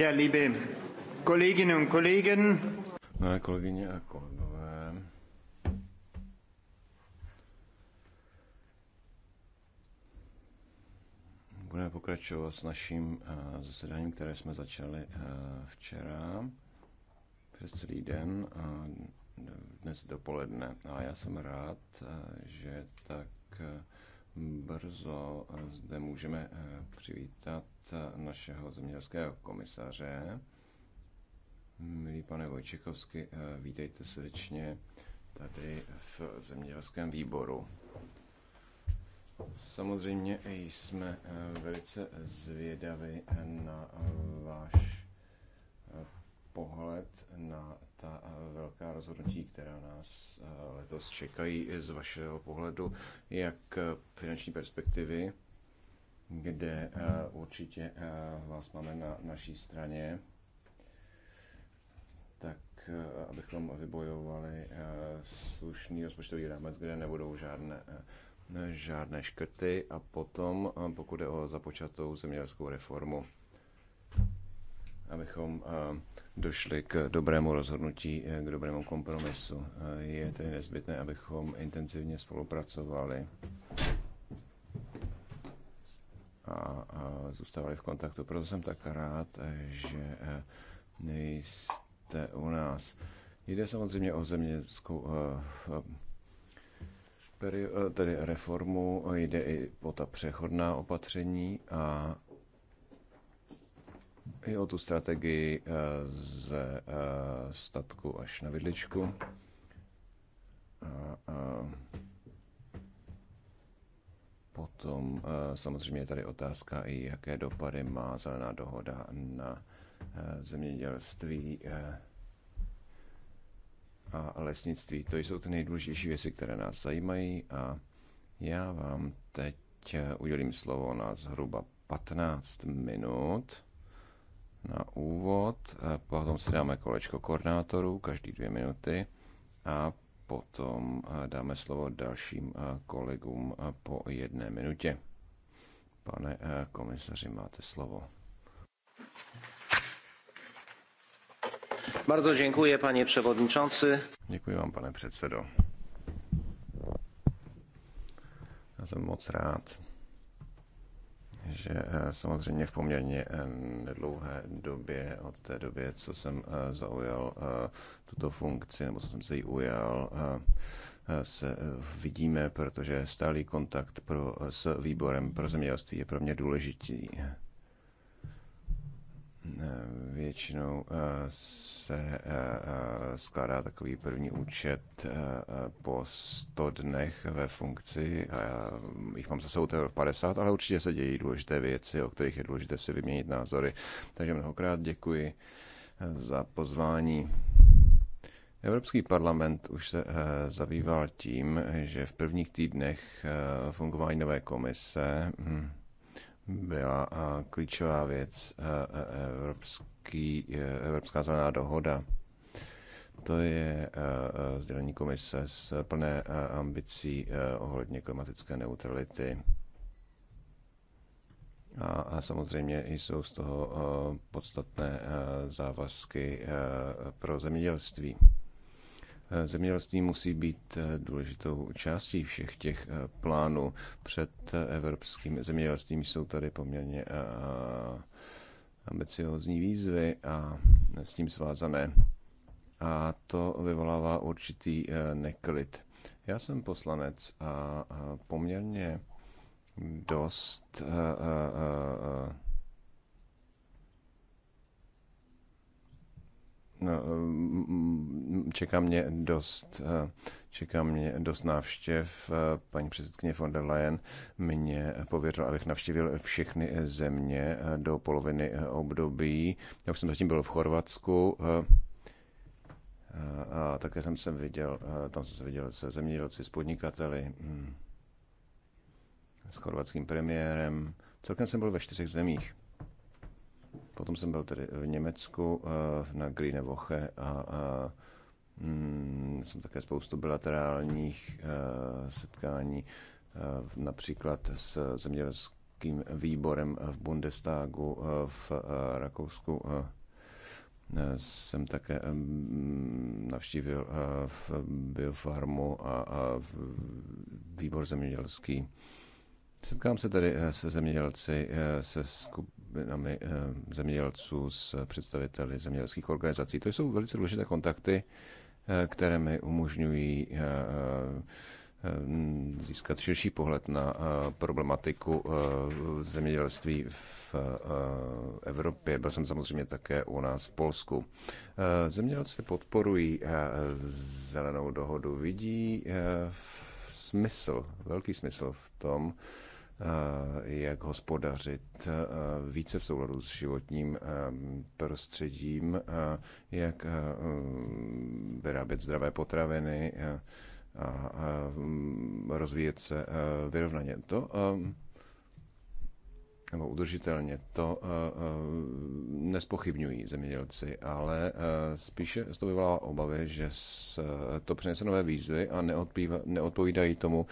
Ja, liebe Kolleginnen und Kollegen. Milé kolegyně a kolegové. Budeme pokračovat s naším eh, zasedáním, které jsme začali eh, včera přes celý den a dnes dopoledne. A já jsem rád, eh, že tak brzo eh, zde můžeme eh, přivítat eh, našeho zemědělského komisaře. Milý pane Vojčekovsky, vítejte srdečně tady v zemědělském výboru. Samozřejmě jsme velice zvědavi na váš pohled na ta eh, velká rozhodnutí, která nás eh, letos čekají z vašeho pohledu, jak eh, finanční perspektivy, kde určitě vás máme na naší straně, tak abychom vybojovali slušný rozpočtový rámec, kde nebudou žádné žádné škrty a potom, pokud je o započatou zemědělskou reformu, abychom eh, došli k dobrému rozhodnutí, eh, k dobrému kompromisu. Eh, je tedy nezbytné, abychom intenzivně spolupracovali a, zůstávali v kontaktu. Proto jsem tak rád, že nejste u nás. Jde samozřejmě o zemědělskou tedy reformu, jde i po ta přechodná opatření a i tu strategii eh, z eh, statku až na vidličku. A, a potom eh, samozřejmě je tady otázka i, jaké dopady má zelená dohoda na zemědělství a lesnictví. To jsou ty nejdůležitější věci, které nás zajímají a já vám teď udělím slovo na zhruba 15 minut na úvod, eh, potom si dáme kolečko koordinátorů, každý dvě minuty a potom eh, dáme slovo dalším eh, kolegům po jedné minutě. Pane komisaři, máte slovo. Bardzo dziękuję, panie przewodniczący. Děkuji vám, pane předsedo. Já jsem moc rád, že eh, samozřejmě v poměrně eh, nedlouhé době od té doby, co jsem eh, zaujal tuto funkci, nebo co jsem se jí ujal, se vidíme, protože stálý kontakt pro, s výborem pro zemědělství je pro mě důležitý. Eh, většinou eh, se eh, skládá takový první účet po 100 dnech ve funkci a já hm, jich mám za sebou 50, ale určitě se dějí důležité věci, o kterých je důležité si vyměnit názory. Takže mnohokrát děkuji za pozvání. Evropský parlament už se zabýval tím, že v prvních týdnech fungování nové komise hm, byla klíčová věc Evropský, e, Evropská zelená dohoda. To je sdělení komise s plné ambicí e, ohledně klimatické neutrality. A, a samozřejmě jsou z toho e, podstatné závazky pro zemědělství. Zemědělství musí být eh, důležitou částí všech těch eh, plánů. Před eh, evropským zemědělstvím jsou tady poměrně ambiciozní výzvy a s tím svázané. A to vyvolává určitý neklid. Já jsem poslanec a poměrně dost No, mm, mm, čeká mě dost, eh, čeká mě dost návštěv. Eh, paní předsedkyně von der Leyen mě pověřila, abych navštívil všechny země eh, do poloviny období. Já už jsem zatím byl v Chorvatsku, a také jsem se viděl, tam jsem se viděl se zemědělci, s podnikateli, mm, s chorvatským premiérem. Celkem jsem byl ve čtyřech zemích. Potom jsem byl tedy v Německu eh, na Woche a mm, jsem také spoustu bilaterálních eh, setkání, eh, například s zemědělským výborem v Bundestagu v Rakousku. Jsem také navštívil v biofarmu a výbor zemědělský. Setkám se tedy se zemědělci, se skup, skupinami eh, zemědělců, s představiteli zemědělských organizací. To jsou velice důležité kontakty, eh, které mi umožňují eh, získat širší pohled na problematiku zemědělství v Evropě. Byl jsem samozřejmě také u nás v Polsku. Zemědělci podporují zelenou dohodu, vidí smysl, velký smysl v tom, Eh, jak hospodařit eh, více v souladu s životním eh, prostředím, jak mm, vyrábět zdravé potraviny a mm, rozvíjet se vyrovnaně. To nebo udržitelně, to nespochybňují zemědělci, ale spíše z toho vyvolává obavy, že to přinese nové výzvy a neodpovídají tomu,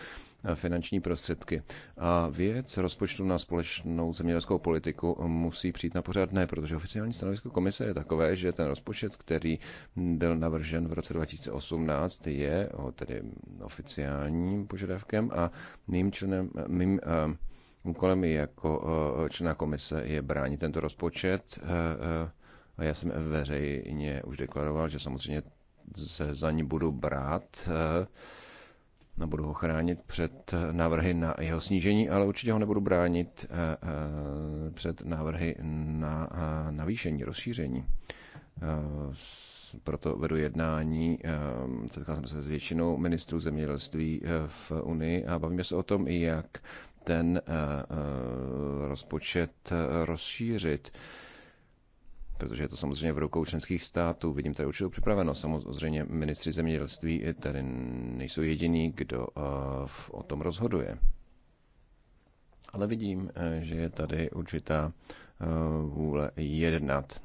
Eh, finanční prostředky. A věc rozpočtu na společnou zemědělskou politiku musí přijít na pořádné, protože oficiální stanovisko komise je takové, že ten rozpočet, který byl navržen v roce 2018, je tedy oficiálním požadavkem a mým členem, mým eh, úkolem jako eh, člena komise je bránit tento rozpočet. A já jsem veřejně už deklaroval, že samozřejmě se za ní budu brát. Nebudu ho chránit před návrhy na jeho snížení, ale určitě ho nebudu bránit eh, eh, před návrhy na eh, navýšení, rozšíření. Proto vedu jednání, setkal jsem se s většinou ministrů zemědělství v Unii a bavíme se o tom, jak ten rozpočet rozšířit protože je to samozřejmě v rukou členských států. Vidím tady určitou připravenost. Samozřejmě ministři zemědělství tady nejsou jediní, kdo eh, o tom rozhoduje. Ale vidím, eh, že je tady určitá eh, vůle jednat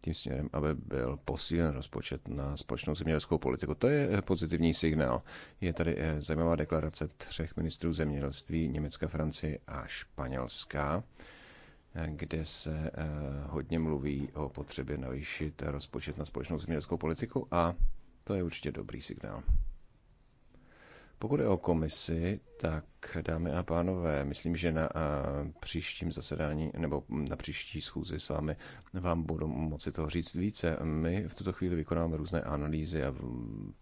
tím směrem, aby byl posílen rozpočet na společnou zemědělskou politiku. To je pozitivní signál. Je tady zajímavá deklarace třech ministrů zemědělství Německa, Francie a Španělska kde se eh, hodně mluví o potřebě navýšit rozpočet na společnou zemědělskou politiku a to je určitě dobrý signál. Pokud je o komisi, tak dámy a pánové, myslím, že na eh, příštím zasedání nebo na příští schůzi s vámi vám budu moci toho říct více. My v tuto chvíli vykonáme různé analýzy a mm,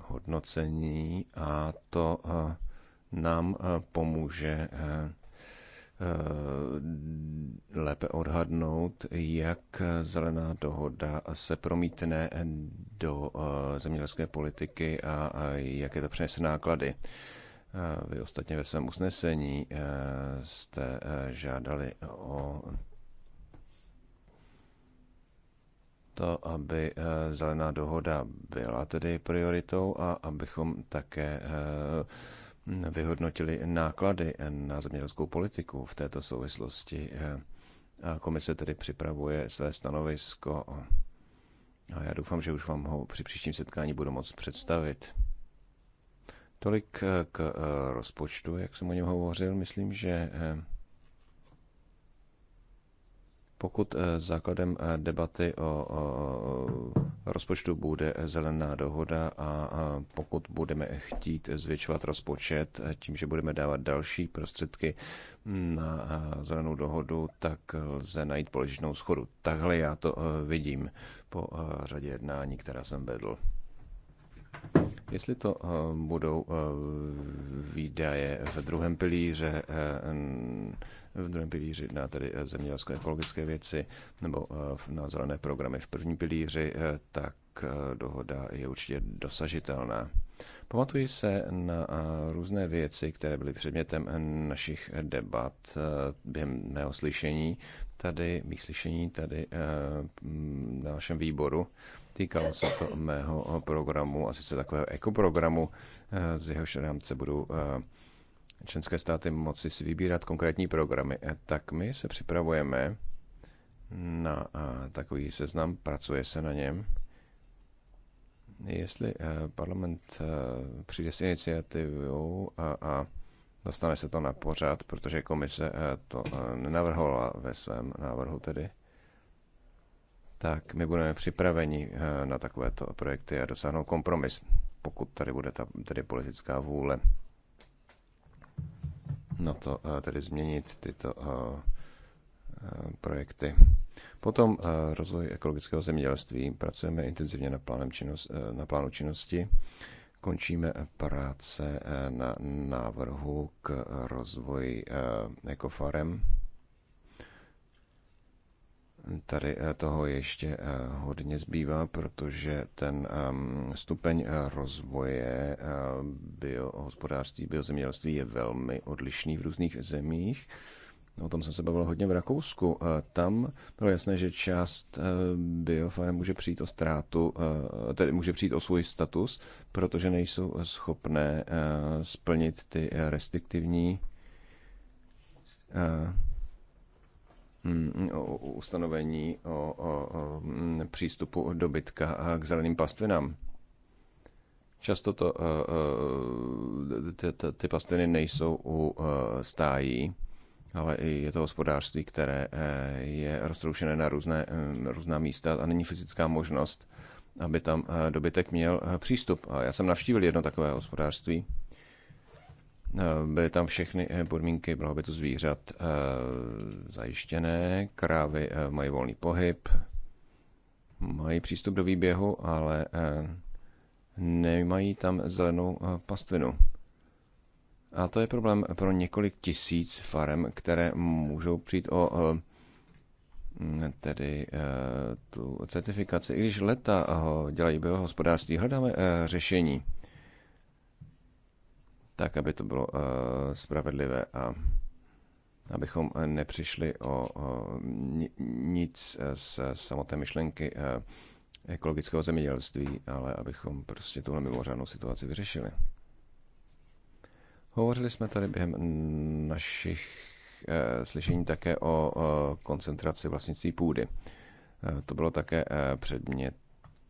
hodnocení a to eh, nám pomůže Eh, lépe odhadnout, jak zelená dohoda se promítne do eh, zemědělské politiky a jaké to přinese náklady. Eh, vy ostatně ve svém usnesení jste žádali o to, aby zelená dohoda byla tedy prioritou a abychom také vyhodnotili náklady na zemědělskou politiku v této souvislosti. A komise tedy připravuje své stanovisko a já doufám, že už vám ho při příštím setkání budu moc představit. Tolik k rozpočtu, jak jsem o něm hovořil. Myslím, že pokud eh, základem eh, debaty o rozpočtu bude eh, zelená dohoda a pokud budeme chtít zvětšovat rozpočet tím, že budeme dávat další prostředky na zelenou dohodu, tak lze najít političnou schodu. Takhle já to vidím po řadě jednání, která jsem vedl. Jestli to budou výdaje v druhém pilíře, v druhém pilíři na tedy eh, zemědělské ekologické věci nebo eh, na zelené programy v prvním pilíři, eh, tak dohoda je určitě dosažitelná. Pamatuji se na různé věci, které byly předmětem našich debat během mého slyšení tady, mých slyšení tady na našem výboru. Týkalo se to mého programu, asi se takového ekoprogramu, z jehož rámce budu členské státy moci si vybírat konkrétní programy, e, tak my se připravujeme na takový seznam, pracuje se na něm. Jestli e, parlament e, přijde s iniciativou a, a dostane se to na pořad, protože komise to nenavrhovala ve svém návrhu tedy, tak my budeme připraveni na takovéto projekty a dosáhnout kompromis, pokud tady bude ta, tedy politická vůle na no to eh, tedy změnit tyto eh, eh, projekty. Potom rozvoj ekologického zemědělství. Pracujeme intenzivně na, plánem činnost, na plánu činnosti. Končíme práce na návrhu k rozvoji ekofarem. Tady eh, toho ještě eh, hodně zbývá, protože ten ehm, stupeň eh, rozvoje biohospodářství, biozemědělství je velmi odlišný v různých zemích. O tom jsem se bavil hodně v Rakousku. Tam bylo jasné, že část biofarm může přijít o ztrátu, tedy může přijít o svůj status, protože nejsou schopné splnit ty restriktivní Mm, ustanovení o, o, o mm, přístupu dobytka k zeleným pastvinám. Často to, eh, eh, ty, ty pastviny nejsou u eh, stájí, ale je to hospodářství, které je roztroušené na různé, mm, různá místa a není fyzická možnost, aby tam dobytek měl přístup. A já jsem navštívil jedno takové hospodářství Eh, byly tam všechny eh, podmínky blahobytu zvířat eh, zajištěné, krávy mají volný pohyb, mají přístup do výběhu, ale nemají tam zelenou pastvinu. A to je problém pro několik tisíc farem, které můžou přijít o tedy tu certifikaci. I když leta ho dělají biohospodářství, hledáme řešení tak aby to bylo eh, spravedlivé a abychom eh, nepřišli o nic eh, z samotné myšlenky ekologického zemědělství, ale abychom prostě tuhle mimořádnou situaci vyřešili. Hovořili jsme tady během našich slyšení také o koncentraci vlastnictví půdy. To bylo také předmět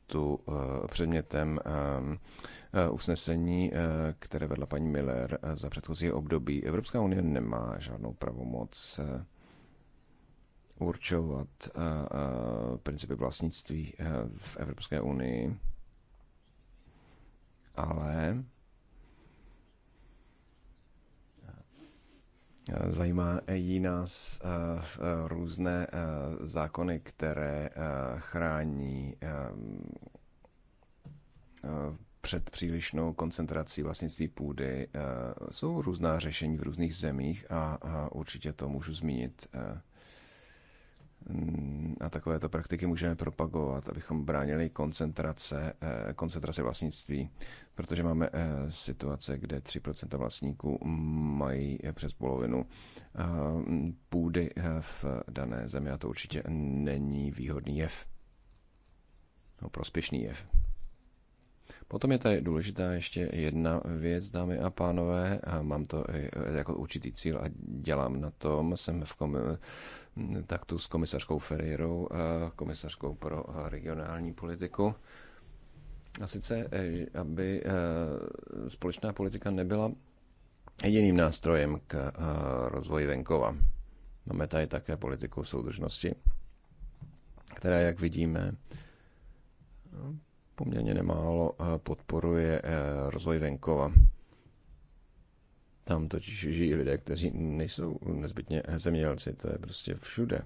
tu eh, předmětem eh, eh, usnesení, které vedla paní Miller za předchozí období. Evropská unie nemá žádnou pravomoc určovat principy vlastnictví v Evropské unii, ale Eh, zajímá jí nás eh, eh, různé zákony, které chrání před přílišnou koncentrací vlastnictví půdy. Jsou různá řešení v různých zemích a určitě to můžu zmínit Mm, a takovéto praktiky můžeme propagovat, abychom bránili koncentrace, eh, koncentrace vlastnictví, protože máme eh, situace, kde 3% vlastníků mají přes polovinu eh, půdy v dané zemi a to určitě není výhodný jev, no, prospěšný jev. Potom je tady důležitá ještě jedna věc, dámy a pánové, a mám to e, jako určitý cíl a dělám na tom. Jsem v kom- taktu s komisařkou Ferrierou, komisařkou pro e, regionální politiku. A sice, e, aby společná politika nebyla jediným nástrojem k rozvoji venkova. Máme tady také politiku soudržnosti, která, jak vidíme, poměrně nemálo eh, podporuje eh, rozvoj venkova. Tam totiž žijí lidé, kteří nejsou nezbytně eh, zemědělci, to je prostě všude.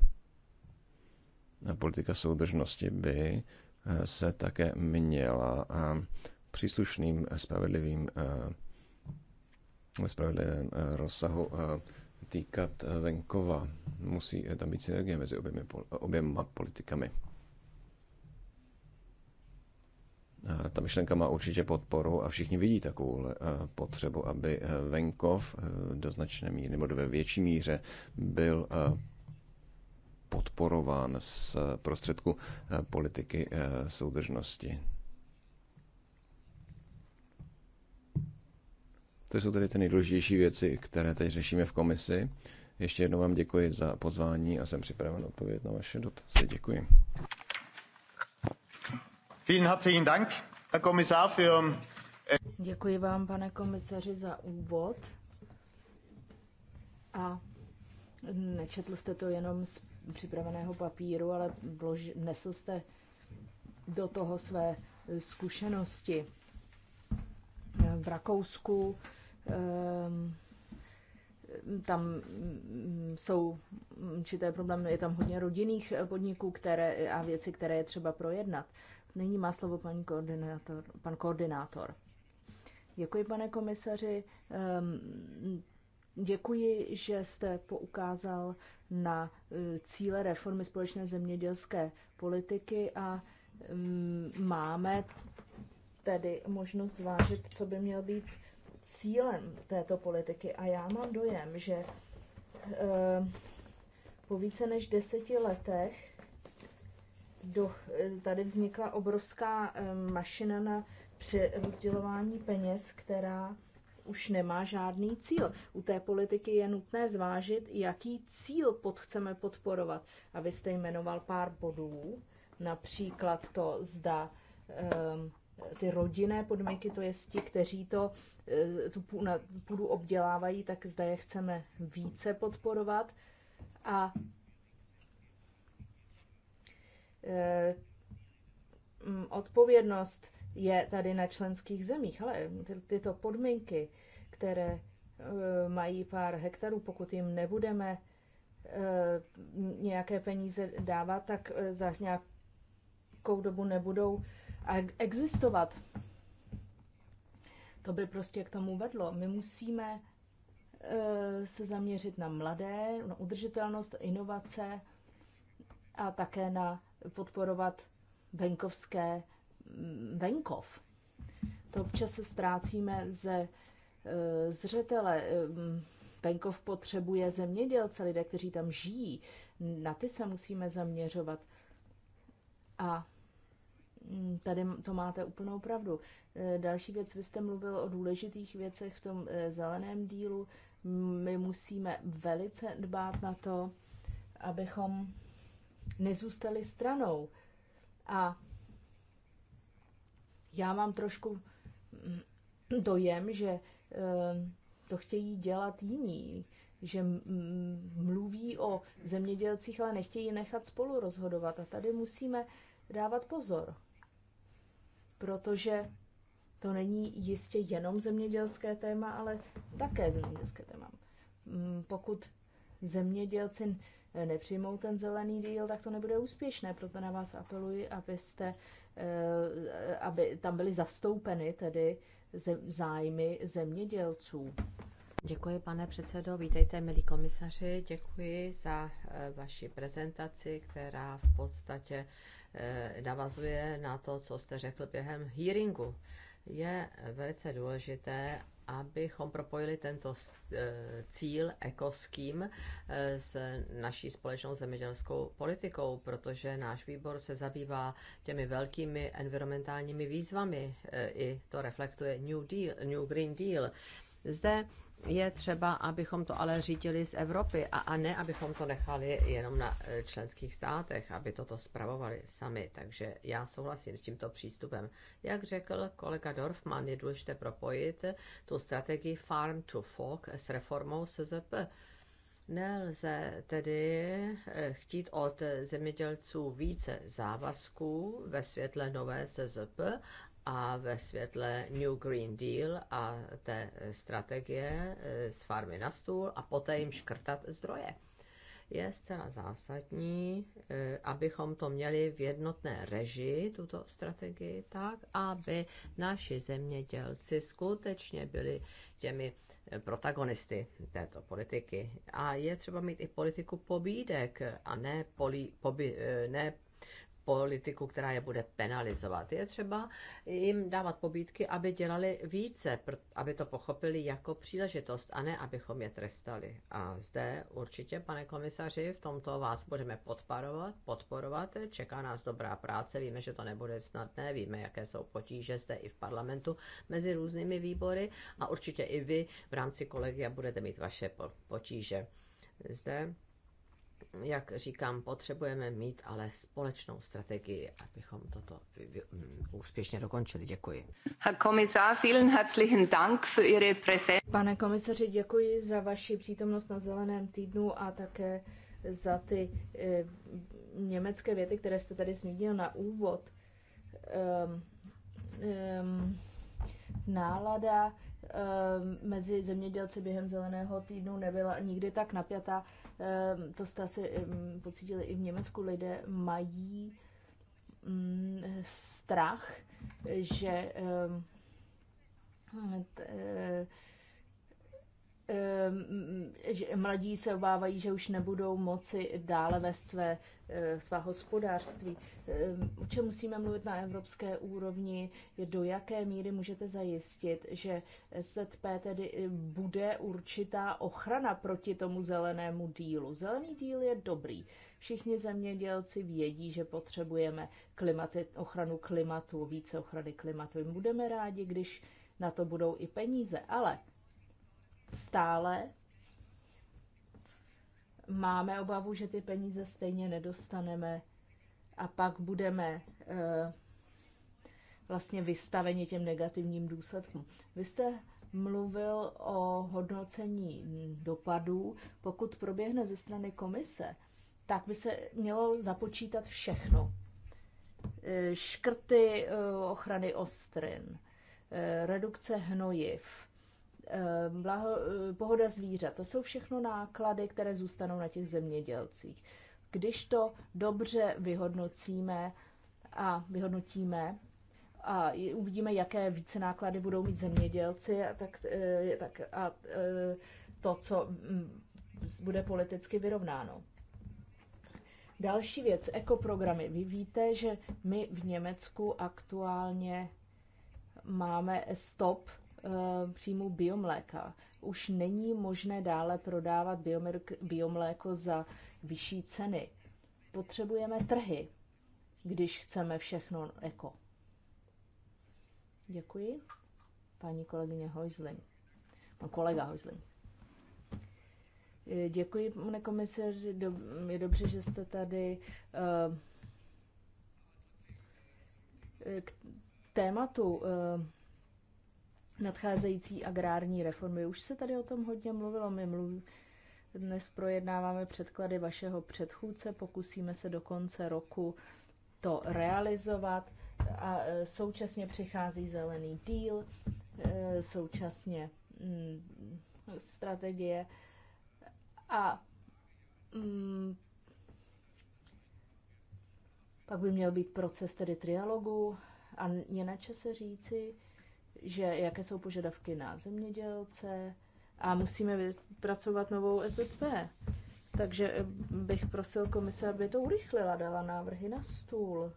A politika soudržnosti by se také měla příslušným spravedlivým ve spravedlivém rozsahu týkat venkova. Musí tam být synergie mezi oběma politikami. Eh, ta myšlenka má určitě podporu a všichni vidí takovou eh, potřebu, aby eh, venkov do značné míry nebo ve větší míře byl podporován z prostředku politiky soudržnosti. To jsou tedy ty nejdůležitější věci, které teď řešíme v komisi. Ještě jednou vám děkuji za pozvání a jsem připraven odpovědět na vaše dotazy. Děkuji. Äh, Děkuji vám, pane komisaři, za úvod. A nečetl jste to jenom z připraveného papíru, ale vlož, nesl jste do toho své zkušenosti. V Rakousku ehm, tam mm, jsou určité problémy, je tam hodně rodinných podniků které, a věci, které je třeba projednat. Nyní má slovo paní koordinátor, pan koordinátor. Děkuji, pane komisaři. Ehm, děkuji, že jste poukázal na e, cíle reformy společné zemědělské politiky a mm, máme tedy možnost zvážit, co by měl být cílem této politiky. A já mám dojem, že ehm, po více než deseti letech do, eh, tady vznikla obrovská eh, mašina na přerozdělování peněz, která už nemá žádný cíl. U té politiky je nutné zvážit, jaký cíl pod chceme podporovat. A vy jste jmenoval pár bodů, například to, zda ehm, ty rodinné podmínky, to je ti, kteří to, eh, tu půdu obdělávají, tak zda je chceme více podporovat. A Eh, mm, odpovědnost je tady na členských zemích, ale ty, tyto podmínky, které eh, mají pár hektarů, pokud jim nebudeme eh, nějaké peníze dávat, tak za nějakou dobu nebudou existovat. To by prostě k tomu vedlo. My musíme se zaměřit na mladé, na udržitelnost, inovace a také na podporovat venkovské mm, venkov. To občas se ztrácíme ze eh, zřetele. Ehm, venkov potřebuje zemědělce, lidé, kteří tam žijí. Na ty se musíme zaměřovat. A mm, tady to máte úplnou pravdu. Eh, další věc, vy jste mluvil o důležitých věcech v tom eh, zeleném dílu. My musíme velice dbát na to, abychom nezůstali stranou. A já mám trošku mm, dojem, že ehm, to chtějí dělat jiní, že mluví o zemědělcích, ale nechtějí nechat spolu rozhodovat. A tady musíme dávat pozor, protože to není jistě jenom zemědělské téma, ale také zemědělské téma. Pokud zemědělci nepřijmou ten zelený díl, tak to nebude úspěšné. Proto na vás apeluji, abyste, eh, aby tam byly zastoupeny tedy zájmy zemědělců. Děkuji, pane předsedo. Vítejte, milí komisaři. Děkuji za eh, vaši prezentaci, která v podstatě eh, navazuje na to, co jste řekl během hearingu. Je velice důležité, abychom propojili tento eh, cíl ekoským eh, s naší společnou zemědělskou politikou, protože náš výbor se zabývá těmi velkými environmentálními výzvami. Eh, I to reflektuje New, Deal, New Green Deal. Zde je třeba, abychom to ale řídili z Evropy a, a ne, abychom to nechali jenom na eh, členských státech, aby toto spravovali sami. Takže já souhlasím s tímto přístupem. Jak řekl kolega Dorfman, je důležité propojit tu strategii Farm to Fork s reformou SZP. Nelze tedy eh, chtít od zemědělců více závazků ve světle nové SZP a ve světle New Green Deal a té strategie eh, z farmy na stůl a poté jim škrtat zdroje. Je zcela zásadní, eh, abychom to měli v jednotné režii, tuto strategii, tak, aby naši zemědělci skutečně byli těmi eh, protagonisty této politiky. A je třeba mít i politiku pobídek a ne, poli, poby, ne politiku, která je bude penalizovat. Je třeba jim dávat pobídky, aby dělali více, aby to pochopili jako příležitost a ne, abychom je trestali. A zde určitě, pane komisaři, v tomto vás budeme podporovat, podporovat. Čeká nás dobrá práce, víme, že to nebude snadné, víme, jaké jsou potíže zde i v parlamentu mezi různými výbory a určitě i vy v rámci kolegia budete mít vaše potíže. Zde jak říkám, potřebujeme mít ale společnou strategii, abychom toto mm, úspěšně dokončili. Děkuji. Herr Kommissar, vielen herzlichen Dank für Ihre Präsenz. Pane komisaři, děkuji za vaši přítomnost na Zeleném týdnu a také za ty e, německé věty, které jste tady zmínil na úvod. Ehm, ehm, nálada ehm, mezi zemědělci během zeleného týdnu nebyla nikdy tak napjatá Ehm, to jste asi ehm, pocítili i v Německu, lidé mají mm, strach, že ehm, eh, Ehm, že mladí se obávají, že už nebudou moci dále vést své, eh, svá hospodářství. Ehm, o čem musíme mluvit na evropské úrovni, je do jaké míry můžete zajistit, že SZP tedy eh, bude určitá ochrana proti tomu zelenému dílu. Zelený díl je dobrý. Všichni zemědělci vědí, že potřebujeme klimaty, ochranu klimatu, více ochrany klimatu. Budeme rádi, když na to budou i peníze, ale stále máme obavu, že ty peníze stejně nedostaneme a pak budeme eh, vlastně vystaveni těm negativním důsledkům. Vy jste mluvil o hodnocení dopadů. Pokud proběhne ze strany komise, tak by se mělo započítat všechno. Eh, škrty eh, ochrany ostrin, redukce hnojiv, Eh, blaho, eh, pohoda zvířat. To jsou všechno náklady, které zůstanou na těch zemědělcích. Když to dobře vyhodnocíme a vyhodnotíme a uvidíme, jaké více náklady budou mít zemědělci, a tak, eh, tak a to, co mm, bude politicky vyrovnáno. Další věc, ekoprogramy. Vy víte, že my v Německu aktuálně máme stop Eh, příjmu biomléka. Už není možné dále prodávat biomléko za vyšší ceny. Potřebujeme trhy, když chceme všechno eko. Děkuji. Paní kolegyně Hojzlin Pan no, kolega Hojzlin. Eh, děkuji, pane komisaři, je dobře, že jste tady. Eh, k tématu nadcházející agrární reformy. Už se tady o tom hodně mluvilo, my mluví, dnes projednáváme předklady vašeho předchůdce, pokusíme se do konce roku to realizovat a e, současně přichází zelený díl, e, současně mm, strategie a mm, pak by měl být proces tedy trialogu a je na čase říci, že jaké jsou požadavky na zemědělce a musíme vypracovat novou SZP. Takže eh, bych prosil komise, aby to urychlila, dala návrhy na stůl.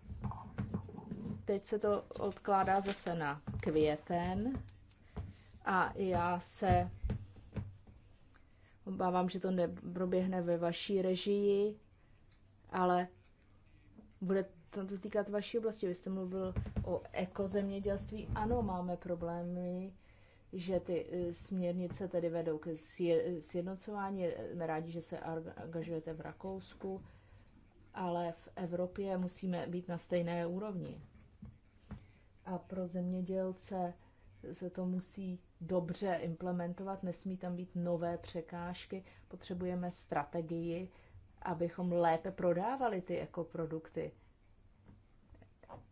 Teď se to odkládá zase na květen a já se obávám, že to neproběhne ve vaší režii, ale bude to, to týká vaší oblasti. Vy jste mluvil o ekozemědělství. Ano, máme problémy, že ty eh, směrnice tedy vedou k eh, sjednocování. Jsme rádi, že se angažujete v Rakousku, ale v Evropě musíme být na stejné úrovni. A pro zemědělce se to musí dobře implementovat, nesmí tam být nové překážky, potřebujeme strategii, abychom lépe prodávali ty ekoprodukty.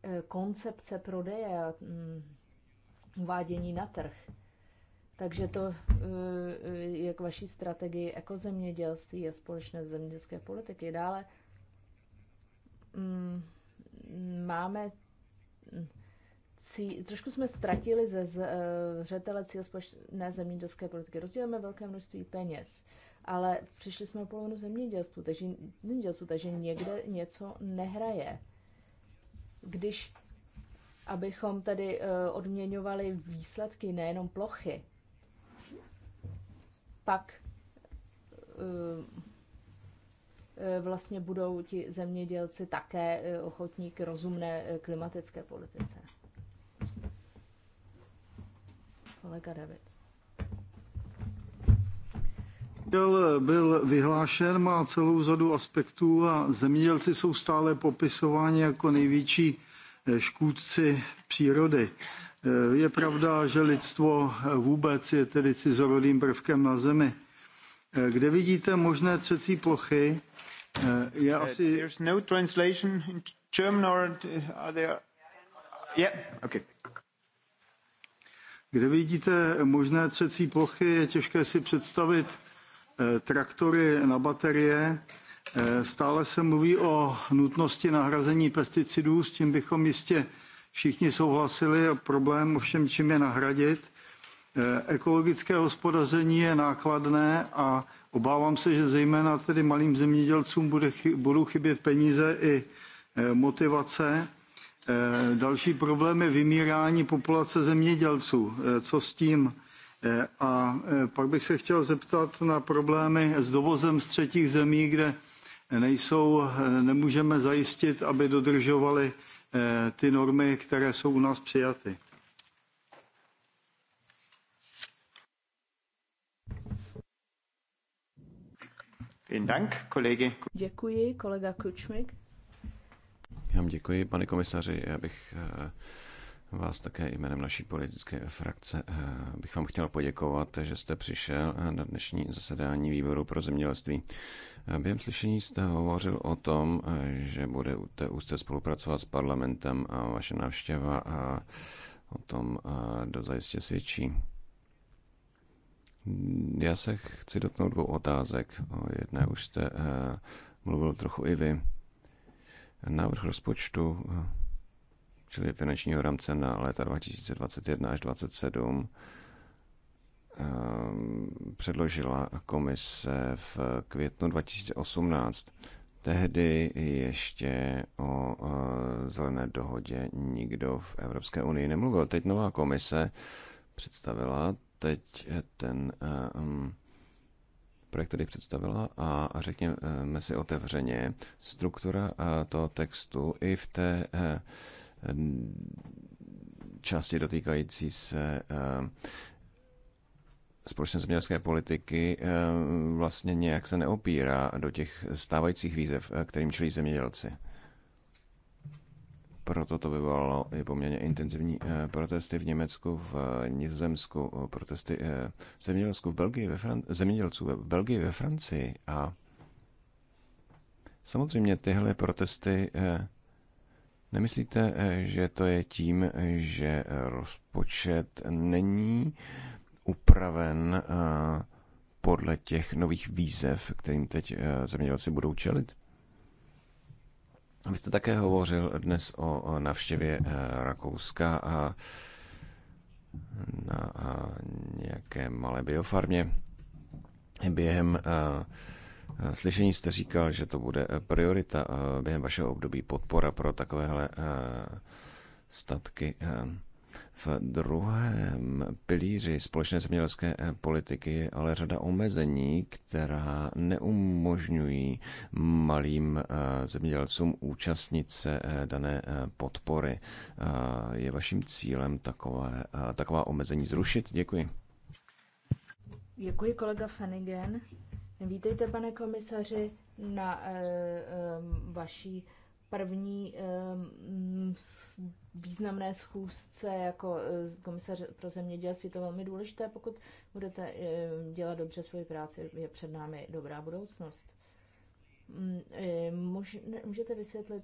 Eh, koncepce prodeje a mm, uvádění na trh. Takže to eh, eh, je k vaší strategii ekozemědělství a společné zemědělské politiky. Dále mm, máme mm, cí, trošku jsme ztratili ze řetele cíl společné zemědělské politiky. Rozdělíme velké množství peněz, ale přišli jsme o polovinu zemědělství, takže, zemědělců, takže někde něco nehraje když abychom tedy eh, odměňovali výsledky, nejenom plochy, pak eh, eh, vlastně budou ti zemědělci také ochotní k rozumné klimatické politice. Kolega David. Byl, byl vyhlášen, má celou řadu aspektů a zemědělci jsou stále popisováni jako největší eh, škůdci přírody. Eh, je pravda, že lidstvo eh, vůbec je tedy cizorodým prvkem na Zemi. Kde vidíte možné třecí plochy? Je asi... There's no translation in German or are there... Yeah, okay. Kde vidíte možné třecí plochy, je těžké si představit Eh, traktory na baterie. Eh, stále se mluví o nutnosti nahrazení pesticidů, s tím bychom jistě všichni souhlasili. Problém ovšem, čím je nahradit. Eh, ekologické hospodaření je nákladné a obávám se, že zejména tedy malým zemědělcům bude, budou chybět peníze i motivace. Další problém je vymírání populace zemědělců. Co s tím? Eh, a eh, pak bych se chtěl zeptat na problémy s dovozem z třetích zemí, kde nejsou, eh, nemůžeme zajistit, aby dodržovali ty normy, které jsou u nás přijaty. Děkuji, kolega Kučmik. Já vám děkuji, pane komisaři. Já bych vás také jménem naší politické frakce eh, bych vám chtěl poděkovat, že jste přišel eh, na dnešní zasedání výboru pro zemědělství. Eh, během slyšení jste hovořil o tom, že budete úzce spolupracovat s parlamentem a vaše návštěva a o tom dozajistě svědčí. Já se chci dotknout dvou otázek. O jedné už jste mluvil trochu i vy. Návrh rozpočtu čili finančního rámce na léta 2021 až 2027, ehm, předložila komise v květnu 2018. Tehdy ještě o eh, zelené dohodě nikdo v Evropské unii nemluvil. Teď nová komise představila teď ten ehm, projekt, který představila a řekněme eh, si otevřeně, struktura eh, toho textu i v té části dotýkající se eh, společné zemědělské politiky eh, vlastně nějak se neopírá do těch stávajících výzev, eh, kterým čelí zemědělci. Proto to vyvolalo i poměrně intenzivní protesty v Německu, v Nizozemsku, protesty zemědělců v Belgii, ve Fran- zemědělců v Belgii, ve Francii a samozřejmě tyhle protesty Nemyslíte, eh, že to je tím, že rozpočet není upraven eh, podle těch nových výzev, kterým teď eh, zemědělci budou čelit? Vy jste také hovořil dnes o navštěvě Rakouska a na nějaké malé biofarmě během slyšení jste říkal, že to bude eh, priorita eh, během vašeho období podpora pro takovéhle eh, statky. V druhém pilíři společné zemědělské politiky je ale řada omezení, která neumožňují malým zemědělcům účastnit se dané podpory. Je vaším cílem takové, taková omezení zrušit? Děkuji. Děkuji, kolega Fenigen. Vítejte, pane komisaři, na eh, eh, vaší první eh, významné schůzce jako komisař pro zemědělství. To velmi důležité, pokud budete dělat dobře svoji práci, je před námi dobrá budoucnost. Mm, můžete vysvětlit,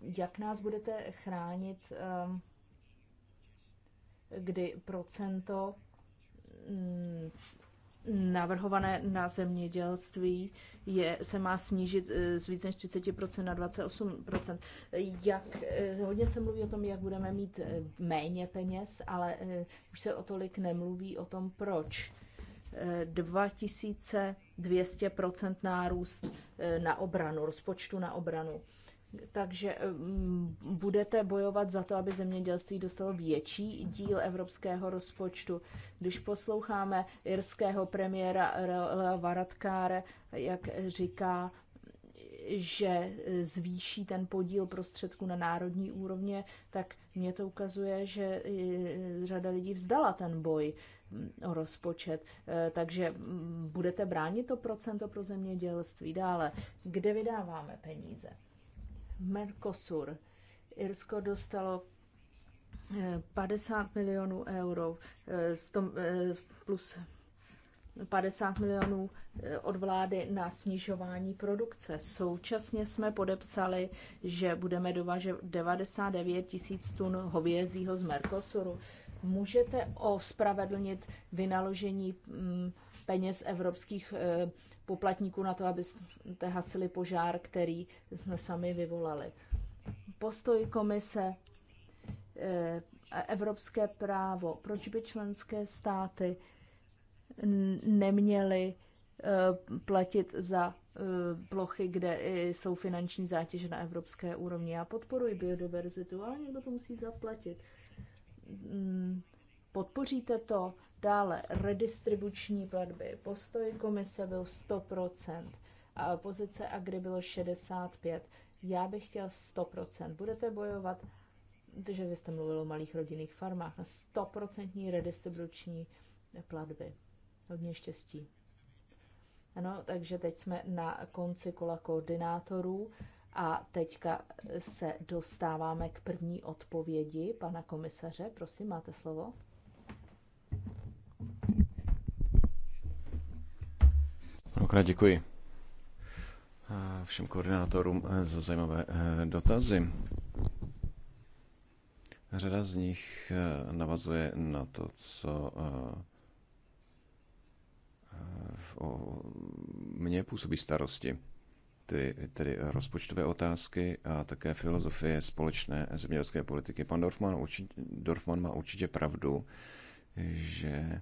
jak nás budete chránit, kdy procento mm, navrhované na zemědělství je, se má snížit eh, z více než 30% na 28%. Jak, eh, hodně se mluví o tom, jak budeme mít eh, méně peněz, ale už se o tolik nemluví o tom, proč. 2200% nárůst na obranu, rozpočtu na obranu. Takže mm, budete bojovat za to, aby zemědělství dostalo větší díl evropského rozpočtu. Když posloucháme irského premiéra Varadkáre, jak říká, že zvýší ten podíl prostředků na národní úrovně, tak mě to ukazuje, že eh, řada lidí vzdala ten boj mm, o rozpočet. Eh, takže mm, budete bránit to procento pro zemědělství dále. Kde vydáváme peníze? Mercosur. Irsko dostalo 50 eh, milionů euro, eh, eh, plus 50 milionů od vlády na snižování produkce. Současně jsme podepsali, že budeme dovažet 99 tisíc tun hovězího z Mercosuru. Můžete ospravedlnit vynaložení mm, peněz evropských eh, poplatníků na to, abyste hasili požár, který jsme sami vyvolali. Postoj komise eh, evropské právo. Proč by členské státy neměly eh, platit za plochy, kde jsou finanční zátěže na evropské úrovni. Já podporuji biodiverzitu, ale někdo to musí zaplatit. Mm, podpoříte to? Dále redistribuční platby. Postoj komise byl 100% a opozice Agri bylo 65%. Já bych chtěl 100%. Budete bojovat, protože vy jste mluvil o malých rodinných farmách, na 100% redistribuční platby. Hodně štěstí. Ano, takže teď jsme na konci kola koordinátorů a teďka se dostáváme k první odpovědi pana komisaře. Prosím, máte slovo. Mnohokrát děkuji všem koordinátorům eh, za zajímavé eh, dotazy. Řada z nich eh, navazuje na to, co o mně působí starosti, ty, tedy rozpočtové otázky a také filozofie společné zemědělské politiky. Pan Dorfman, určitě, Dorfman má určitě pravdu, že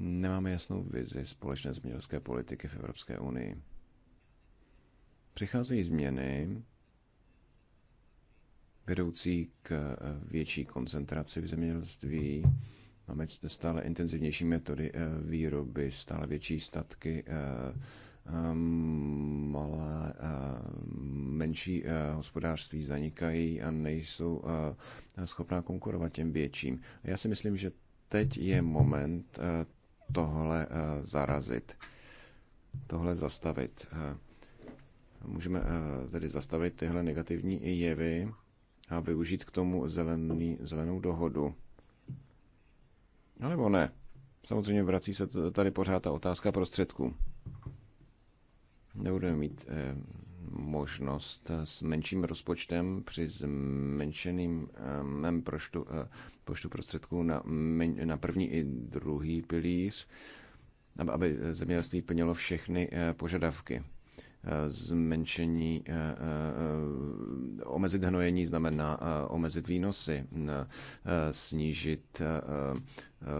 Nemáme jasnou vizi společné zemědělské politiky v Evropské unii. Přicházejí změny vedoucí k eh, větší koncentraci v zemědělství. Máme stále intenzivnější metody eh, výroby, stále větší statky, eh, ehm, malé, menší hospodářství zanikají a nejsou schopná konkurovat těm větším. Já si myslím, že teď je moment tohle eh, zarazit, tohle zastavit. Eh, můžeme eh, tedy zastavit tyhle negativní jevy a využít k tomu zelený, zelenou dohodu. Alebo ne. Samozřejmě vrací se tady pořád ta otázka prostředků. Nebudeme mít možnost s menším rozpočtem při zmenšeným eh, proštu, eh, poštu prostředků na, na první i druhý pilíř, aby zemědělství plnilo všechny eh, požadavky zmenšení, eh, eh, omezit hnojení znamená eh, omezit výnosy, snížit,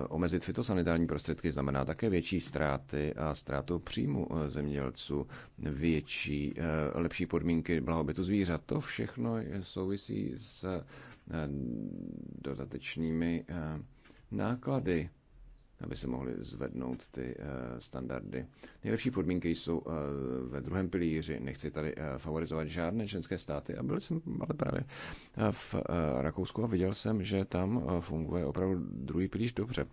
omezit fitosanitární prostředky znamená také větší ztráty a ztrátu příjmu zemědělců, větší, lepší podmínky blahobytu zvířat. To všechno souvisí s dodatečnými náklady aby se mohly zvednout ty eh, standardy. Nejlepší podmínky jsou eh, ve druhém pilíři. Nechci tady eh, favorizovat žádné členské státy a byl jsem ale právě v Rakousku a viděl jsem, že tam funguje opravdu druhý pilíř dobře.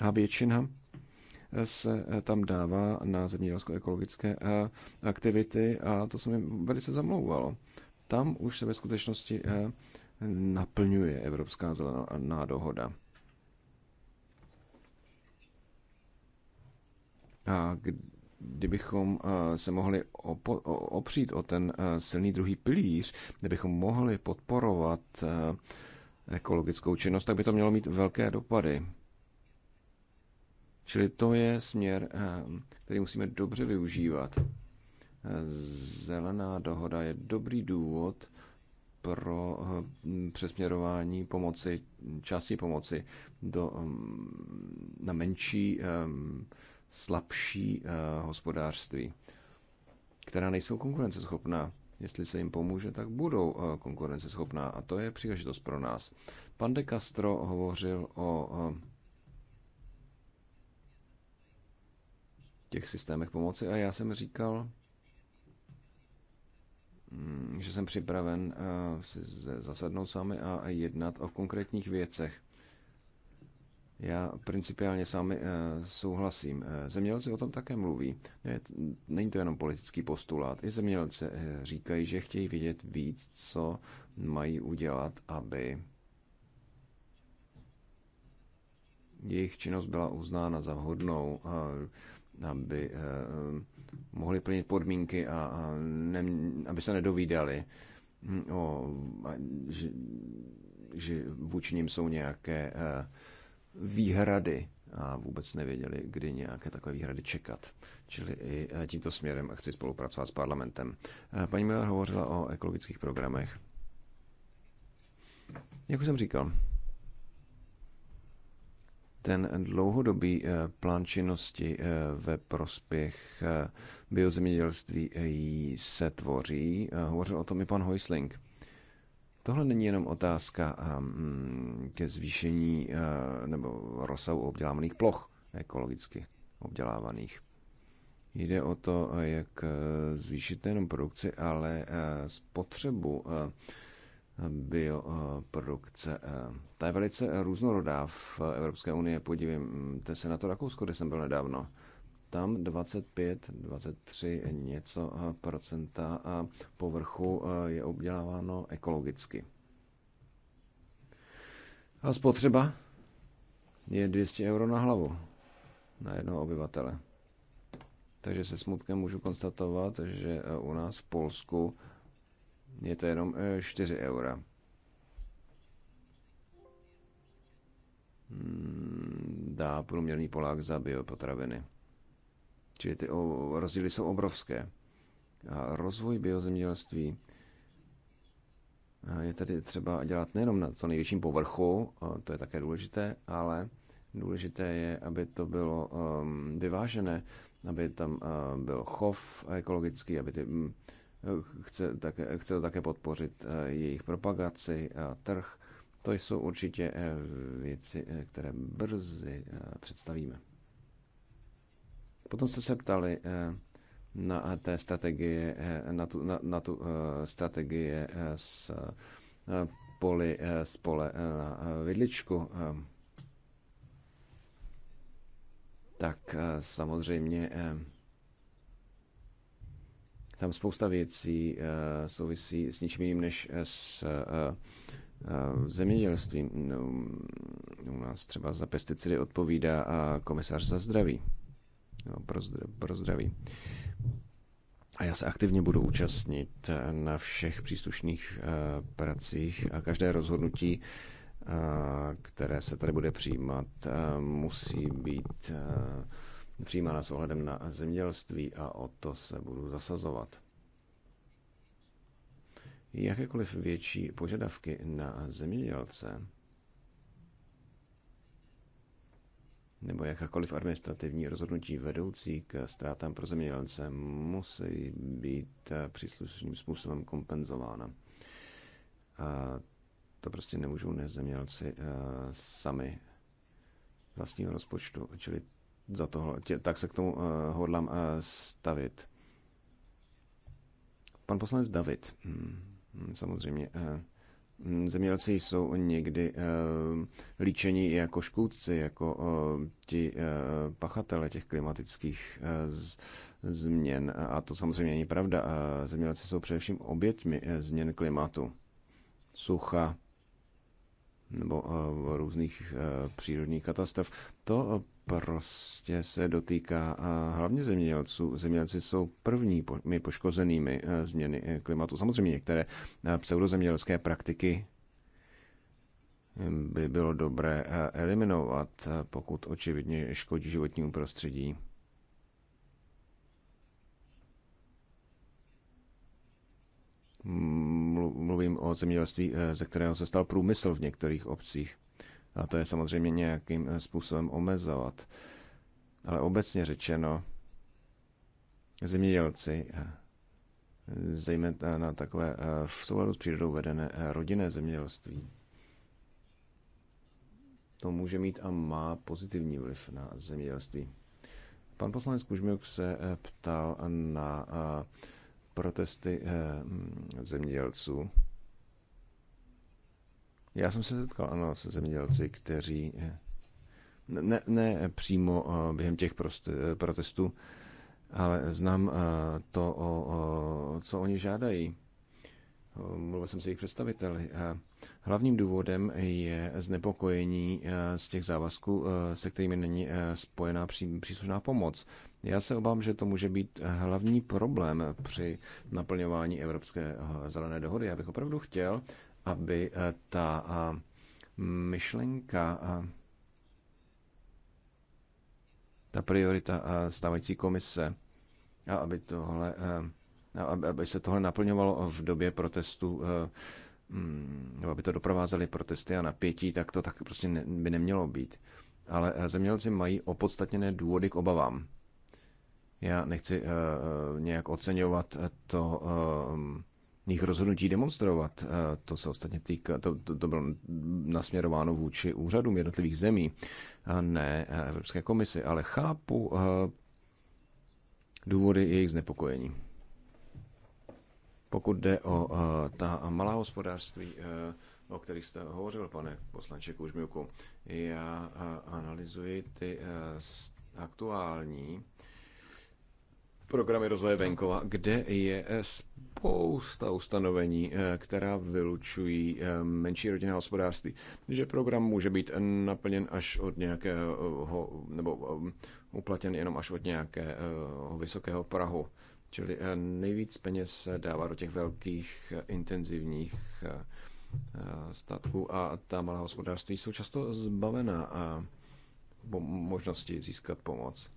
A většina se tam dává na zemědělsko-ekologické aktivity a to se mi velice zamlouvalo. Tam už se ve skutečnosti naplňuje Evropská zelená dohoda. A kdybychom eh, se mohli opřít o ten eh, silný druhý pilíř, kdybychom mohli podporovat eh, ekologickou činnost, tak by to mělo mít velké dopady. Čili to je směr, který musíme dobře využívat. Zelená dohoda je dobrý důvod pro přesměrování pomoci, části pomoci do, mm, na menší slabší eh, hospodářství, která nejsou konkurenceschopná. Jestli se jim pomůže, tak budou eh, konkurenceschopná a to je příležitost pro nás. Pan de Castro hovořil o eh, těch systémech pomoci a já jsem říkal, mm, že jsem připraven si zasednout s vámi a jednat o konkrétních věcech. Já principiálně s vámi eh, souhlasím. Eh, zemělci o tom také mluví. Není to jenom politický postulát. I zemělci eh, říkají, že chtějí vidět víc, co mají udělat, aby jejich činnost byla uznána za vhodnou, aby mohli plnit podmínky a aby se nedovídali, hm, o, že, vůči ním jsou nějaké uh, výhrady a vůbec nevěděli, kdy nějaké takové výhrady čekat. Čili i e, tímto směrem chci spolupracovat s parlamentem. E, paní Miller hovořila o ekologických programech. Jak už jsem říkal, ten dlouhodobý e, plán činnosti ve prospěch biozemědělství se tvoří. Hovořil o tom i pan Hoisling. Tohle není jenom otázka ehm, ke zvýšení eh, nebo rozsahu obdělávaných ploch ekologicky obdělávaných. Jde o to, jak eh, zvýšit nejenom produkci, ale eh, spotřebu bioprodukce. Ta je velice různorodá v Evropské unii. Podívejte se na to Rakousko, kde jsem byl nedávno tam 25-23 něco eh, procenta eh, povrchu eh, je obděláváno ekologicky. A spotřeba je 200 euro na hlavu na jednoho obyvatele. Takže se smutkem můžu konstatovat, že u nás v Polsku je to jenom 4 eura. Hmm, dá průměrný Polák za biopotraviny. Čili ty rozdíly jsou obrovské. A rozvoj biozemědělství je tady třeba dělat nejenom na co největším povrchu, to je také důležité, ale důležité je, aby to bylo um, vyvážené, aby tam byl chov ekologický, aby ty, mm, chce, také, chce to také podpořit jejich propagaci a trh. To jsou určitě e, věci, e, které brzy e, představíme. Potom jste se ptali eh, na té strategie, eh, na tu, na, na tu eh, strategie s poli z pole na vidličku. Tak samozřejmě tam spousta věcí souvisí s ničím jiným než s zemědělstvím. No, u nás třeba za pesticidy odpovídá komisař za zdraví pro, pro zdraví. A já se aktivně budu účastnit eh, na všech příslušných eh, pracích a každé rozhodnutí, eh, které se tady bude přijímat, musí být přijímána s ohledem na zemědělství a o to se budu zasazovat. Jakékoliv větší požadavky na zemědělce nebo jakákoliv administrativní rozhodnutí vedoucí k ztrátám pro zemědělce musí být eh, příslušným způsobem kompenzována. A to prostě nemůžou nést zemědělci eh, sami vlastního rozpočtu, čili za tohle, tě, tak se k tomu uh, hodlám uh, stavit. Pan poslanec David, hmm, samozřejmě, uh, Hm, zemědělci jsou někdy eh, líčeni jako škůdci, jako eh, ti eh, pachatele těch klimatických změn. A to samozřejmě není pravda. Zemědělci jsou především oběťmi změn klimatu. Sucha, nebo různých přírodních katastrof. To prostě se dotýká a hlavně zemědělců. Zemědělci jsou prvními poškozenými e, změny e, klimatu. Samozřejmě některé e, pseudozemědělské praktiky by bylo dobré eliminovat, pokud očividně škodí životnímu prostředí. Mluvím o zemědělství, ze kterého se stal průmysl v některých obcích. A to je samozřejmě nějakým eh, způsobem omezovat. Ale obecně řečeno, zemědělci, eh, zejména eh, na takové v souladu s přírodou vedené rodinné zemědělství, to může mít a má pozitivní vliv na zemědělství. Pan poslanec Kužmiuk se ptal na protesty zemědělců já jsem se setkal, ano, se zemědělci, kteří eh, ne, ne přímo eh, během těch prost, eh, protestů, ale znám to, o, o, co oni žádají. Mluvil jsem s jejich představiteli. Hlavním důvodem je znepokojení z těch závazků, se kterými není spojená příslušná pomoc. Já se obávám, že to může být hlavní problém při naplňování Evropské zelené dohody. Já bych opravdu chtěl, aby eh, ta eh, myšlenka, eh, ta priorita stávající komise, aby, tohle, aby, se tohle naplňovalo v době protestu, mm, aby to doprovázely protesty a napětí, tak to tak prostě by nemělo být. Ale zemělci mají opodstatněné důvody k obavám. Já nechci nějak oceňovat to jejich rozhodnutí demonstrovat. Eh, to se ostatně týká, to, to, to bylo nasměrováno vůči úřadům jednotlivých zemí, a ne eh, Evropské komisi, ale chápu eh, důvody jejich znepokojení. Pokud jde o ta malá hospodářství, o kterých jste hovořil, pane poslanče Kužmiuku, já analyzuji ty aktuální programy rozvoje venkova, kde je eh, spousta ustanovení, eh, která vylučují eh, menší rodinné hospodářství. Že program může být naplněn až od nějakého, nebo uplatěn jenom až od nějakého vysokého Prahu. Čili nejvíc peněz se dává do těch velkých, intenzivních statků a ta malá hospodářství jsou často zbavena možnosti získat pomoc.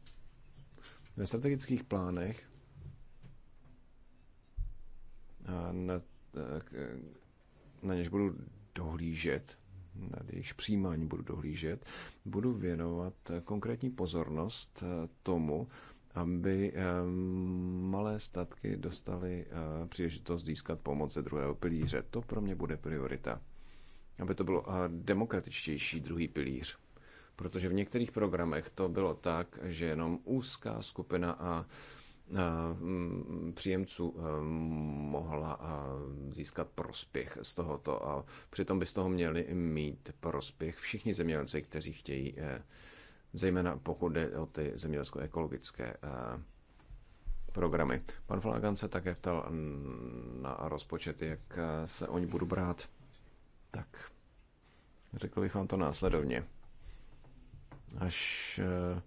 Ve strategických plánech na, na něž budu dohlížet, na jejich přijímání budu dohlížet, budu věnovat konkrétní pozornost eh, tomu, aby eh, malé statky dostaly eh, příležitost získat pomoc ze druhého pilíře. To pro mě bude priorita. Aby to bylo demokratičtější druhý pilíř protože v některých programech to bylo tak, že jenom úzká skupina a mm, příjemců e, mohla e, získat prospěch z tohoto a přitom by z toho měli mít prospěch všichni zemědělci, kteří chtějí, e, zejména pokud jde o ty zemědělsko-ekologické programy. Pan Flagan se také ptal na rozpočet, jak se oni budu brát. Tak řekl bych vám to následovně až eh,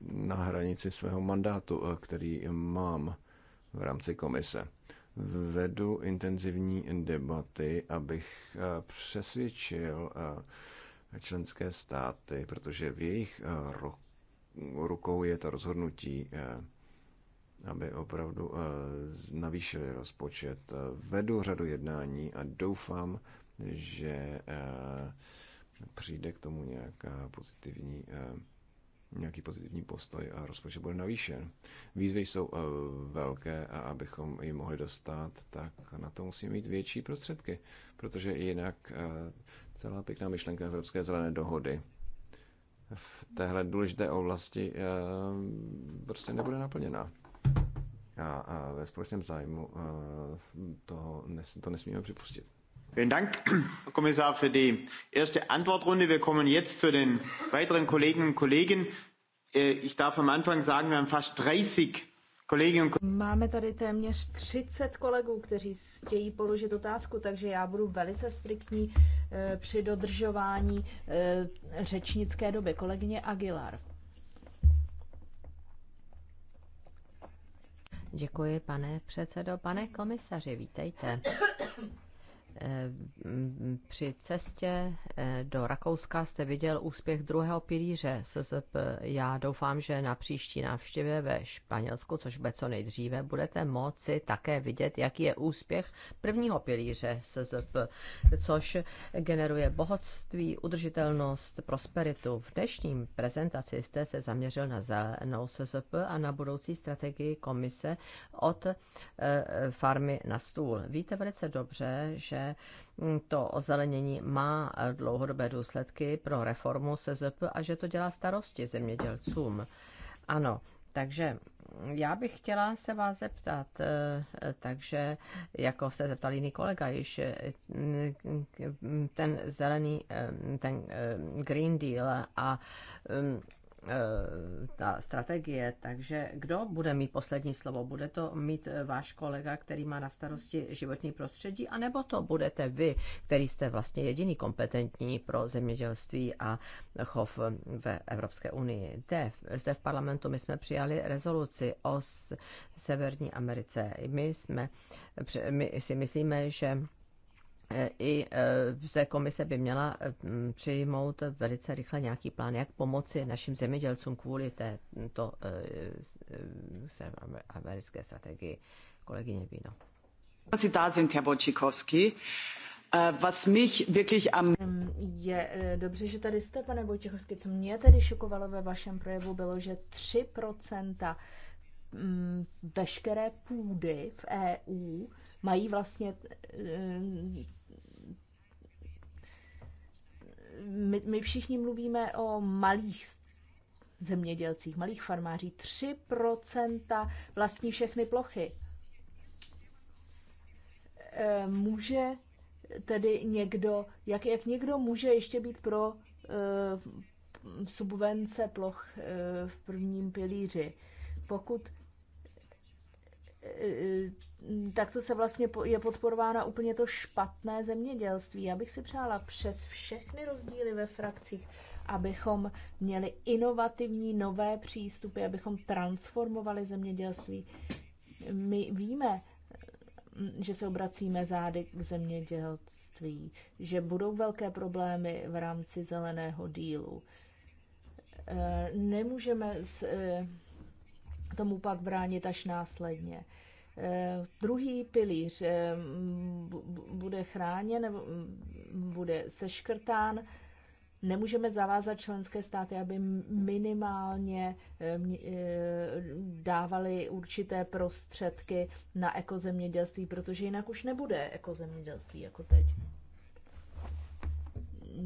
na hranici svého mandátu, eh, který mám v rámci komise. Vedu intenzivní debaty, abych eh, přesvědčil členské státy, protože v jejich rukou je to rozhodnutí, aby opravdu navýšili rozpočet. Vedu řadu jednání a doufám, že přijde k tomu nějaká pozitivní, eh, nějaký pozitivní postoj a rozpočet bude navýšen. Výzvy jsou eh, velké a abychom ji mohli dostat, tak na to musíme mít větší prostředky, protože jinak eh, celá pěkná myšlenka Evropské zelené dohody v téhle důležité oblasti prostě nebude naplněna. A, a ve společném zájmu to, to nesmíme připustit. Vielen Dank, Herr Kommissar, für die erste Antwortrunde. Wir kommen jetzt zu den weiteren Kolleginnen und Kollegen. Äh, ich darf am Anfang sagen, wir haben fast 30 Kolleginnen und Kollegen. Máme tady téměř 30 kolegů, kteří chtějí položit otázku, takže já budu velice striktní eh, při dodržování eh, řečnické doby. Kolegyně Aguilar. Děkuji, pane předsedo. Pane komisaři, vítejte. Eh, při cestě eh, do Rakouska jste viděl úspěch druhého pilíře SZP. Já doufám, že na příští návštěvě ve Španělsku, což bude co nejdříve, budete moci také vidět, jaký je úspěch prvního pilíře SZP, což generuje bohatství, udržitelnost, prosperitu. V dnešním prezentaci jste se zaměřil na zelenou SZP a na budoucí strategii komise od eh, farmy na stůl. Víte velice dobře, že to ozelenění má dlouhodobé důsledky pro reformu SZP a že to dělá starosti zemědělcům. Ano, takže já bych chtěla se vás zeptat, eh, takže jako se zeptal jiný kolega již, eh, ten zelený, eh, ten Green Deal a mm, Eh, ta strategie, takže kdo bude mít poslední slovo? Bude to mít eh, váš kolega, který má na starosti životní prostředí, anebo to budete vy, který jste vlastně jediný kompetentní pro zemědělství a chov ve Evropské unii? Zde, zde v parlamentu my jsme přijali rezoluci o Severní Americe. My, jsme, my si myslíme, že i e, zde komise by měla e, přijmout velice rychle nějaký plán, jak pomoci našim zemědělcům kvůli této e, americké strategii. Kolegyně Bino. am... Je dobře, že tady jste, pane Vojtěchovský. Co mě tedy šokovalo ve vašem projevu, bylo, že 3% veškeré půdy v EU mají vlastně my, my všichni mluvíme o malých zemědělcích, malých farmáří. 3% vlastní všechny plochy. E, může tedy někdo, jak, jak někdo může ještě být pro e, subvence ploch e, v prvním pilíři, pokud tak to se vlastně je podporována úplně to špatné zemědělství. Já bych si přála přes všechny rozdíly ve frakcích, abychom měli inovativní nové přístupy, abychom transformovali zemědělství. My víme, mm, že se obracíme zády k zemědělství, že budou velké problémy v rámci zeleného dílu. E, nemůžeme e, tomu pak bránit až následně. Eh, druhý pilíř eh, bude chráněn nebo mm, bude seškrtán. Nemůžeme zavázat členské státy, aby minimálně eh, dávali určité prostředky na ekozemědělství, protože jinak už nebude ekozemědělství jako teď.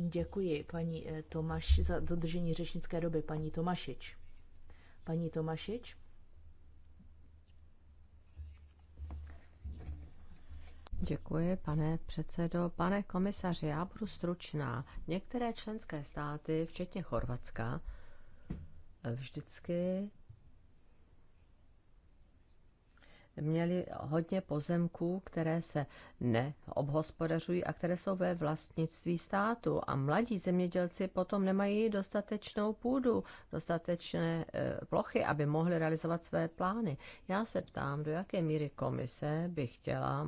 Děkuji paní Tomaši za dodržení řečnické doby. Paní Tomašič. Paní Tomašič. Děkuji, pane předsedo. Pane komisaři, já budu stručná. Některé členské státy, včetně Chorvatska, vždycky měli hodně pozemků, které se neobhospodařují a které jsou ve vlastnictví státu. A mladí zemědělci potom nemají dostatečnou půdu, dostatečné e, plochy, aby mohli realizovat své plány. Já se ptám, do jaké míry komise by chtěla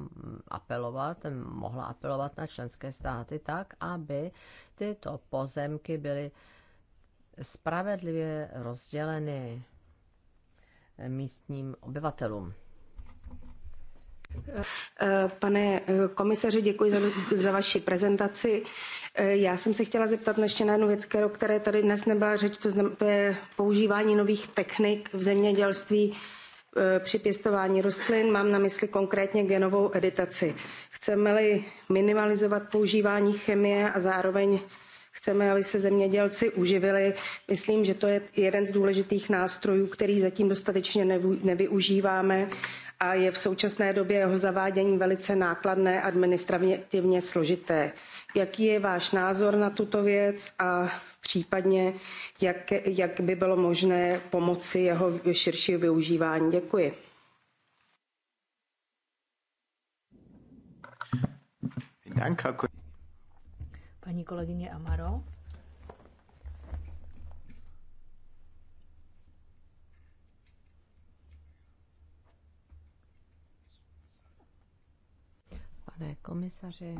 apelovat, mohla apelovat na členské státy tak, aby tyto pozemky byly spravedlivě rozděleny místním obyvatelům. Eh, pane eh, komisaři, děkuji za, za vaši prezentaci. Eh, já jsem se chtěla zeptat ještě na jednu věc, kterou, které tady dnes nebyla řeč, to, znam, to je používání nových technik v zemědělství při pěstování rostlin. Mám na mysli konkrétně genovou editaci. Chceme-li minimalizovat používání chemie a zároveň chceme, aby se zemědělci uživili. Myslím, že to je jeden z důležitých nástrojů, který zatím dostatečně nevyužíváme a je v současné době jeho zavádění velice nákladné a administrativně složité. Jaký je váš názor na tuto věc a případně jak, jak by bylo možné pomoci jeho širšího využívání? Děkuji. Paní kolegyně Amaro. Pane komisaři.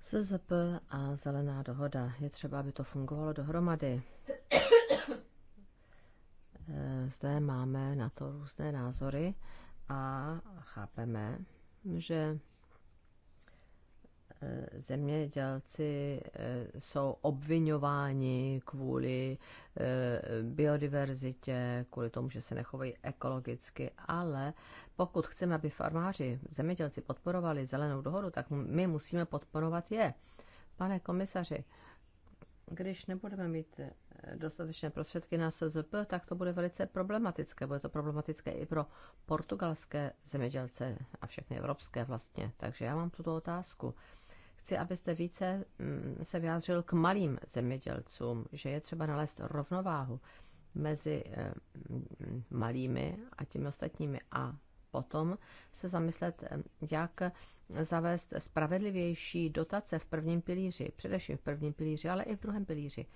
SZP a zelená dohoda. Je třeba, aby to fungovalo dohromady. Eh, zde máme na to různé názory a chápeme, že Eh, zemědělci eh, jsou obvinováni kvůli eh, biodiverzitě, kvůli tomu, že se nechovají ekologicky, ale pokud chceme, aby farmáři, zemědělci podporovali zelenou dohodu, tak my musíme podporovat je. Pane komisaři, když nebudeme mít dostatečné prostředky na SZP, tak to bude velice problematické. Bude to problematické i pro portugalské zemědělce a všechny evropské vlastně. Takže já mám tuto otázku. Chci, abyste více mm, se vyjádřil k malým zemědělcům, že je třeba nalézt rovnováhu mezi eh, mm, malými a těmi ostatními a potom se zamyslet, eh, jak zavést spravedlivější dotace v prvním pilíři, především v prvním pilíři, ale i v druhém pilíři.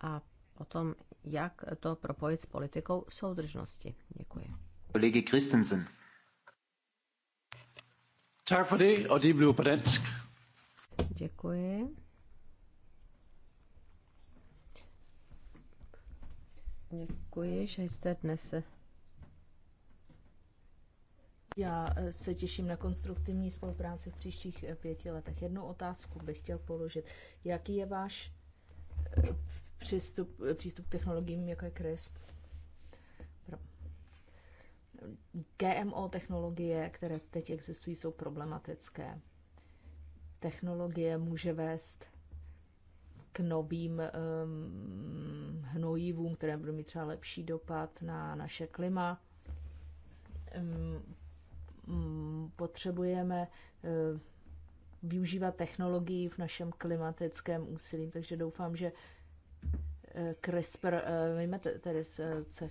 A o tom, jak to propojit s politikou soudržnosti. Děkuji. Kolegy Christensen. Tak for det, og det blev på dansk. Děkuji. Děkuji, že jste dnes. Já eh, se těším na konstruktivní spolupráci v příštích eh, pěti letech. Jednu otázku bych chtěl položit. Jaký je váš eh, přístup, přístup k technologiím, jako je CRISP? GMO technologie, které teď existují, jsou problematické technologie může vést k novým um, hnojivům, které budou mít třeba lepší dopad na naše klima. Um, potřebujeme um, využívat technologii v našem klimatickém úsilí, takže doufám, že eh, CRISPR, eh, víme tedy z, z,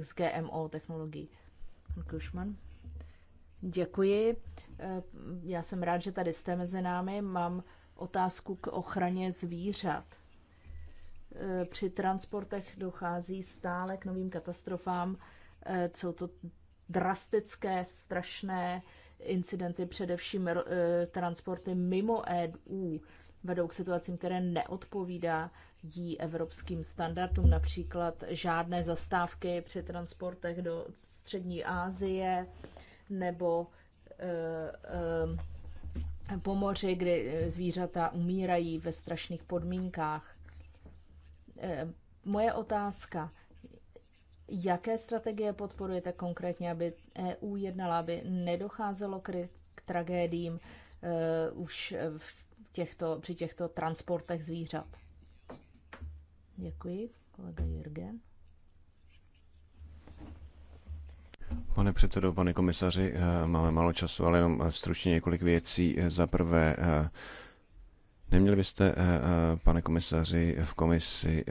z GMO technologií. Pan Kušman. Děkuji. Eh, já jsem rád, že tady jste mezi námi. Mám otázku k ochraně zvířat. Eh, při transportech dochází stále k novým katastrofám. Eh, jsou to drastické, strašné incidenty, především transporty mimo EU vedou k situacím, které neodpovídá jí evropským standardům, například žádné zastávky při transportech do střední Asie nebo Eh, eh, po moři, kdy eh, zvířata umírají ve strašných podmínkách. Moje otázka, jaké strategie podporujete konkrétně, aby EU jednala, aby nedocházelo k, tragédiím už v těchto, při těchto transportech zvířat? Děkuji, kolega Jürgen. Pane předsedo, pane komisaři, eh, máme málo času, ale jenom eh, stručně několik věcí. Eh, za prvé, neměli byste, pane komisaři, v komisi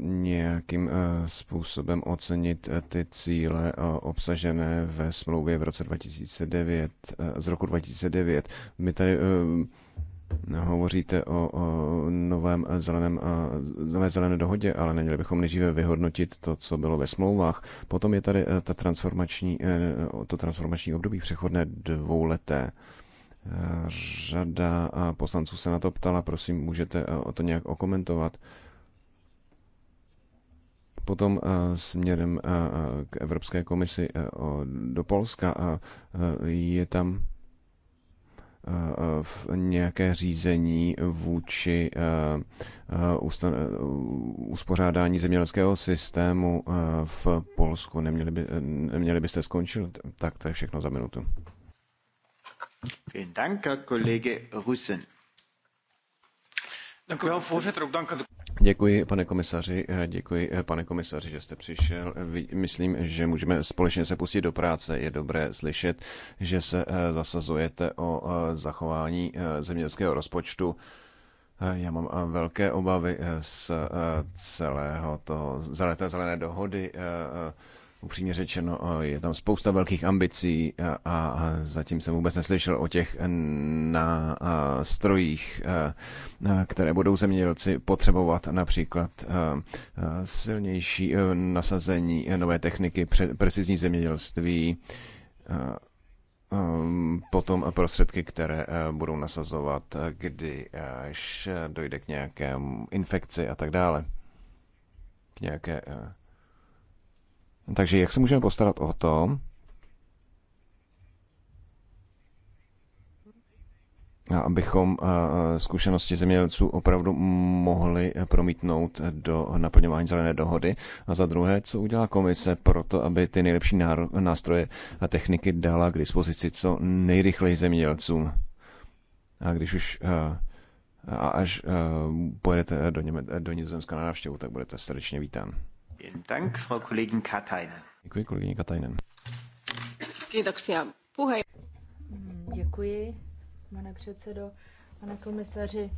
nějakým způsobem ocenit ty cíle obsažené ve smlouvě v roce 2009, z roku 2009. My tady hovoříte o, o novém eh, zeleném, eh, nové zelené dohodě, ale neměli bychom nejdříve vyhodnotit to, co bylo ve smlouvách. Potom je tady eh, ta transformační, to transformační období přechodné dvouleté. Řada poslanců se na to ptala, prosím, můžete o to nějak okomentovat. Potom směrem k Evropské komisi do Polska je tam v nějaké řízení vůči eh, eh, eh, uspořádání zemědělského systému v Polsku. Neměli, by, neměli byste skončit? Tak to je všechno za minutu. Vielen Dank, Kollege Russen. Dank u wel, voorzitter. Ook dank aan de Děkuji, pane komisaři, eh, děkuji, eh, pane komisaři, že jste přišel. Myslím, že můžeme společně se pustit do práce. Je dobré slyšet, že se eh, zasazujete o zachování zemědělského rozpočtu. Já mám velké obavy z celého toho, té zelené dohody. Upřímně řečeno, eh, je tam spousta velkých ambicí a, a zatím jsem vůbec neslyšel o těch na a eh, strojích, a, eh, které budou zemědělci potřebovat například silnější nasazení nové techniky, precizní zemědělství, potom prostředky, které budou nasazovat, když dojde k nějaké infekci a tak dále. K nějaké takže jak se můžeme postarat o to, abychom eh, eh, zkušenosti zemědělců opravdu mohli promítnout do naplňování zelené dohody. A za druhé, co udělá komise pro to, aby ty nejlepší nástroje a techniky dala k dispozici co nejrychleji zemědělcům. A když už eh, a až pojedete do, Něme- do Nizozemska na návštěvu, tak budete srdečně vítán. Děkuji, kolegyně Katainen. Mm, děkuji, pane předsedo. Pane komisaři,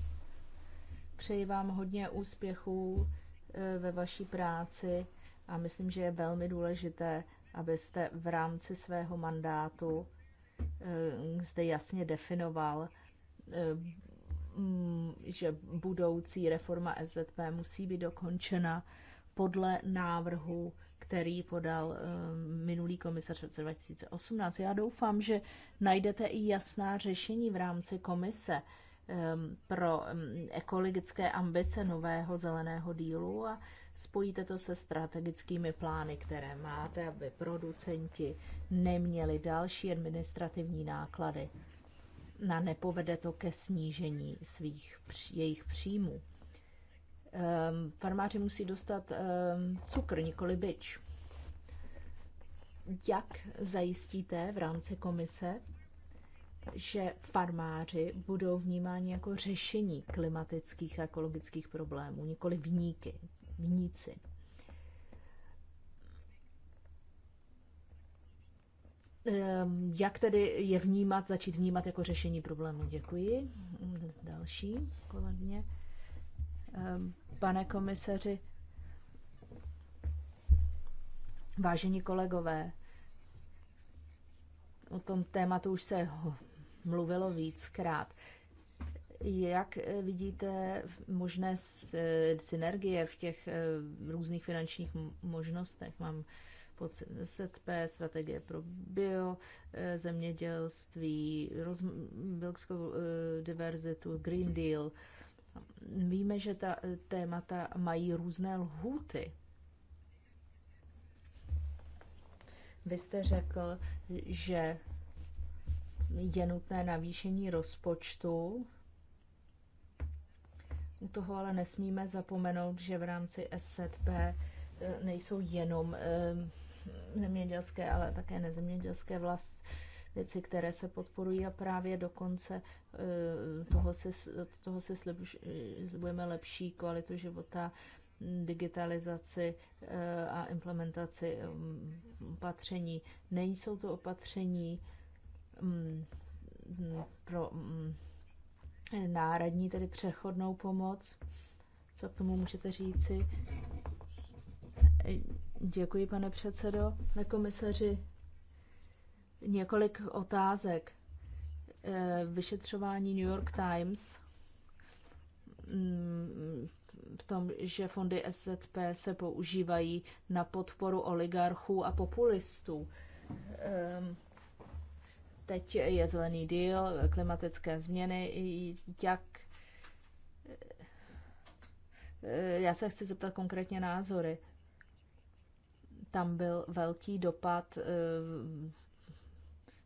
přeji vám hodně úspěchů e, ve vaší práci a myslím, že je velmi důležité, abyste v rámci svého mandátu e, zde jasně definoval, e, že budoucí reforma SZP musí být dokončena podle návrhu, který podal eh, minulý komisař v roce 2018. Já doufám, že najdete i jasná řešení v rámci komise ehm, pro ehm, ekologické ambice nového zeleného dílu a spojíte to se strategickými plány, které máte, aby producenti neměli další administrativní náklady. Na nepovede to ke snížení svých jejich příjmů. Ehm, farmáři musí dostat ehm, cukr, nikoli byč. Jak zajistíte v rámci komise, že farmáři budou vnímáni jako řešení klimatických a ekologických problémů, nikoli vníky, vníci? Ehm, jak tedy je vnímat, začít vnímat jako řešení problému? Děkuji. Další kolegyně. Ehm, pane komisaři, vážení kolegové, o tom tématu už se mluvilo víckrát. Jak eh, vidíte možné eh, synergie v těch eh, různých finančních možnostech? Mám pocit ZP, strategie pro bio, zemědělství, roz, diverzitu, Green Deal – Víme, že ta témata mají různé lhůty. Vy jste řekl, že je nutné navýšení rozpočtu. U toho ale nesmíme zapomenout, že v rámci SZP eh, nejsou jenom eh, zemědělské, ale také nezemědělské vlast, věci, které se podporují a právě do konce eh, toho se, toho se slibujeme lepší kvalitu života, digitalizaci eh, a implementaci mm, opatření. Nejsou to opatření mm, mm, pro náradní, tedy přechodnou pomoc. Co k tomu můžete říci? Děkuji, pane předsedo, pane komisaři. Několik otázek. Eh, vyšetřování New York Times mm, v tom, že fondy SZP se používají na podporu oligarchů a populistů. Ehm, teď je zelený díl, klimatické změny. Jak eh, já se chci zeptat konkrétně názory. Tam byl velký dopad eh,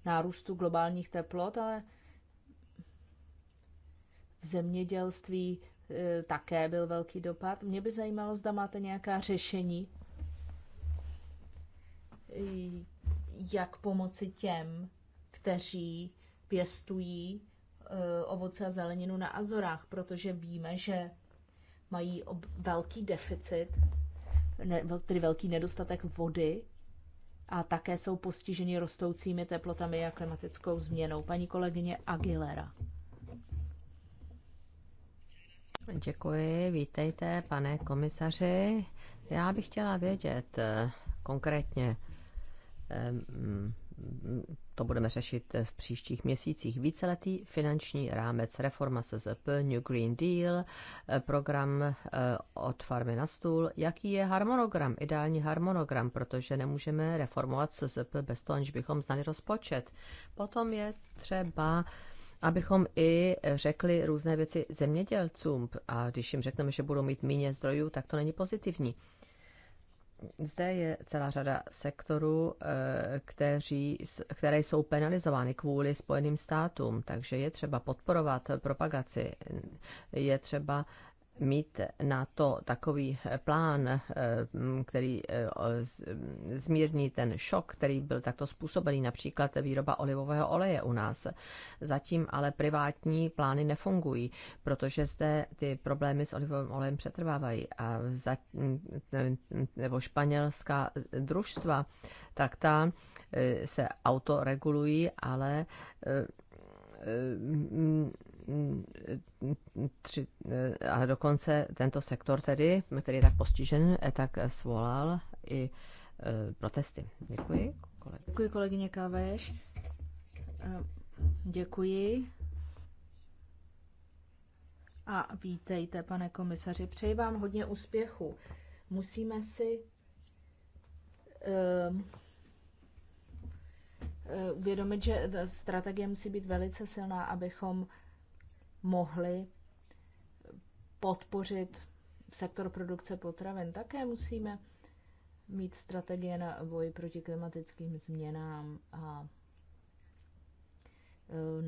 nárůstu globálních teplot, ale v zemědělství e, také byl velký dopad. Mě by zajímalo, zda máte nějaká řešení, jak pomoci těm, kteří pěstují e, ovoce a zeleninu na Azorách, protože víme, že mají velký deficit, ne, tedy velký nedostatek vody a také jsou postiženi rostoucími teplotami a klimatickou změnou. Paní kolegyně Aguilera. Děkuji, vítejte, pane komisaři. Já bych chtěla vědět eh, konkrétně, eh, mm, to budeme řešit v příštích měsících. Víceletý finanční rámec, reforma SZP, New Green Deal, eh, program eh, od farmy na stůl. Jaký je harmonogram, ideální harmonogram, protože nemůžeme reformovat SZP bez toho, aniž bychom znali rozpočet. Potom je třeba abychom i řekli různé věci zemědělcům. A když jim řekneme, že budou mít méně zdrojů, tak to není pozitivní. Zde je celá řada sektorů, eh, kteří, které jsou penalizovány kvůli Spojeným státům, takže je třeba podporovat propagaci, je třeba mít na to takový plán, eh, který eh, zmírní ten šok, který byl takto způsobený, například výroba olivového oleje u nás. Zatím ale privátní plány nefungují, protože zde ty problémy s olivovým olejem přetrvávají. A za, nebo španělská družstva, tak ta eh, se autoregulují, ale tři, a dokonce tento sektor tedy, který je tak postižen, eh, tak svolal i eh, protesty. Děkuji. Kolegy. Děkuji kolegyně Káveš. Eh, děkuji. A vítejte, pane komisaři. Přeji vám hodně úspěchu. Musíme si um, uvědomit, že strategie musí být velice silná, abychom mohli podpořit sektor produkce potravin. Také musíme mít strategie na boj proti klimatickým změnám a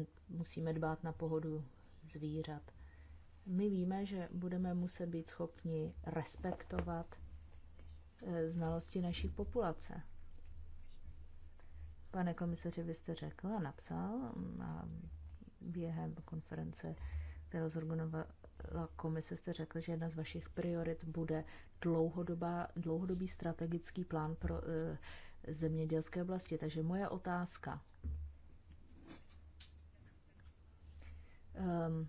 e, musíme dbát na pohodu zvířat. My víme, že budeme muset být schopni respektovat e, znalosti naší populace. Pane komisaři, vy jste řekl a napsal, a během konference, kterou zorganizovala komise, jste řekl, že jedna z vašich priorit bude dlouhodobá, dlouhodobý strategický plán pro e, zemědělské oblasti. Takže moje otázka. Um,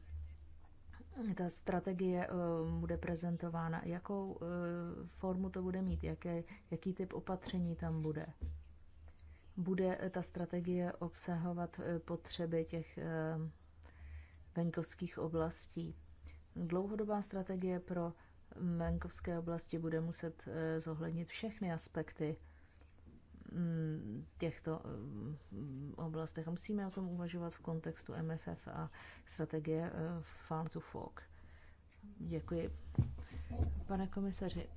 ta strategie uh, bude prezentována, jakou uh, formu to bude mít, jaké, jaký typ opatření tam bude bude ta strategie obsahovat eh, potřeby těch eh, venkovských oblastí. Dlouhodobá strategie pro venkovské oblasti bude muset eh, zohlednit všechny aspekty mm, těchto oblastech. Musíme o tom uvažovat v kontextu MFF a strategie Farm to Fork. Děkuji. Pane komisaři,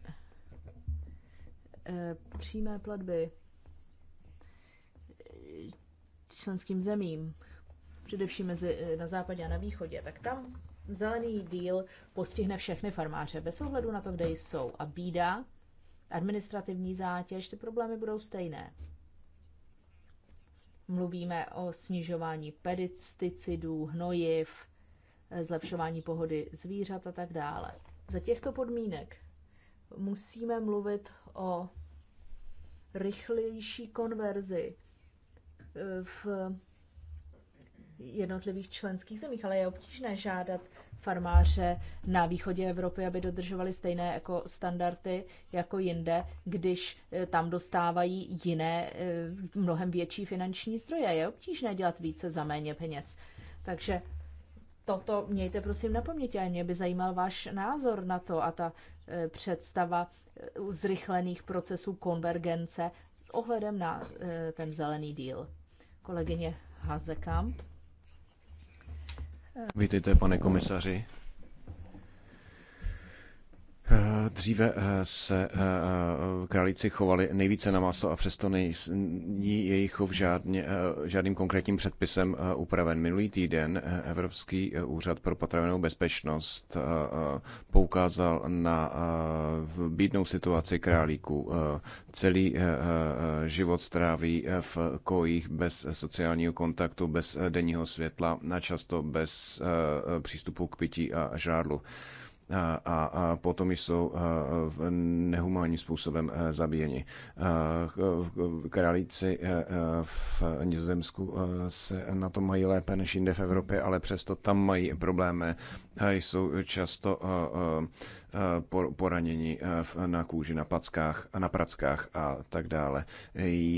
přímé platby členským zemím, především mezi, eh, na západě a na východě, tak tam zelený díl postihne všechny farmáře bez ohledu na to, kde jsou. A bída, administrativní zátěž, ty problémy budou stejné. Mluvíme o snižování pesticidů, hnojiv, eh, zlepšování pohody zvířat a tak dále. Za těchto podmínek musíme mluvit o rychlejší konverzi v jednotlivých členských zemích, ale je obtížné žádat farmáře na východě Evropy, aby dodržovali stejné jako standardy jako jinde, když eh, tam dostávají jiné, eh, mnohem větší finanční zdroje. Je obtížné dělat více za méně peněz. Takže toto mějte prosím na paměti a mě by zajímal váš názor na to a ta eh, představa zrychlených procesů konvergence s ohledem na ten zelený díl kolegyně Hazekamp. Vítejte, pane komisaři. Eh, dříve eh, se eh, králíci chovali nejvíce na maso a přesto není jejich chov žádně, žádným konkrétním předpisem upraven. Minulý týden Evropský úřad pro potravinovou bezpečnost poukázal na bídnou situaci králíků. Celý život stráví v kojích bez sociálního kontaktu, bez denního světla na často bez přístupu k pití a žádlu a, a potom jsou v nehumánním způsobem e, zabíjeni. E, králíci e, v Nizozemsku se na to mají lépe než jinde v Evropě, ale přesto tam mají problémy jsou často eh, eh, poraněni eh, na kůži, na packách, na prackách a tak dále.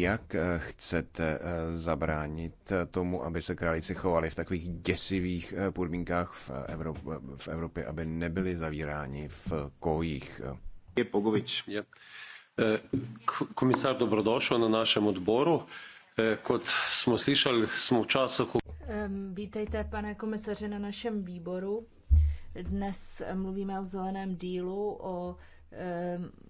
Jak chcete zabránit tomu, aby se králíci chovali v takových děsivých podmínkách v Evropě, v Evropě aby nebyli zavíráni v kojích? Je Pogovič. Je. Komisár, dobrodošel na našem odboru. Kot jsme slyšeli, jsme v času... Vítejte, pane komisaře na našem výboru. Dnes mluvíme o zeleném dílu, o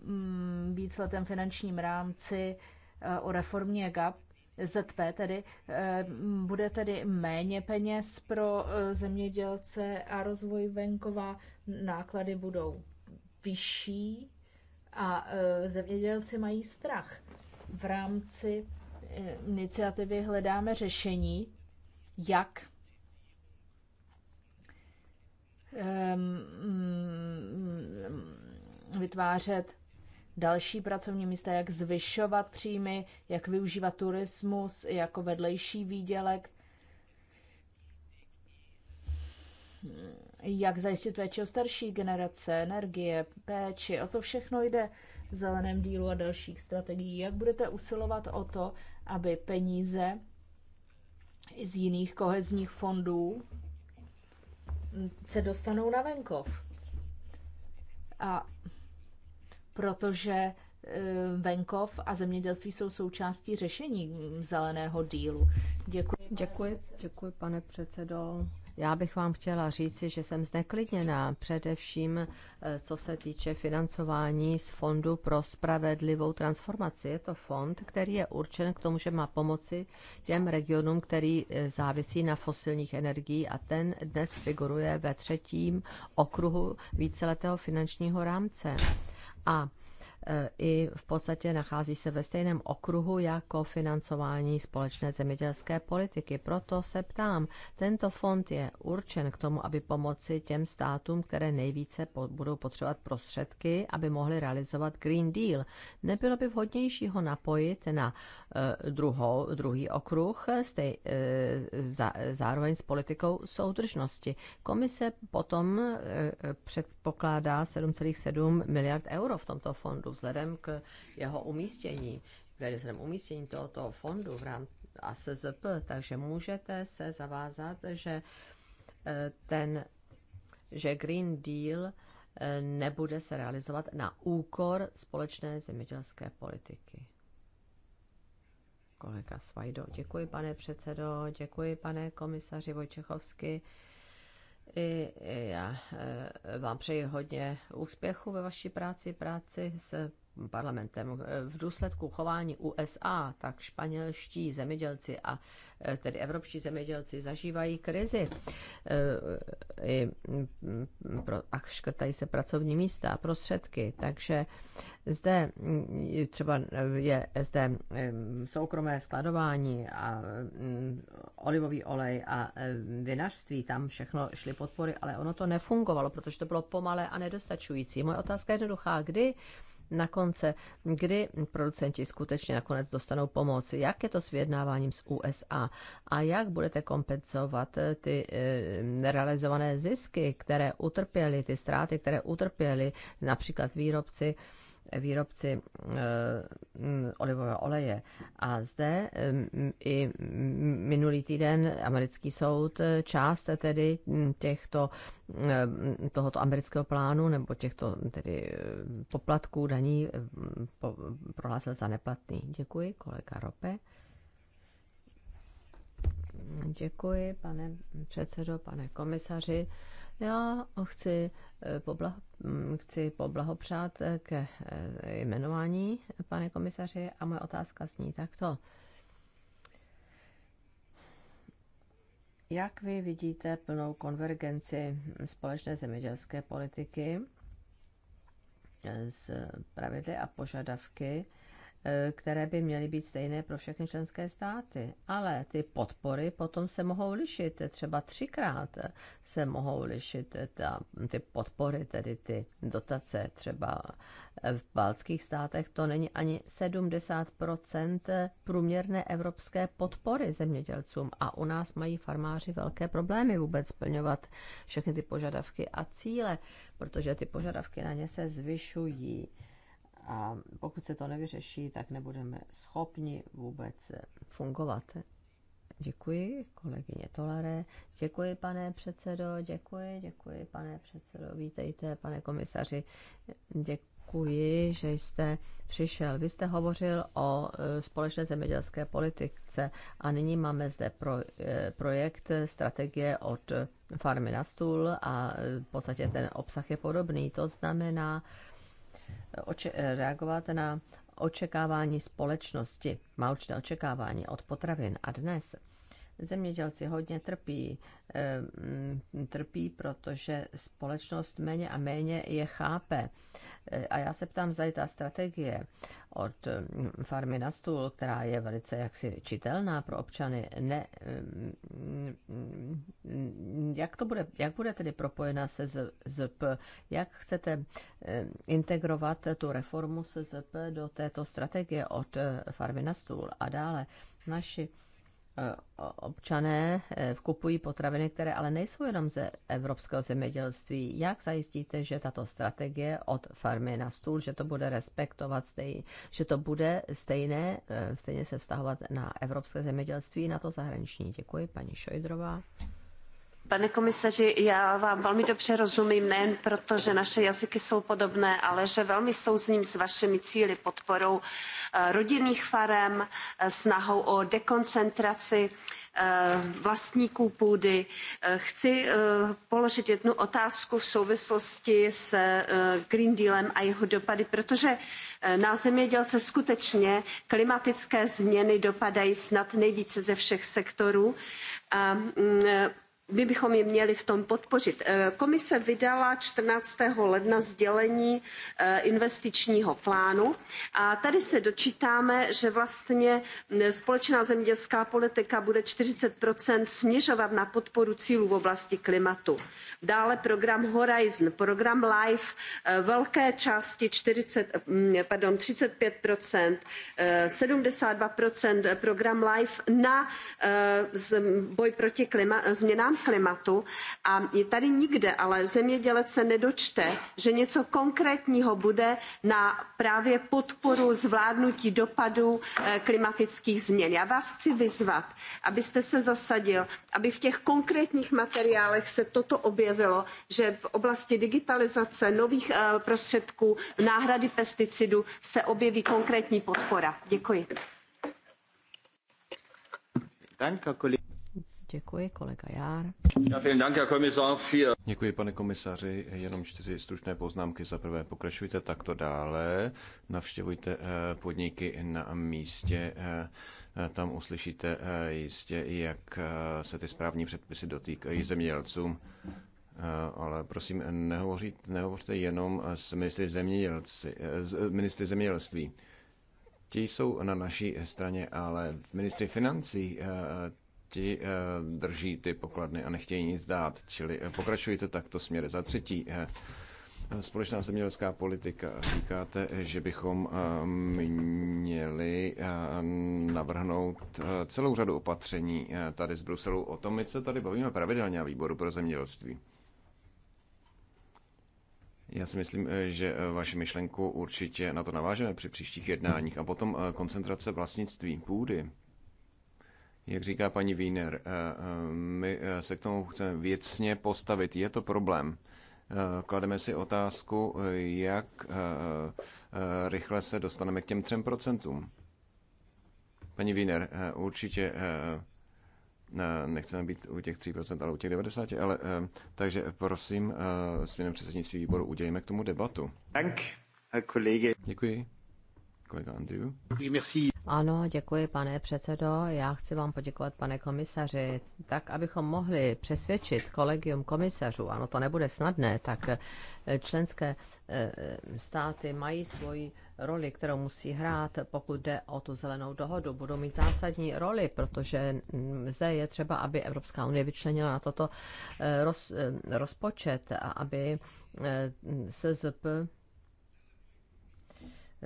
mm, víceletém finančním rámci, e, o reformě GAP, ZP tedy, bude tedy méně peněz pro e, zemědělce a rozvoj venkova, náklady budou vyšší a e, zemědělci mají strach. V rámci iniciativy hledáme řešení, jak Ehm, mm, vytvářet další pracovní místa, jak zvyšovat příjmy, jak využívat turismus jako vedlejší výdělek, jak zajistit péči o starší generace, energie, péči, o to všechno jde v zeleném dílu a dalších strategií. Jak budete usilovat o to, aby peníze z jiných kohezních fondů se dostanou na venkov. A protože eh, venkov a zemědělství jsou součástí řešení zeleného dílu. Děkuji. Děkuji, pane děkuji, pane předsedo. Já bych vám chtěla říci, že jsem zneklidněná především, eh, co se týče financování z Fondu pro spravedlivou transformaci. Je to fond, který je určen k tomu, že má pomoci těm regionům, který eh, závisí na fosilních energií a ten dnes figuruje ve třetím okruhu víceletého finančního rámce. A i v podstatě nachází se ve stejném okruhu jako financování společné zemědělské politiky. Proto se ptám, tento fond je určen k tomu, aby pomoci těm státům, které nejvíce budou potřebovat prostředky, aby mohly realizovat Green Deal. Nebylo by vhodnější ho napojit na druhou, druhý okruh stej, e, za, zároveň s politikou soudržnosti. Komise potom e, předpokládá 7,7 miliard euro v tomto fondu vzhledem k jeho umístění, tedy vzhledem umístění tohoto fondu v rámci a takže můžete se zavázat, že e, ten, že Green Deal nebude se realizovat na úkor společné zemědělské politiky kolega Svajdo. Děkuji, pane předsedo, děkuji, pane komisaři Vojčechovsky. I já e, vám přeji hodně úspěchu ve vaší práci, práci s parlamentem. V důsledku chování USA, tak španělští zemědělci a eh, tedy evropští zemědělci zažívají krizi eh, mm, a škrtají se pracovní místa a prostředky. Takže zde mm, třeba je zde mm, soukromé skladování a olivový olej a vinařství, tam všechno šly podpory, ale ono to nefungovalo, protože to bylo pomalé a nedostačující. Moje otázka je jednoduchá. Kdy na konce, kdy producenti skutečně nakonec dostanou pomoc. Jak je to s vyjednáváním z USA a jak budete kompenzovat eh, ty nerealizované eh, zisky, které utrpěli, ty ztráty, které utrpěli například výrobci výrobci eh, mm, olivového oleje. A zde eh, i minulý týden americký soud eh, část tedy mm, těchto, tohoto amerického plánu nebo těchto tedy poplatků daní prohlásil za neplatný. Děkuji, kolega Rope. Děkuji, pane předsedo, pane komisaři. Já chci, eh, pobla, hm, chci poblahopřát eh, ke eh, jmenování, pane komisaři, a moje otázka zní takto. Jak vy vidíte plnou konvergenci společné zemědělské politiky s pravidly a požadavky Eh, které by měly být stejné pro všechny členské státy. Ale ty podpory potom se mohou lišit, třeba třikrát se mohou lišit ta, ty podpory, tedy ty dotace. Třeba eh, v baltských státech to není ani 70 průměrné evropské podpory zemědělcům a u nás mají farmáři velké problémy vůbec splňovat všechny ty požadavky a cíle, protože ty požadavky na ně se zvyšují. A pokud se to nevyřeší, tak nebudeme schopni vůbec fungovat. Děkuji, kolegyně Tolare. Děkuji, pane předsedo, děkuji, děkuji, pane předsedo. Vítejte, pane komisaři. Děkuji, že jste přišel. Vy jste hovořil o e, společné zemědělské politice a nyní máme zde pro, e, projekt strategie od farmy na stůl a e, v podstatě ten obsah je podobný. To znamená, Eh, reagovat na očekávání společnosti. Má určité očekávání od potravin. A dnes Zemědělci hodně trpí, eh, trpí, protože společnost méně a méně je chápe. Eh, a já se ptám, zda ta strategie od mm, farmy na stůl, která je velice jaksi čitelná pro občany, ne, mm, jak, to bude, jak bude tedy propojena se ZP? Jak chcete eh, integrovat tu reformu se ZP do této strategie od farmy na stůl? A dále naši Eh, občané eh, kupují potraviny, které ale nejsou jenom ze evropského zemědělství. Jak zajistíte, že tato strategie od farmy na stůl, že to bude respektovat, stej, že to bude stejné, eh, stejně se vztahovat na evropské zemědělství, na to zahraniční? Děkuji, paní Šojdrová. Pane komisaři, já vám velmi dobře rozumím, nejen proto, že naše jazyky jsou podobné, ale že velmi souzním s vašimi cíly podporou eh, rodinných farem, eh, snahou o dekoncentraci eh, vlastníků půdy. Chci položit jednu otázku v souvislosti s Green Dealem a jeho dopady, protože na zemědělce skutečně klimatické změny dopadají snad nejvíce ze všech sektorů. A mm, my bychom je měli v tom podpořit. Eh, komise vydala 14. ledna sdělení eh, investičního plánu a tady se dočítáme, že vlastně eh, společná zemědělská politika bude 40 směřovat na podporu cílů v oblasti klimatu. Dále program Horizon, program LIFE, velké části 40, mm, pardon, 35 72 program LIFE na boj proti klima, změnám klimatu a tady nikde ale zemědělec se nedočte, že něco konkrétního bude na právě podporu zvládnutí dopadů eh, klimatických změn. Já vás chci vyzvat, abyste se zasadil, aby v těch konkrétních materiálech se toto objevilo, že v oblasti digitalizace nových eh, prostředků náhrady pesticidů se objeví konkrétní podpora. Děkuji. Danke, Děkuji, kolega Jár. Děkuji, pane komisaři. Jenom čtyři stručné poznámky. Za prvé, pokračujte takto dále. Navštěvujte eh, podniky na místě. Eh, tam uslyšíte eh, jistě, jak se ty správní předpisy dotýkají zemědělcům. Ale prosím, nehovořit, nehovořte jenom s ministry, s ministry zemědělství. Ti jsou na naší straně, ale ministry financí ti eh, drží ty pokladny a nechtějí nic dát. Čili eh, pokračujte takto směry. Za třetí, eh, společná zemědělská politika. Říkáte, že bychom měli navrhnout celou řadu opatření tady z Bruselu. O tom my se tady bavíme pravidelně a výboru pro zemědělství. Já si myslím, že vaši myšlenku určitě na to navážeme při příštích jednáních. A potom koncentrace vlastnictví půdy. Jak říká paní Wiener, eh, eh, my eh, se k tomu chceme věcně postavit. Je to problém. Klademe si otázku, jak rychle se dostaneme k těm třem procentům. Paní Wiener, určitě nechceme být u těch 3%, ale u těch 90%, ale takže prosím, s směrem předsednictví výboru udělejme k tomu debatu. Děkuji. Kolega Děkuji Merci. Ano, děkuji, pane předsedo. Já chci vám poděkovat, pane komisaři. Tak, abychom mohli přesvědčit kolegium komisařů, ano, to nebude snadné, tak eh, členské eh, státy mají svoji roli, kterou musí hrát, pokud jde o tu zelenou dohodu. Budou mít zásadní roli, protože mm, zde je třeba, aby Evropská unie vyčlenila na toto eh, roz, rozpočet a aby SZP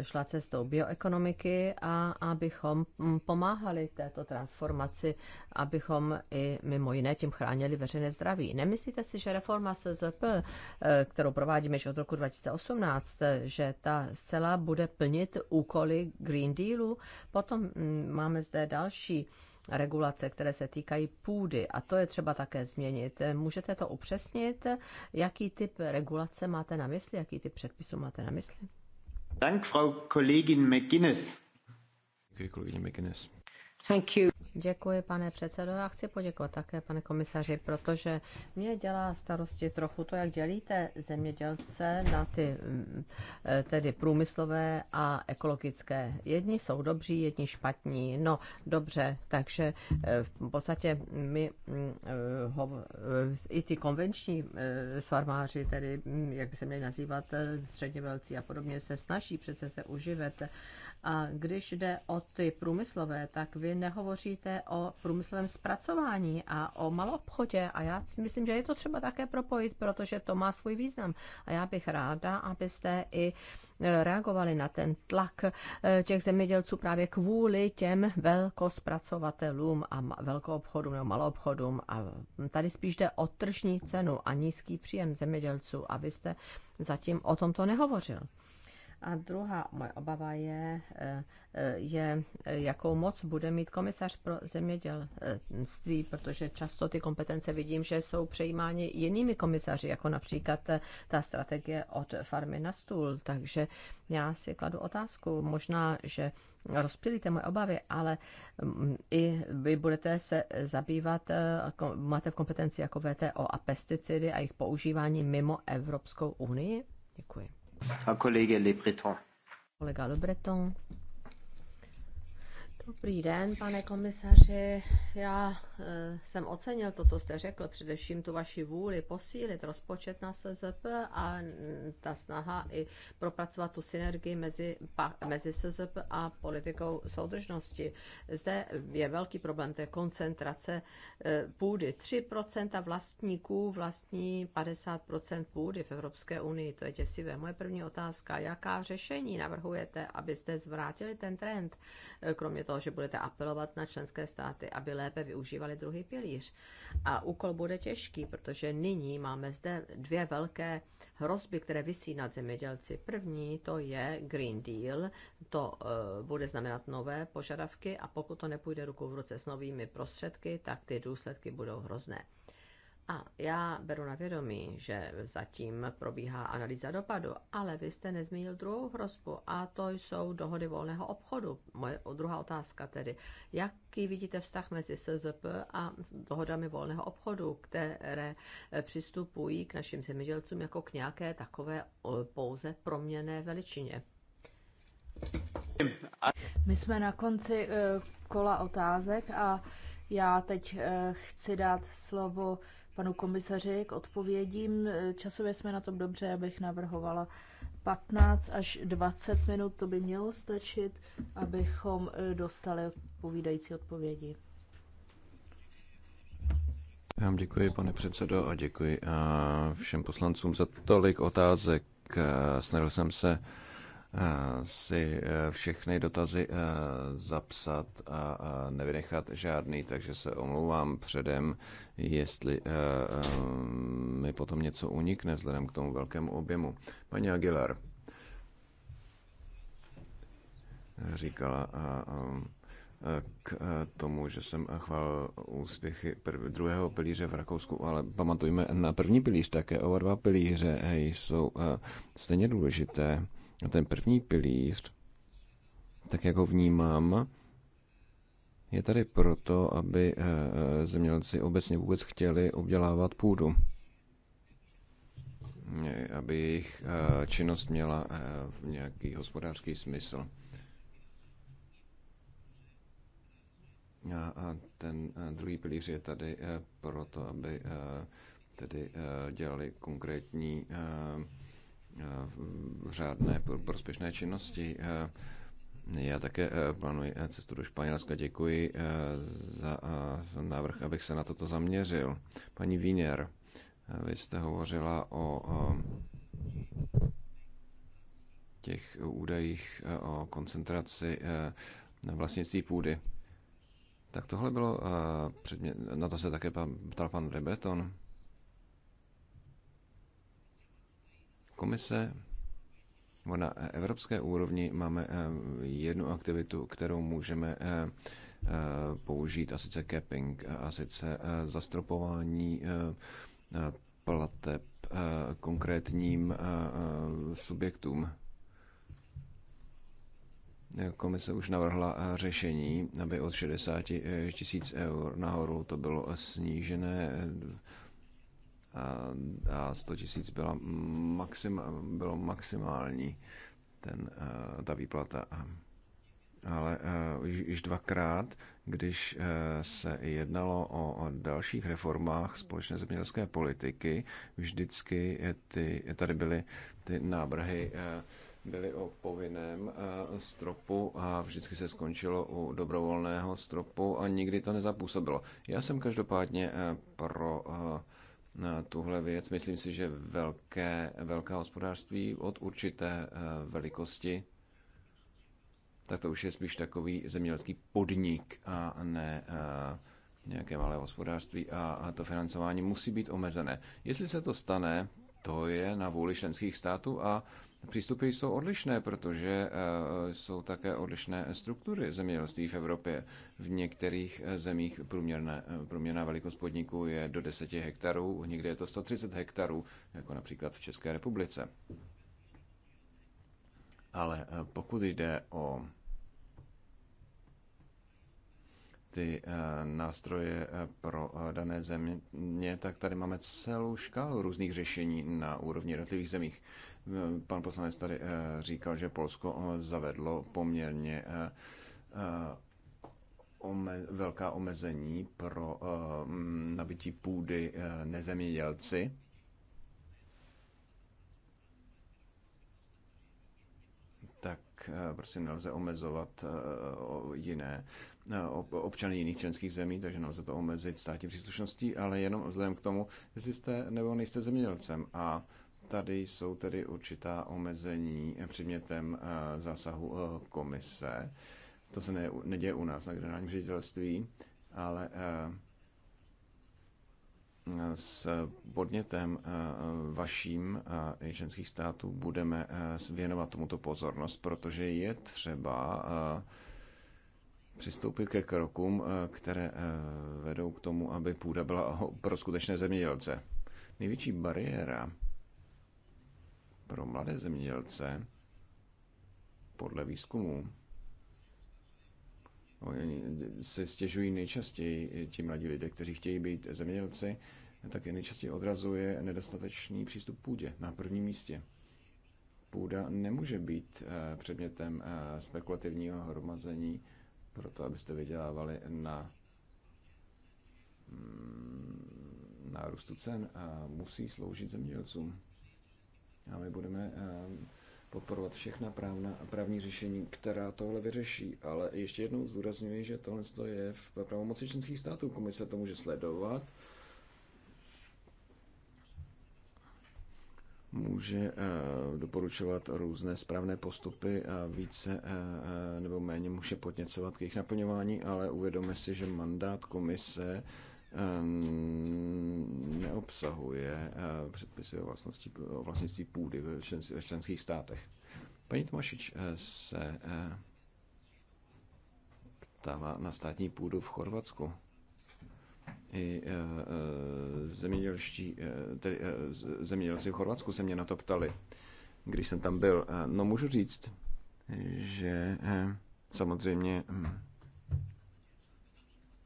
šla cestou bioekonomiky a abychom mm, pomáhali této transformaci, abychom i mimo jiné tím chránili veřejné zdraví. Nemyslíte si, že reforma SZP, eh, kterou provádíme již od roku 2018, že ta zcela bude plnit úkoly Green Dealu? Potom mm, máme zde další regulace, které se týkají půdy a to je třeba také změnit. Můžete to upřesnit? Jaký typ regulace máte na mysli? Jaký typ předpisů máte na mysli? Dank, Frau Kollegin McGuinness. Děkuji, kolegyně McGuinness. Thank you. Děkuji, pane předsedo. Já chci poděkovat také, pane komisaři, protože mě dělá starosti trochu to, jak dělíte zemědělce na ty mm, eh, tedy průmyslové a ekologické. Jedni jsou dobří, jedni špatní. No, dobře, takže eh, v podstatě my mm, eh, i ty konvenční svarmáři, tedy mm, jak by se měli nazývat, středně velcí a podobně, se snaží přece se uživet a když jde o ty průmyslové, tak vy nehovoříte o průmyslovém zpracování a o malobchodě. A já si myslím, že je to třeba také propojit, protože to má svůj význam. A já bych ráda, abyste i e, reagovali na ten tlak e, těch zemědělců právě kvůli těm velkospracovatelům a velkoobchodům nebo maloobchodům. A tady spíš jde o tržní cenu a nízký příjem zemědělců. A vy jste zatím o tomto nehovořil. A druhá moje obava je, eh, eh, je, eh, jakou moc bude mít komisař pro zemědělství, protože často ty kompetence vidím, že jsou přejímány jinými komisaři, jako například ta strategie od farmy na stůl. Takže já si kladu otázku, možná, že rozptýlíte moje obavy, ale mm, i vy budete se zabývat, máte v kompetenci jako VTO a pesticidy a jejich používání mimo Evropskou unii? Děkuji. A Kollege Le Breton. Kolega Le Breton. Dobrý den, pane komisaři. Já e, jsem ocenil to, co jste řekl, především tu vaši vůli posílit rozpočet na SZP a ta snaha i propracovat tu synergii mezi, mezi SZP a politikou soudržnosti. Zde je velký problém, to je koncentrace e, půdy. 3% vlastníků vlastní 50% půdy v Evropské unii. To je děsivé. Moje první otázka, jaká řešení navrhujete, abyste zvrátili ten trend, e, kromě toho, že budete apelovat na členské státy, aby lépe využívali druhý pilíř. A úkol bude těžký, protože nyní máme zde dvě velké hrozby, které vysí nad zemědělci. První to je Green Deal, to uh, bude znamenat nové požadavky a pokud to nepůjde ruku v ruce s novými prostředky, tak ty důsledky budou hrozné. A já beru na vědomí, že zatím probíhá analýza dopadu, ale vy jste nezmínil druhou hrozbu a to jsou dohody volného obchodu. Moje druhá otázka tedy. Jaký vidíte vztah mezi SZP a dohodami volného obchodu, které přistupují k našim zemědělcům jako k nějaké takové pouze proměné veličině? My jsme na konci eh, kola otázek a já teď eh, chci dát slovo panu komisaři k odpovědím. Časově jsme na tom dobře, abych navrhovala 15 až 20 minut, to by mělo stačit, abychom eh, dostali odpovídající odpovědi. Já vám děkuji, pane předsedo, a děkuji eh, všem poslancům za tolik otázek. Eh, snažil jsem se Eh, si eh, všechny dotazy eh, zapsat a nevynechat žádný, takže se omlouvám předem, jestli mi potom něco unikne vzhledem k tomu velkému objemu. Paní Aguilar říkala k tomu, že jsem chval úspěchy druhého pilíře v Rakousku, ale pamatujme na první pilíř také. Oba dva pilíře jsou stejně důležité a ten první pilíř, tak jak ho vnímám, je tady proto, aby eh, eh, zemědělci obecně vůbec chtěli obdělávat půdu. Aby jejich eh, činnost měla nějaký hospodářský smysl. A ten druhý pilíř je tady proto, aby tedy dělali konkrétní Eh, řádné prospěšné činnosti. Eh, já také eh, plánuji cestu do Španělska. Děkuji za návrh, abych se na toto zaměřil. Paní Víněr, vy jste hovořila o těch údajích o koncentraci vlastnictví půdy. Tak tohle bylo, na to se také ptal pan Rebeton. Komise na evropské úrovni máme eh, jednu aktivitu, kterou můžeme eh, eh, použít, a sice capping, a sice zastropování plateb konkrétním subjektům. Komise už navrhla řešení, aby od 60 tisíc eur nahoru to bylo snížené a 100 tisíc byla maxima, bylo maximální ten, ta výplata. Ale už dvakrát, když e, se jednalo o dalších reformách společné zemědělské politiky, vždycky ty, tady byly ty návrhy e, byly o povinném e, stropu a vždycky se skončilo u dobrovolného stropu a nikdy to nezapůsobilo. Já jsem každopádně pro tuhle věc. Myslím si, že velké, velké hospodářství od určité eh, velikosti, tak to už je spíš takový zemědělský podnik a ne eh, nějaké malé hospodářství a to financování musí být omezené. Jestli se to stane, to je na vůli členských států a Přístupy jsou odlišné, protože eh, jsou také odlišné struktury zemědělství v Evropě. V některých eh, zemích průměrné, eh, průměrná velikost podniku je do 10 hektarů, někde je to 130 hektarů, jako například v České republice. Ale pokud jde o ty eh, nástroje eh, pro eh, dané země, tak tady máme celou škálu různých řešení na úrovni jednotlivých zemích. Pan poslanec tady říkal, že Polsko zavedlo poměrně ome- velká omezení pro nabití půdy nezemědělci. tak prostě nelze omezovat jiné občany jiných členských zemí, takže nelze to omezit státní příslušností, ale jenom vzhledem k tomu, jestli jste nebo nejste zemědělcem. A tady jsou tedy určitá omezení předmětem eh, zásahu eh, komise. To se ne, neděje u nás na generálním ředitelství, ale eh, s podnětem vaším i členských států budeme věnovat tomuto pozornost, protože je třeba přistoupit ke krokům, eh, které eh, vedou k tomu, aby půda byla pro skutečné zemědělce. Největší bariéra pro mladé zemědělce podle výzkumu no, Oni se stěžují nejčastěji eh, ti mladí lidé, kteří chtějí být zemědělci, tak je nejčastěji odrazuje nedostatečný přístup k půdě na prvním místě. Půda nemůže být předmětem spekulativního hromazení pro to, abyste vydělávali na mm, nárůstu cen a musí sloužit zemědělcům. A my budeme eh, podporovat všechna právna, právní řešení, která tohle vyřeší. Ale ještě jednou zdůrazňuji, že tohle je v pravomoci členských států. Komise to může sledovat, může eh, doporučovat různé správné postupy a více eh, eh, nebo méně může podněcovat k jejich naplňování, ale uvědomme si, že mandát komise neobsahuje předpisy o, vlastnosti, o vlastnictví půdy ve členských státech. Paní Tomašič se ptává na státní půdu v Chorvatsku i eh, eh, zemědělští, eh, tedy zemědělci v Chorvatsku se mě na to ptali, když jsem tam byl. No můžu říct, že samozřejmě hm,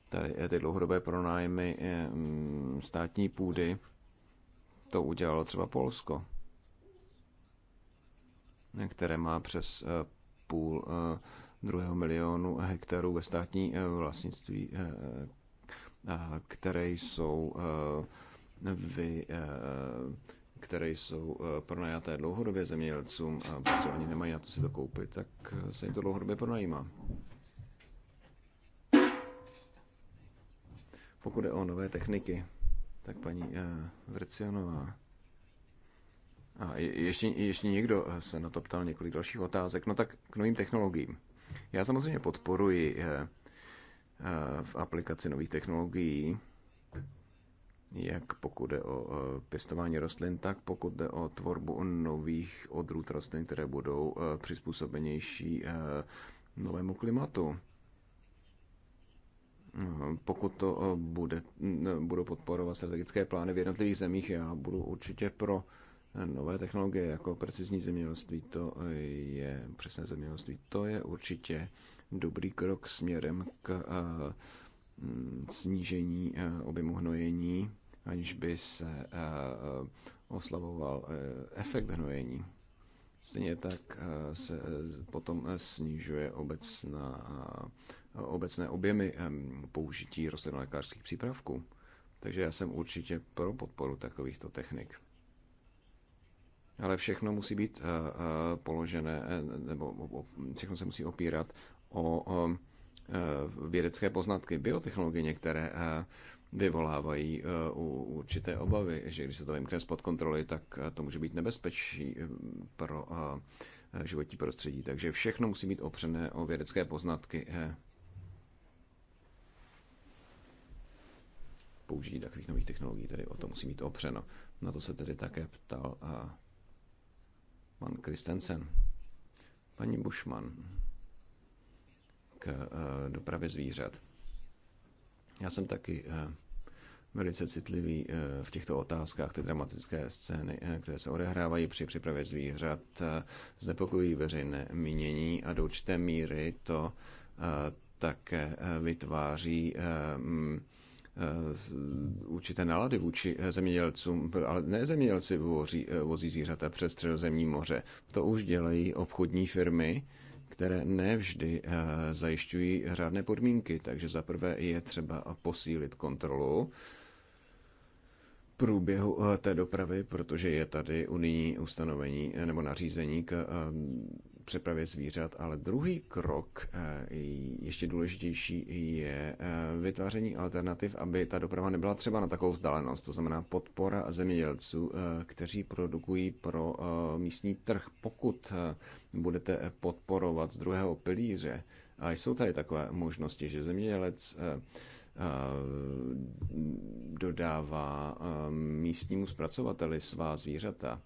tady ty dlouhodobé pronájmy hm, státní půdy, to udělalo třeba Polsko, které má přes půl druhého milionu hektarů ve státní vlastnictví které jsou vy, které jsou pronajaté dlouhodobě zemědělcům, protože oni nemají na to si to koupit, tak se jim to dlouhodobě pronajímá. Pokud je o nové techniky, tak paní Vrcionová. A ještě, ještě někdo se na to ptal několik dalších otázek. No tak k novým technologiím. Já samozřejmě podporuji v aplikaci nových technologií, jak pokud jde o pěstování rostlin, tak pokud jde o tvorbu nových odrůd rostlin, které budou e, přizpůsobenější e, novému klimatu. Pokud to e, bude, budou podporovat strategické plány v jednotlivých zemích, já budu určitě pro nové technologie jako precizní zemědělství, to je přesné zemědělství, to je určitě dobrý krok směrem k eh, mm, snížení eh, objemu hnojení, aniž by se eh, oslavoval efekt hnojení. Stejně tak se potom snižuje obecná, obecné objemy použití rostlinolékařských přípravků. Takže já jsem určitě pro podporu takovýchto technik. Ale všechno musí být položené, nebo všechno se musí opírat o e, vědecké poznatky, biotechnologie některé e, vyvolávají e, určité obavy, že když se to vymkne spod kontroly, tak to může být nebezpečí pro životní prostředí. Takže všechno musí být opřené o vědecké poznatky. Použití takových nových technologií, tedy o to musí být opřeno. Na to se tedy také ptal pan Kristensen. Paní Bushman k eh, dopravě zvířat. Já jsem taky eh, velice citlivý eh, v těchto otázkách. Ty dramatické scény, které se odehrávají při připravě zvířat, znepokojují veřejné mínění a do určité míry to také vytváří mm, určité nálady vůči zemědělcům, ale ne zemědělci vozí, vozí zvířata přes středozemní moře. To už dělají obchodní firmy, které nevždy eh, zajišťují řádné podmínky. Takže za prvé je třeba posílit kontrolu průběhu eh, té dopravy, protože je tady unijní ustanovení eh, nebo nařízení k přepravě zvířat, ale druhý krok, eh, ještě důležitější, je eh, vytváření alternativ, aby ta doprava nebyla třeba na takovou vzdálenost. To znamená podpora zemědělců, eh, kteří produkují pro místní trh. Pokud budete podporovat z druhého pilíře, a jsou tady takové možnosti, že zemědělec dodává místnímu zpracovateli svá zvířata,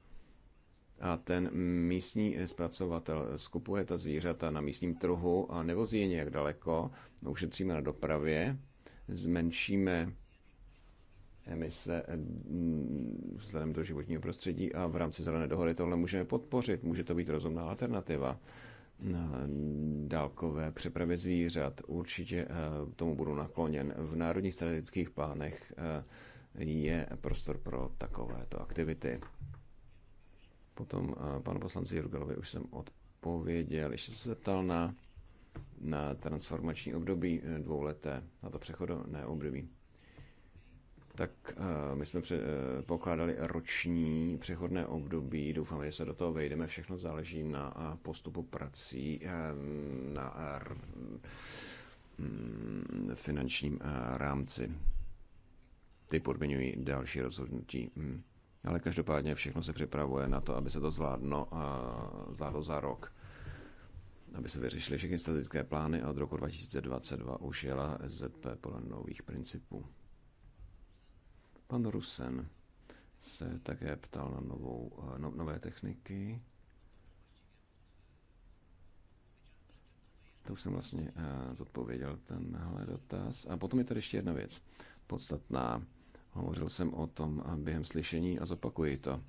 a ten místní zpracovatel skupuje ta zvířata na místním trhu a nevozí je nějak daleko, ušetříme na dopravě, zmenšíme emise mm, vzhledem do životního prostředí a v rámci zelené dohody tohle můžeme podpořit. Může to být rozumná alternativa na dálkové přepravě zvířat. Určitě eh, tomu budu nakloněn. V národních strategických plánech eh, je prostor pro takovéto aktivity. Potom panu poslanci Jurgalovi už jsem odpověděl. Ještě se zeptal na, na transformační období eh, dvouleté, na to přechodné období. Tak eh, my jsme před, eh, pokládali roční přechodné období. Doufám, že se do toho vejdeme. Všechno záleží na postupu prací, na mm, finančním rámci. Ty podmiňují další rozhodnutí. Hmm ale každopádně všechno se připravuje na to, aby se to zvládno, zvládlo za rok aby se vyřešily všechny statické plány a od roku 2022 už jela ZP podle nových principů. Pan Rusen se také ptal na novou, no, nové techniky. To už jsem vlastně eh, zodpověděl tenhle dotaz. A potom je tady ještě jedna věc podstatná. Hovořil jsem o tom během slyšení a zopakuji to.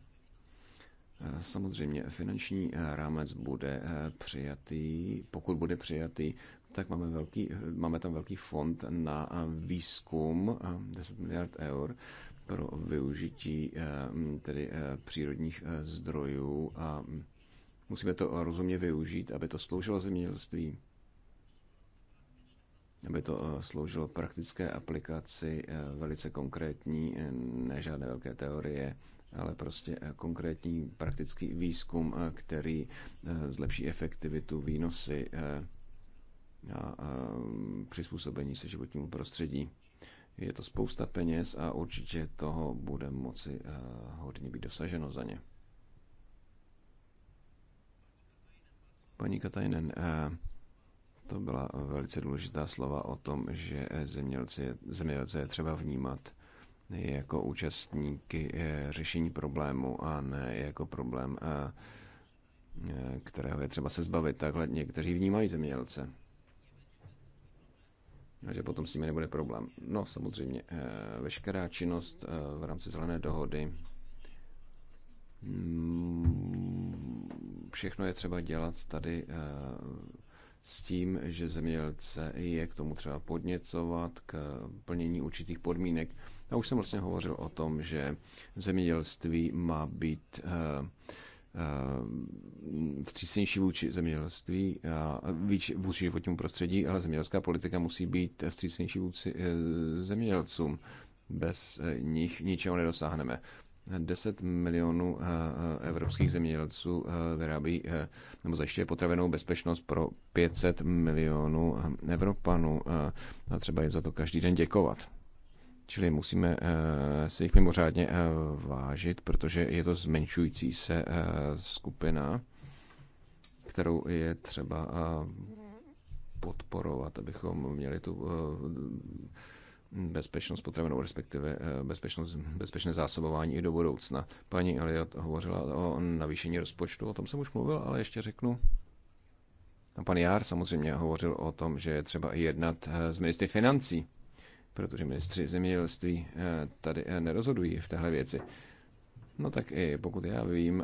Eh, samozřejmě finanční eh, rámec bude eh, přijatý, pokud bude přijatý, tak máme, velký, máme tam velký fond na výzkum 10 miliard eur pro využití tedy přírodních zdrojů a mm, musíme to rozumně využít, aby to sloužilo zemědělství aby to eh, sloužilo praktické aplikaci, eh, velice konkrétní, eh, ne žádné velké teorie, ale prostě konkrétní praktický výzkum, který zlepší efektivitu, výnosy a přizpůsobení se životnímu prostředí. Je to spousta peněz a určitě toho bude moci hodně být dosaženo za ně. Paní Katajnen, to byla velice důležitá slova o tom, že zemědělce, zemědělce je třeba vnímat jako účastníky eh, řešení problému a ne jako problém, eh, eh, kterého je třeba se zbavit. Takhle někteří vnímají zemědělce. A že potom s nimi nebude problém. No, samozřejmě, veškerá činnost v rámci zelené dohody mm, všechno je třeba dělat tady s tím, že zemědělce je k tomu třeba podněcovat, k plnění určitých podmínek. A už jsem vlastně hovořil o tom, že zemědělství má být eh, eh, vstřícnější vůči zemědělství, vůči životnímu prostředí, ale zemědělská politika musí být vstřícnější vůči eh, zemědělcům. Bez nich ničeho nedosáhneme. 10 milionů eh, eh, evropských zemědělců eh, vyrábí nebo zajišťuje potravenou bezpečnost pro 500 milionů Evropanů a třeba jim za to každý den děkovat. Čili musíme si jich mimořádně vážit, protože je to zmenšující se skupina, kterou je třeba podporovat, abychom měli tu bezpečnost potravinou, respektive eh, bezpečnost, bezpečné zásobování i do budoucna. Paní Eliot hovořila o navýšení rozpočtu, o tom jsem už mluvil, ale ještě řeknu. A pan Jár samozřejmě hovořil o tom, že je třeba i jednat eh, s ministry financí, protože ministři zemědělství eh, tady nerozhodují v téhle věci. No tak i pokud já vím,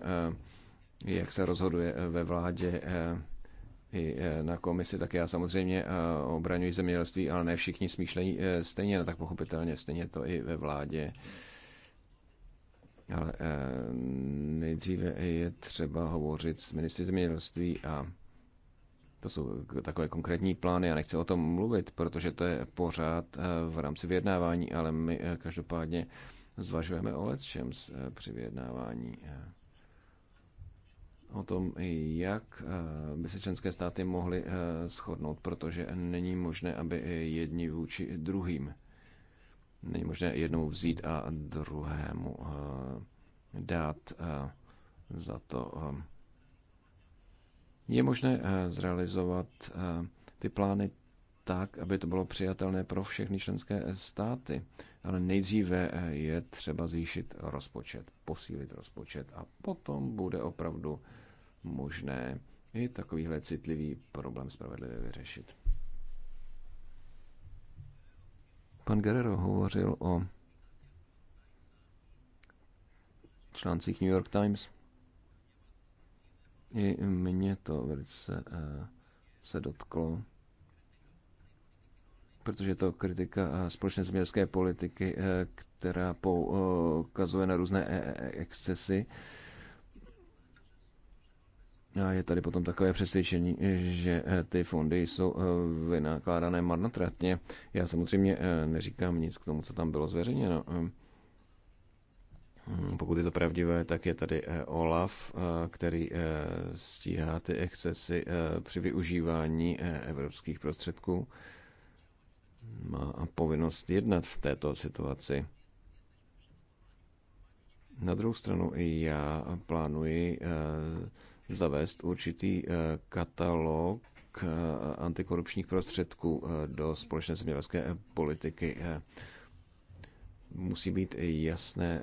jak se rozhoduje ve vládě i e, na komisi, tak já samozřejmě e, obraňuji zemědělství, ale ne všichni smýšlejí e, stejně, no tak pochopitelně stejně to i ve vládě. Ale nejdříve je třeba hovořit s ministry zemědělství a to jsou takové konkrétní plány. Já nechci o tom mluvit, protože to je pořád v rámci vyjednávání, ale my každopádně zvažujeme o lecčems při vyjednávání o tom, jak eh, by se členské státy mohly eh, shodnout, protože není možné, aby jedni vůči druhým. Není možné jednou vzít a druhému eh, dát za to. Je možné zrealizovat ty plány tak, aby to bylo přijatelné pro všechny členské státy ale nejdříve eh, je třeba zvýšit rozpočet, posílit rozpočet a potom bude opravdu možné i takovýhle citlivý problém spravedlivě vyřešit. Pan Guerrero hovořil o článcích New York Times. I mě to velice eh, se dotklo protože je to kritika eh, společné zemědělské politiky, eh, která poukazuje na různé eh, excesy. A je tady potom takové přesvědčení, že ty fondy jsou vynakládané marnotratně. Já samozřejmě neříkám nic k tomu, co tam bylo zveřejněno. Hm. Hm, pokud je to pravdivé, tak je tady OLAF, který stíhá ty excesy při využívání evropských prostředků má povinnost jednat v této situaci. Na druhou stranu i já plánuji eh, zavést určitý eh, katalog eh, antikorupčních prostředků do společné zemědělské politiky. Musí být jasné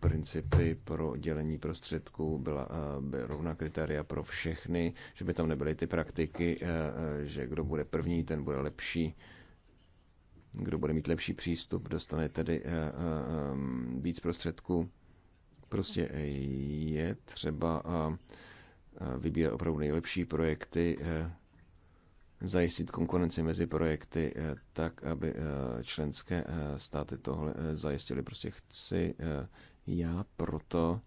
principy pro dělení prostředků, byla by rovná kritéria pro všechny, že by tam nebyly ty praktiky, že kdo bude první, ten bude lepší kdo bude mít lepší přístup, dostane tedy eh, eh, víc prostředků. Prostě je třeba eh, vybírat opravdu nejlepší projekty, zajistit konkurenci mezi projekty tak, aby členské státy tohle zajistili. Prostě chci já proto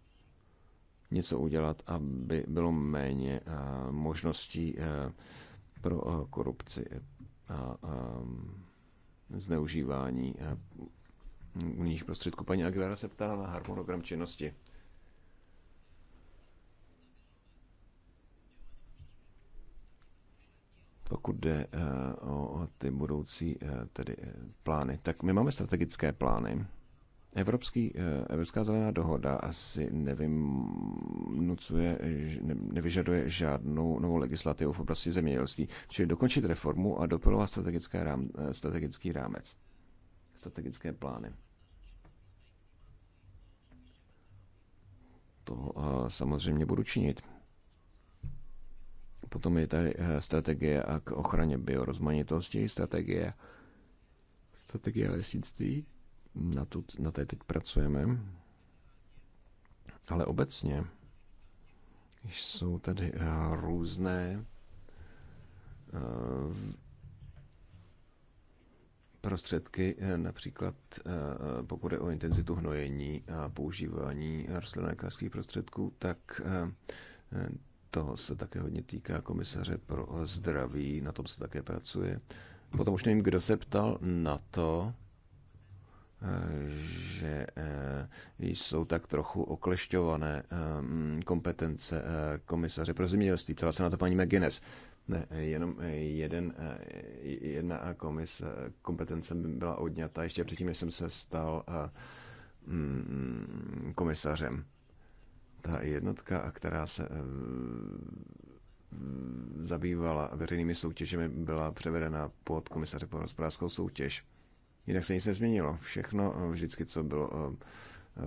něco udělat, aby bylo méně možností pro korupci zneužívání eh, unijních prostředků. Paní Aguilera se ptala na harmonogram činnosti. pokud jde eh, o ty budoucí eh, tedy plány. Tak my máme strategické plány. Evropský, eh, Evropská zelená dohoda asi nucuje, nevyžaduje žádnou novou legislativu v oblasti zemědělství, čili dokončit reformu a doplovat strategické rám, eh, strategický rámec, strategické plány. To eh, samozřejmě budu činit. Potom je tady strategie k ochraně biorozmanitosti, strategie, strategie lesnictví, na, tu, na té teď pracujeme. Ale obecně jsou tady eh, různé eh, prostředky, eh, například pokud je o intenzitu hnojení a používání rostlinolékařských prostředků, tak to se také hodně týká komisaře pro zdraví, na tom se také pracuje. Potom už nevím, kdo se ptal na to, že eh, jsou tak trochu oklešťované eh, kompetence eh, komisaře pro zemědělství. Ptala se na to paní McGuinness. Ne, jenom jeden, jedna komis, kompetence byla odňata ještě předtím, než jsem se stal mm, komisařem. Ta jednotka, která se zabývala veřejnými soutěžemi, byla převedena pod komisaře pro hospodářskou soutěž Jinak se nic nezměnilo. Všechno eh, vždycky, co bylo eh, eh,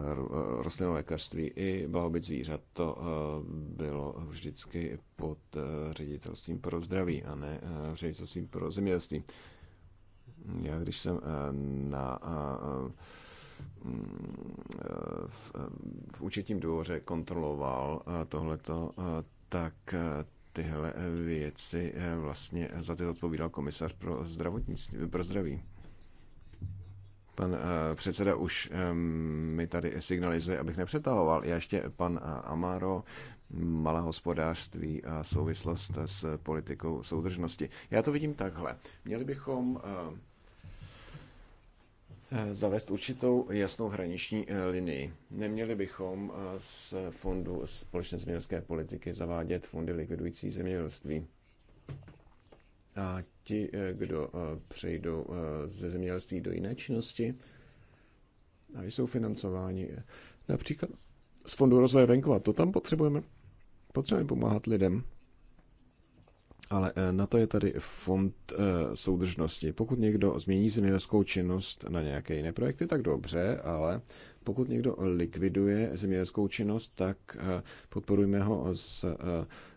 rostlinné lékařství i blahobyt zvířat, to bylo vždycky pod ředitelstvím pro zdraví a ne ředitelstvím pro zemědělství. Já když jsem na v, v účetním dvoře kontroloval tohleto, tak tyhle věci vlastně za ty odpovídal komisař pro zdravotnictví, pro zdraví. Pan eh, předseda už eh, mi tady signalizuje, abych nepřetahoval. Já ještě pan eh, Amaro, malé hospodářství a souvislost s politikou soudržnosti. Já to vidím takhle. Měli bychom zavést určitou jasnou hraniční linii. Neměli bychom z fondu společné zemědělské politiky zavádět fondy likvidující zemědělství. A ti, eh, kdo eh, přejdou eh, ze zemědělství do jiné činnosti, a jsou financováni například z Fondu rozvoje venkova, to tam potřebujeme, potřebujeme pomáhat lidem, ale na to je tady fond soudržnosti. Pokud někdo změní zemědělskou činnost na nějaké jiné projekty, tak dobře, ale pokud někdo likviduje zemědělskou činnost, tak podporujme ho z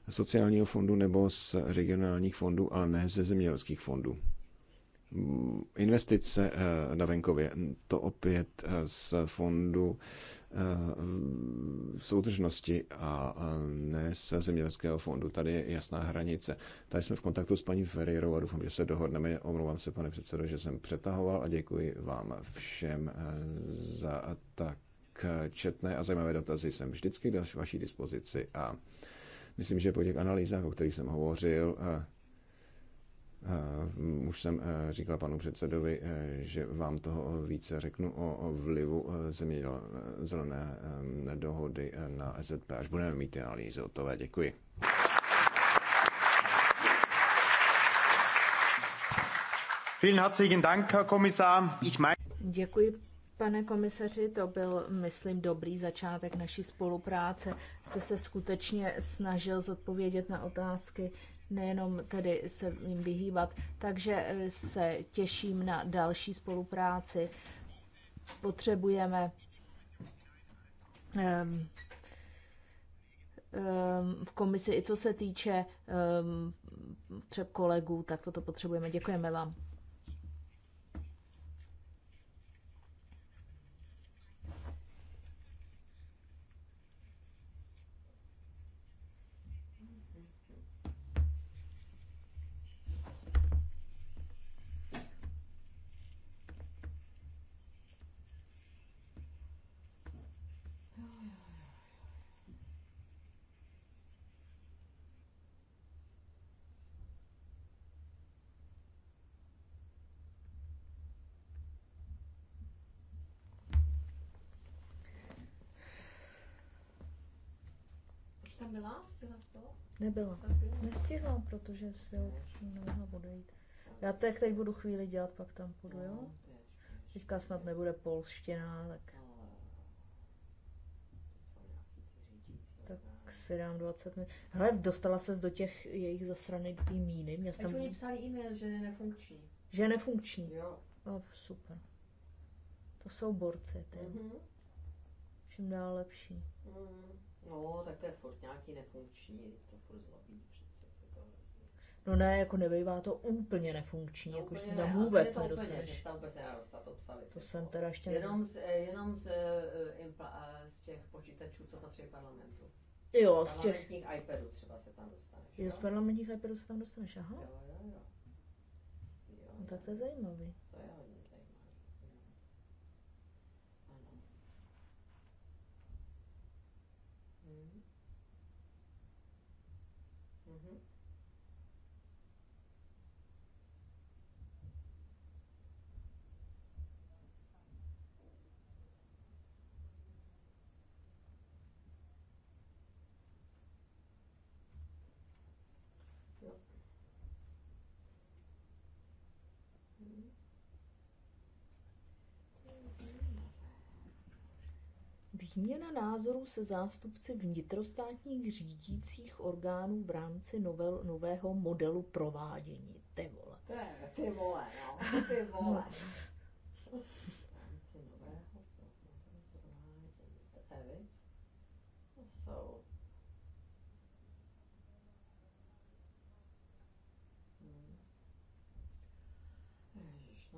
sociálního fondu nebo z regionálních fondů, ale ne ze zemědělských fondů. Investice eh, na venkově, to opět eh, z fondu eh, soudržnosti a ne z zemědělského fondu. Tady je jasná hranice. Tady jsme v kontaktu s paní Ferrierou a doufám, že se dohodneme. Omlouvám se, pane předsedo, že jsem přetahoval a děkuji vám všem za tak četné a zajímavé dotazy. Jsem vždycky k vaší dispozici a Myslím, že po těch analýzách, o kterých jsem hovořil, Uh, už jsem e, říkal panu předsedovi, e, že vám toho více řeknu o, o vlivu e, zelené dohody na SZP, až budeme mít ty analýzy tové. Děkuji. Děkuji, Pane komisaři, to byl, myslím, dobrý začátek naší spolupráce. Jste se skutečně snažil zodpovědět na otázky, nejenom tedy se jim vyhýbat. Takže eh, se těším na další spolupráci. Potřebujeme um, v komisi, i co se týče um, třeba kolegů, tak toto potřebujeme. Děkujeme vám. byla? Stihla to? Nebyla. Nestihla, protože si ho nemohla odejít. Já tak teď budu chvíli dělat, pak tam půjdu, jo? No, Teďka snad nebude polština, tak... No, tak si dám 20 minut. Hele, dostala ses do těch jejich zasraných tý míny. Mě tam... oni psali e-mail, že je nefunkční. Že je nefunkční? Jo. Oh, super. To jsou borci, ty. Mm-hmm. Čím dál lepší. Mm-hmm. No, tak to je furt nějaký nefunkční, to furt zlobí přece. no ne, jako nebývá to úplně nefunkční, no, jako úplně si tam ne, vůbec nedostaneš. Úplně, se tam vůbec nedostá, to psali. To jsem teda ještě Jenom z, eh, jenom z, eh, z těch počítačů, co patří parlamentu. Jo, z z těch... iPadů třeba se tam dostaneš. Jo, jo? z parlamentních iPadů se tam dostaneš, aha. Jo, jo, jo. jo, No, tak to je zajímavý. To jo, Výměna názorů se zástupci vnitrostátních řídících orgánů v rámci novel, nového modelu provádění. Ty vole. Ty, ty vole, no. Ty vole. No.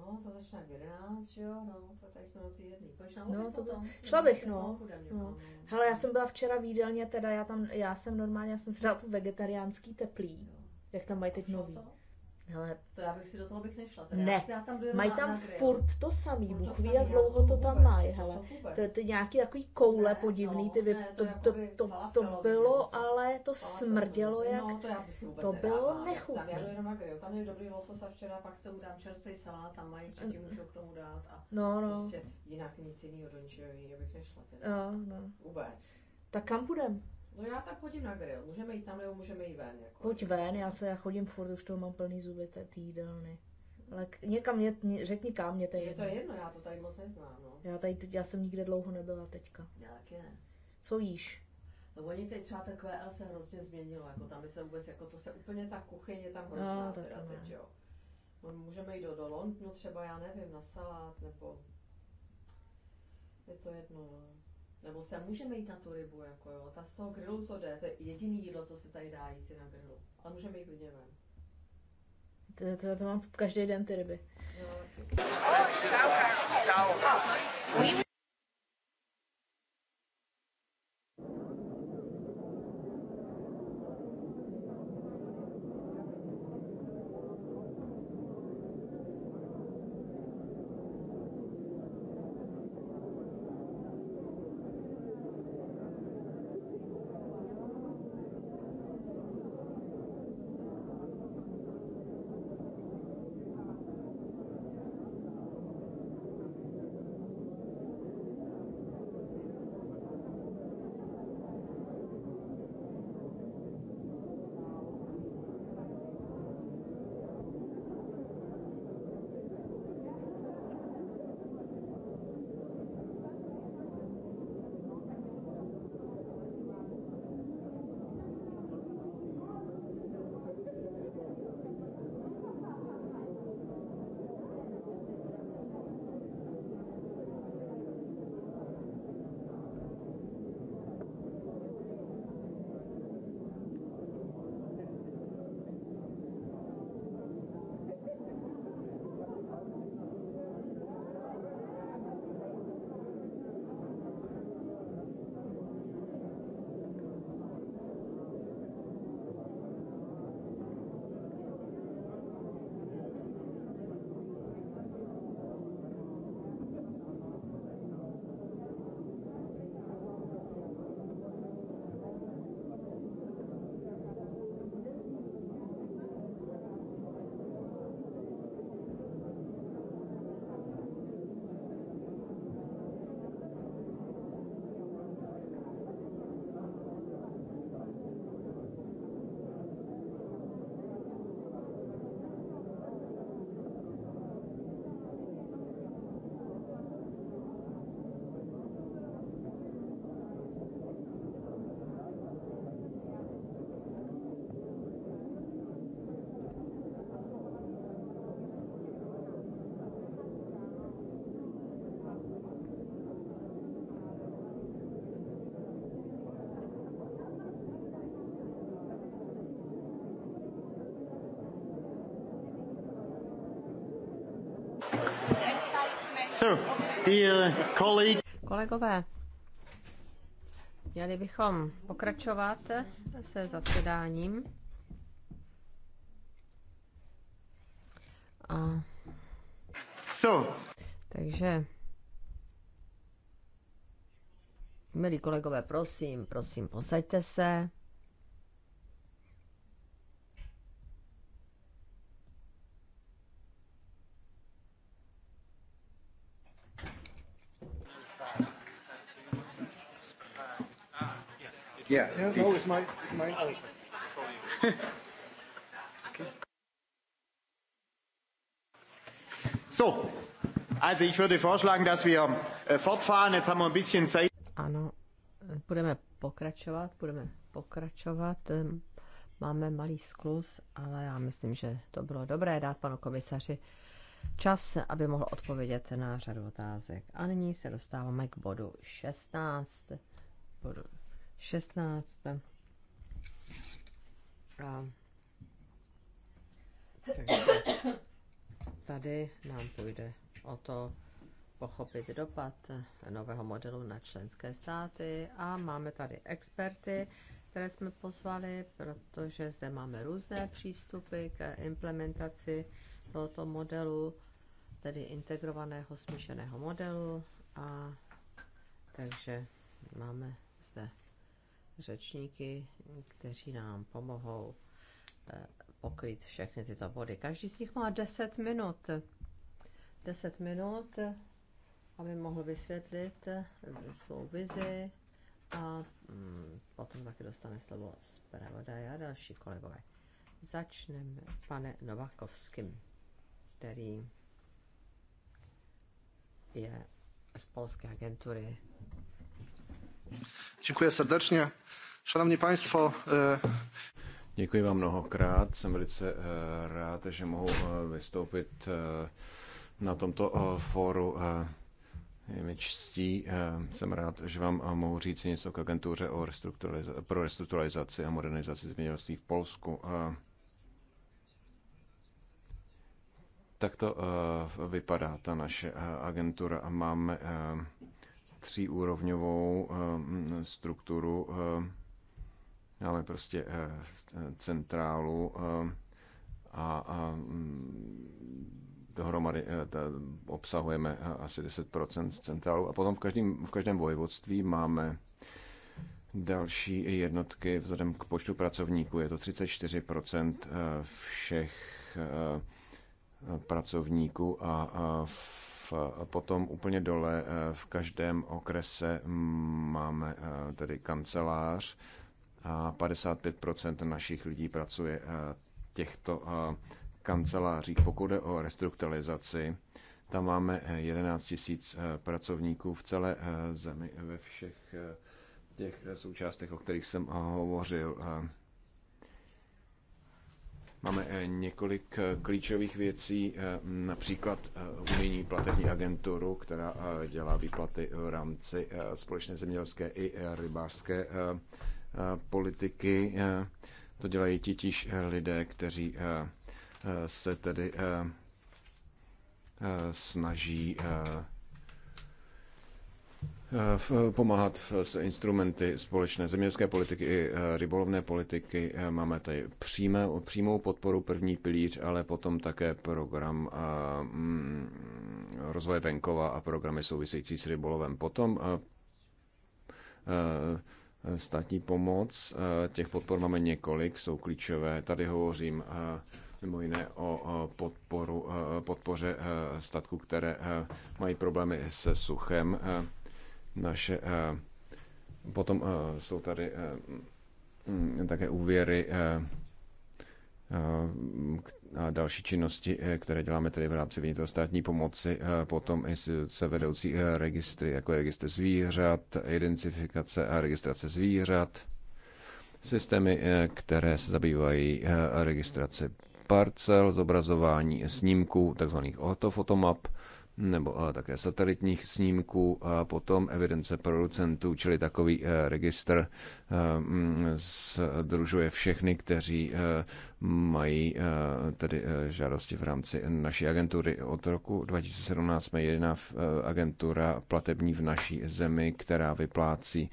No, to začíná v 11, jo, no, to tady jsme do té jedné. Pojď na no, to, no, no, šla bych, no. no. Hele, já jsem byla včera v jídelně, teda já tam, já jsem normálně, já jsem si dala to vegetariánský teplý, jak tam mají teď nový. To? Hele, to já bych si do toho bych nešla. Teda ne, já tam mají tam na, na furt to samý, furt Bůh ví, jak dlouho to tam mají, hele. To, je nějaký takový koule ne, podivný, no, ty vy, ne, to, to, to, to, to no, bylo, jako- ale to smrdělo no, jak, no, to, já bych si vůbec to bylo nechutné. Já jenom na grill, tam je dobrý losos a včera pak s tomu dám čerstvý salát, tam mají, ti můžu k tomu dát a no, no. prostě jinak nic jiného do ničeho jiného bych nešla teda. No, no. Vůbec. Tak kam půjdeme? No já tak chodím na grill. Můžeme jít tam nebo můžeme jít ven? Jako. Pojď ven, já se já chodím furt, už toho mám plný zuby té týdelny. Ale k, někam, mě, řekni kam, mě to je jedno. Je to jedno, já to tady moc neznám, no. Já, tady, já jsem nikde dlouho nebyla teďka. Já taky ne. Co jíš? No oni teď třeba ta QL se hrozně změnilo, jako tam by se vůbec, jako to se úplně ta kuchyně, je tam no, hrozná no, teda teď, ne. jo. No, můžeme jít do, do Londnu třeba, já nevím, na salát, nebo je to jedno, no. Nebo se můžeme jít na tu rybu, jako jo. Ta z toho grilu to jde, to je jediný jídlo, co se tady dá jíst na grilu. a můžeme jít klidně ven. To, to, to mám každý den ty ryby. No, So, dear colleague. Kolegové, měli bychom pokračovat se zasedáním. A... So. Takže, milí kolegové, prosím, prosím, posaďte se. Yeah, no, it's my, it's my. Oh, sorry. okay. So, also ich würde vorschlagen, dass wir äh, fortfahren. Jetzt haben wir ein bisschen Zeit. Ano, budeme pokračovat, budeme pokračovat. Máme malý sklus, ale já myslím, že to bylo dobré dát panu komisaři čas, aby mohl odpovědět na řadu otázek. A nyní se dostáváme k bodu 16. Bodu 16. A takže tady nám půjde o to pochopit dopad nového modelu na členské státy a máme tady experty, které jsme pozvali, protože zde máme různé přístupy k implementaci tohoto modelu, tedy integrovaného smíšeného modelu a takže máme zde řečníky, kteří nám pomohou eh, pokryt všechny tyto body. Každý z nich má 10 minut. 10 minut, aby mohl vysvětlit eh, svou vizi a mm, potom taky dostane slovo z a další kolegové. Začneme pane Novakovským, který je z polské agentury Děkuji srdečně. Šanovní państwo. E, Děkuji vám mnohokrát. Jsem velice e, rád, že mohu e, vystoupit na tomto fóru. Je mi čtí. Jsem rád, že vám mohu říct něco k agentuře o restrukturaliza- pro restrukturalizaci a modernizaci zemědělství v Polsku. Tak to vypadá ta naše agentura. Máme tříúrovňovou eh, mm, strukturu. Máme eh, prostě eh, centrálu a mm, dohromady obsahujeme asi 10% z centrálu. A potom v každém, v každém vojvodství máme další jednotky vzhledem k počtu pracovníků. Je to 34% všech pracovníků a v Potom úplně dole eh, v každém okrese máme eh, tedy kancelář a 55% našich lidí pracuje eh, těchto kancelářích. Pokud jde o restrukturalizaci, tam máme 11 tisíc pracovníků v celé zemi ve všech těch součástech, o kterých jsem hovořil. Máme eh, několik eh, klíčových věcí, eh, například unijní platební agenturu, která dělá výplaty v rámci společné zemědělské i rybářské politiky. To dělají titíž lidé, kteří se tedy snaží Eh, pomáhat s instrumenty společné zemědělské politiky i eh, rybolovné politiky. Eh, máme tady přímé, přímou podporu první pilíř, ale potom také program mm, rozvoje venkova a programy související s rybolovem. Potom státní pomoc, těch podpor máme několik, jsou klíčové. Tady hovořím mimo jiné o podporu, podpoře statků, které mají problémy se suchem naše. Eh, potom eh, jsou tady eh, mm, také úvěry a další činnosti, které děláme tady v rámci vnitrostátní pomoci, potom instituce vedoucí registry, jako je registr zvířat, identifikace a registrace zvířat, systémy, které se zabývají registraci parcel, zobrazování snímků, takzvaných ortofotomap, nebo eh, také satelitních snímků, a potom evidence producentů, čili takový eh, registr združuje eh, mm, všechny, kteří mají tedy žádosti v rámci naší agentury. Od roku 2017 jsme jediná agentura platební v naší zemi, která vyplácí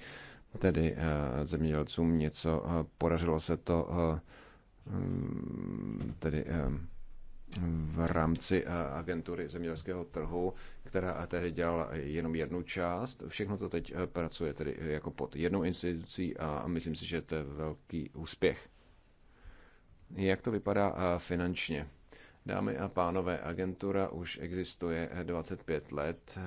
tedy zemědělcům něco. Podařilo se to mm, tedy v rámci eh, agentury zemědělského trhu, která tehdy dělala jenom jednu část. Všechno to teď eh, pracuje tedy eh, jako pod jednou institucí a myslím si, že to je velký úspěch. Jak to vypadá finančně? Dámy a pánové, agentura už existuje 25 let.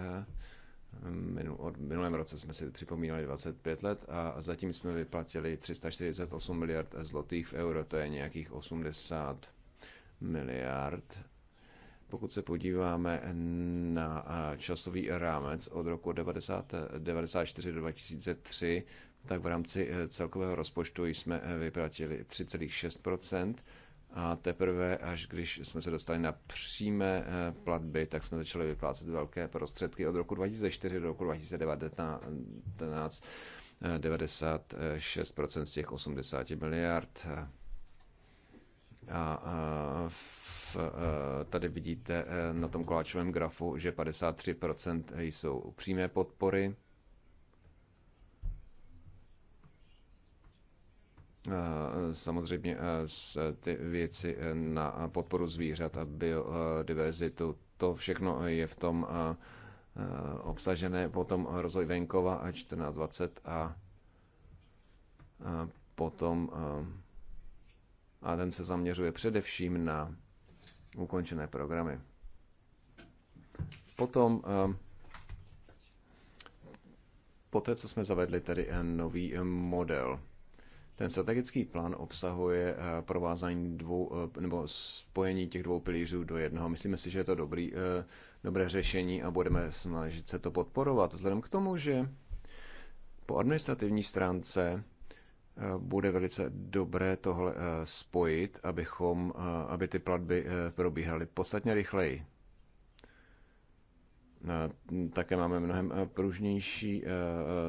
Od minulém roce jsme si připomínali 25 let a zatím jsme vyplatili 348 miliard zlotých v euro, to je nějakých 80 miliard. Pokud se podíváme na časový rámec od roku 1994 94 do 2003, tak v rámci e, celkového rozpočtu jsme e, vyplatili 3,6 a teprve, až když jsme se dostali na přímé e, platby, tak jsme začali vyplácet velké prostředky od roku 2004 do roku 2019 96% z těch 80 miliard. A v, e, tady vidíte e, na tom koláčovém grafu, že 53% jsou přímé podpory. E, samozřejmě ty věci na podporu zvířat a biodiverzitu, to všechno je v tom obsažené, potom rozvoj venkova a 1420 a potom a ten se zaměřuje především na ukončené programy. Potom ehm, poté, co jsme zavedli tedy nový ehm, model. Ten strategický plán obsahuje eh, provázání dvou, eh, nebo spojení těch dvou pilířů do jednoho. Myslíme si, že je to dobrý, eh, dobré řešení a budeme snažit se to podporovat. Vzhledem k tomu, že po administrativní stránce bude velice dobré tohle eh, spojit, abychom, eh, aby ty platby eh, probíhaly podstatně rychleji. Také máme mnohem pružnější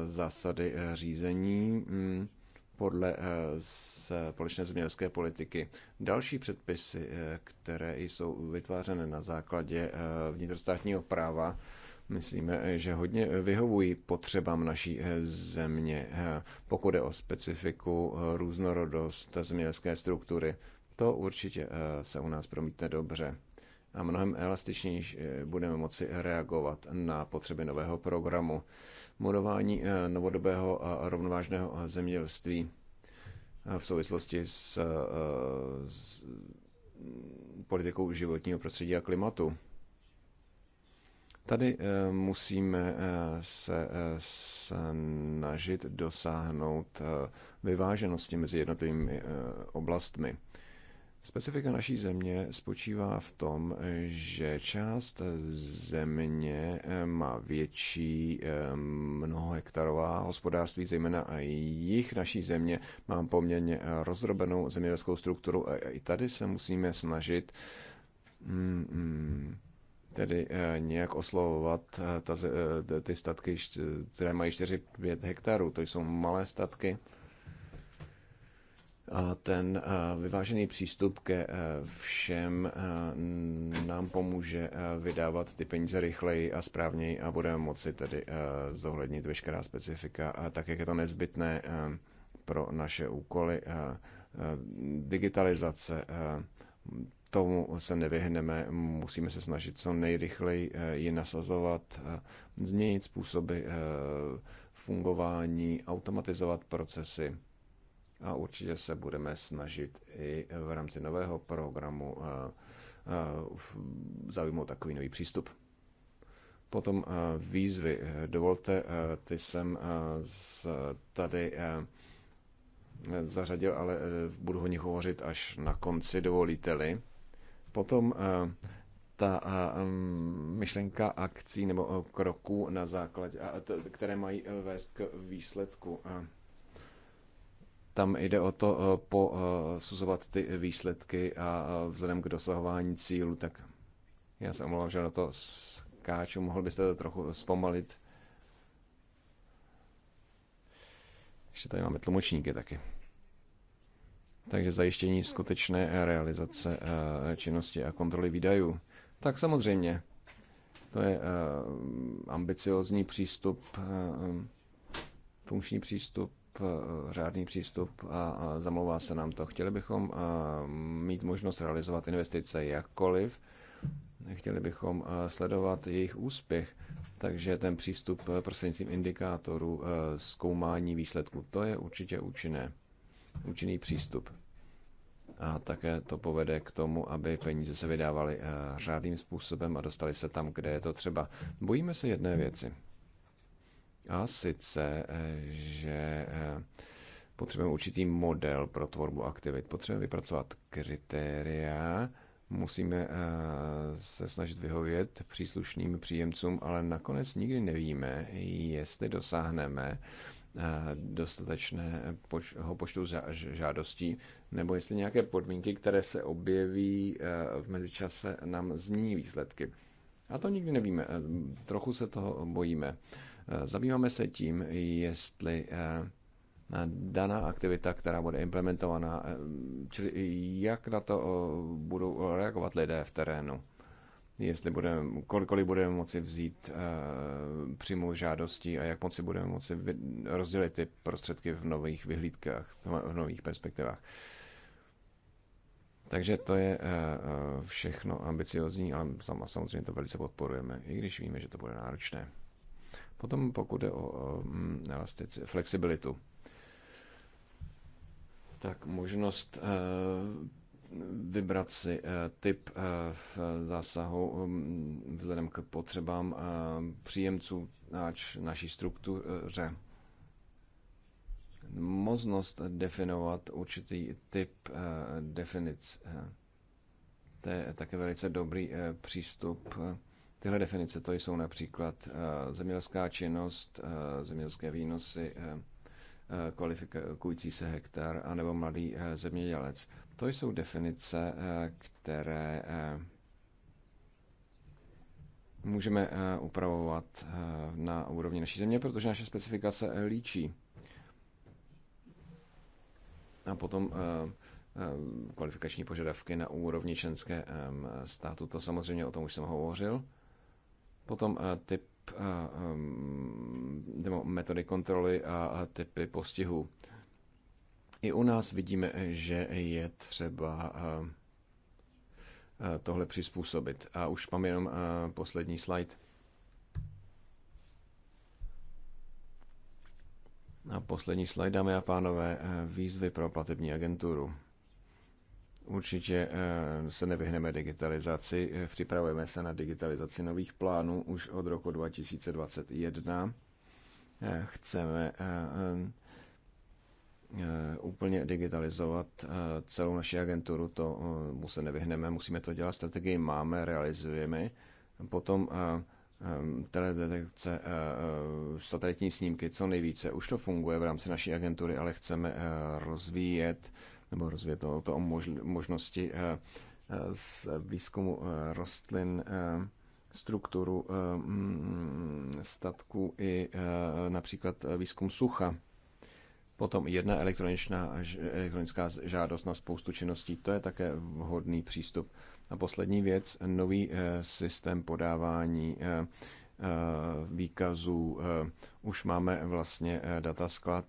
zásady řízení mm, podle společné zemědělské politiky. Další předpisy, které jsou vytvářeny na základě vnitrostátního práva, myslím, eh, že hodně eh, vyhovují potřebám naší eh, země, pokud je o specifiku, různorodost zemědělské struktury. To určitě se u nás promítne dobře a mnohem elastičnější budeme moci reagovat na potřeby nového programu. Modování novodobého a rovnovážného zemědělství v souvislosti s, s politikou životního prostředí a klimatu Tady eh, musíme eh, se eh, snažit dosáhnout vyváženosti mezi jednotlivými oblastmi. Specifika naší země spočívá v tom, že část země má větší mnohohektarová hospodářství, zejména a jich naší země má poměrně rozdrobenou zemědělskou strukturu a i tady se musíme snažit mm, mm, tedy eh, nějak oslovovat eh, ta, eh, ty statky, které mají 4-5 hektarů. To jsou malé statky. A ten vyvážený přístup ke všem nám pomůže vydávat ty peníze rychleji a správněji a budeme moci tedy zohlednit veškerá specifika, tak jak je to nezbytné pro naše úkoly digitalizace, tomu se nevyhneme, musíme se snažit co nejrychleji eh, ji nasazovat, eh, změnit způsoby eh, fungování, automatizovat procesy a určitě se budeme snažit i v rámci nového programu zaujmout takový nový přístup. Potom výzvy. Dovolte, ty jsem tady zařadil, ale budu o nich hovořit až na konci, dovolíte-li. Potom eh, ta eh, mm, myšlenka akcí nebo eh, kroků na základě, které mají vést k výsledku. Tam jde o to posuzovat ty výsledky a vzhledem k dosahování cílu, tak já se omlouvám, že na to skáču, mohl byste to trochu zpomalit. Ještě tady máme tlumočníky taky takže zajištění skutečné realizace eh, činnosti a kontroly výdajů. Tak samozřejmě, to je eh, ambiciozní přístup, eh, funkční přístup, řádný přístup a zamlouvá se nám to. Chtěli bychom mít možnost realizovat investice jakkoliv, chtěli bychom sledovat jejich úspěch, takže ten přístup prostřednictvím indikátorů zkoumání výsledků, to je určitě účinné, účinný přístup a také to povede k tomu, aby peníze se vydávaly eh, řádným způsobem a dostali se tam, kde je to třeba. Bojíme se jedné věci. A sice, eh, že eh, potřebujeme určitý model pro tvorbu aktivit, potřebujeme vypracovat kritéria, musíme se snažit vyhovět příslušným příjemcům, ale nakonec nikdy nevíme, jestli dosáhneme Eh, dostatečného počtu žádostí, nebo jestli nějaké podmínky, které se objeví eh, v mezičase, nám zní výsledky. A to nikdy nevíme, eh, trochu se toho bojíme. Zabýváme se tím, jestli daná aktivita, která bude implementovaná, čili jak na to budou reagovat lidé v terénu jestli budeme, kolik budeme moci vzít, eh, přímo žádosti a jak moc budeme moci rozdělit ty prostředky v nových vyhlídkách, v nových perspektivách. Takže to je eh, eh, všechno ambiciozní, ale samozřejmě to velice podporujeme, i když víme, že to bude náročné. Potom pokud je o mm, elastici, flexibilitu, tak možnost vybrat si eh, typ eh, v zásahu mm, vzhledem k potřebám eh, příjemců ač naší struktuře. Možnost definovat určitý typ definic. To je také velice dobrý přístup. Tyhle definice to jsou například zemědělská činnost, zemědělské výnosy, Eh, kvalifikující se hektar anebo mladý eh, zemědělec. To jsou definice, eh, které můžeme upravovat na úrovni naší země, protože naše specifikace líčí. A potom kvalifikační požadavky na úrovni členské státu, to samozřejmě o tom už jsem hovořil. Potom typ nebo metody kontroly a typy postihů. I u nás vidíme, že je třeba tohle přizpůsobit. A už mám jenom poslední slide. A poslední slide, dámy a pánové, e, výzvy pro platební agenturu. Určitě eh, se nevyhneme digitalizaci, eh, připravujeme se na digitalizaci nových plánů už od roku 2021. Eh, chceme úplně digitalizovat celou naši agenturu, to mu se nevyhneme, musíme to dělat, strategii máme, realizujeme. Potom teledetekce, satelitní snímky, co nejvíce. Už to funguje v rámci naší agentury, ale chceme rozvíjet nebo rozvětovalo to o možnosti eh, eh, z výzkumu eh, rostlin strukturu mm, statku i například výzkum sucha. Potom jedna elektronická, elektronická žádost na spoustu činností, to je také vhodný přístup. A poslední věc, nový systém podávání výkazů. Už máme vlastně datasklad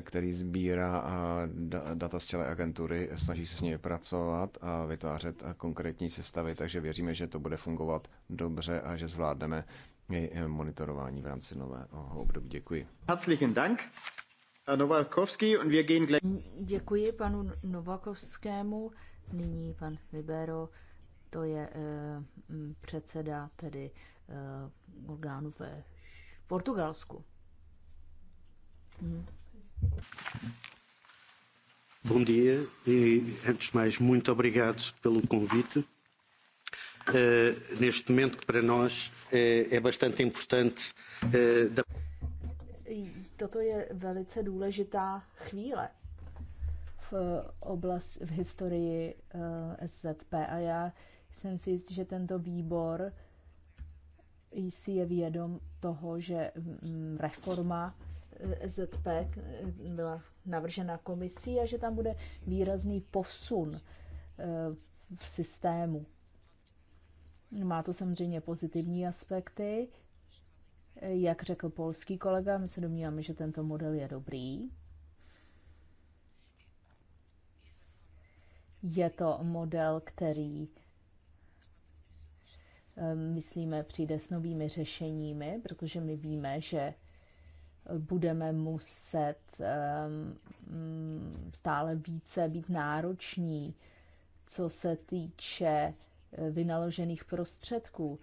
který sbírá data z celé agentury, snaží se s nimi pracovat a vytvářet konkrétní sestavy, takže věříme, že to bude fungovat dobře a že zvládneme i monitorování v rámci nového období. Děkuji. Herzlichen Dank. Novakovský und wir gehen gleich... Děkuji panu Novakovskému. Nyní pan Vibero, to je eh, předseda tedy eh, orgánu ve Portugalsku. Hmm. Bom dia e, antes de mais, muito obrigado pelo convite. Uh, neste momento, que para nós uh, é bastante importante. Uh, da... Toto je velice důležitá chvíle v oblast v historii uh, SZP a já jsem si jistý, že tento výbor si je vědom toho, že mm, reforma EZP eh, byla navržena komisí a že tam bude výrazný posun eh, v systému. Má to samozřejmě pozitivní aspekty. Jak řekl polský kolega, my se domníváme, že tento model je dobrý. Je to model, který eh, myslíme přijde s novými řešeními, protože my víme, že budeme muset ehm, mm, stále více být nároční, co se týče eh, vynaložených prostředků.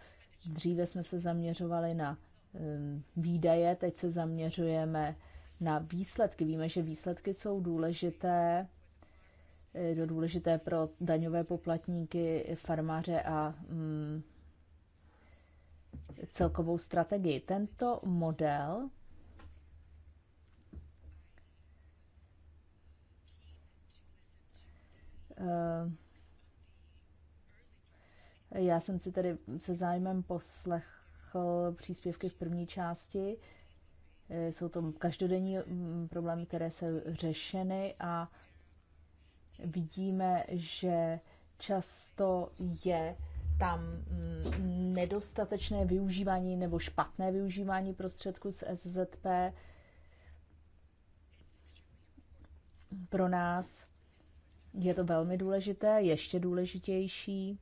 Dříve jsme se zaměřovali na ehm, výdaje, teď se zaměřujeme na výsledky. Víme, že výsledky jsou důležité, eh, je to důležité pro daňové poplatníky, farmáře a mm, celkovou strategii. Tento model Eh, já jsem si tady se zájmem poslechl příspěvky v první části. Eh, jsou to každodenní mm, problémy, které se řešeny a vidíme, že často je tam mm, nedostatečné využívání nebo špatné využívání prostředků z SZP pro nás je to velmi důležité, ještě důležitější.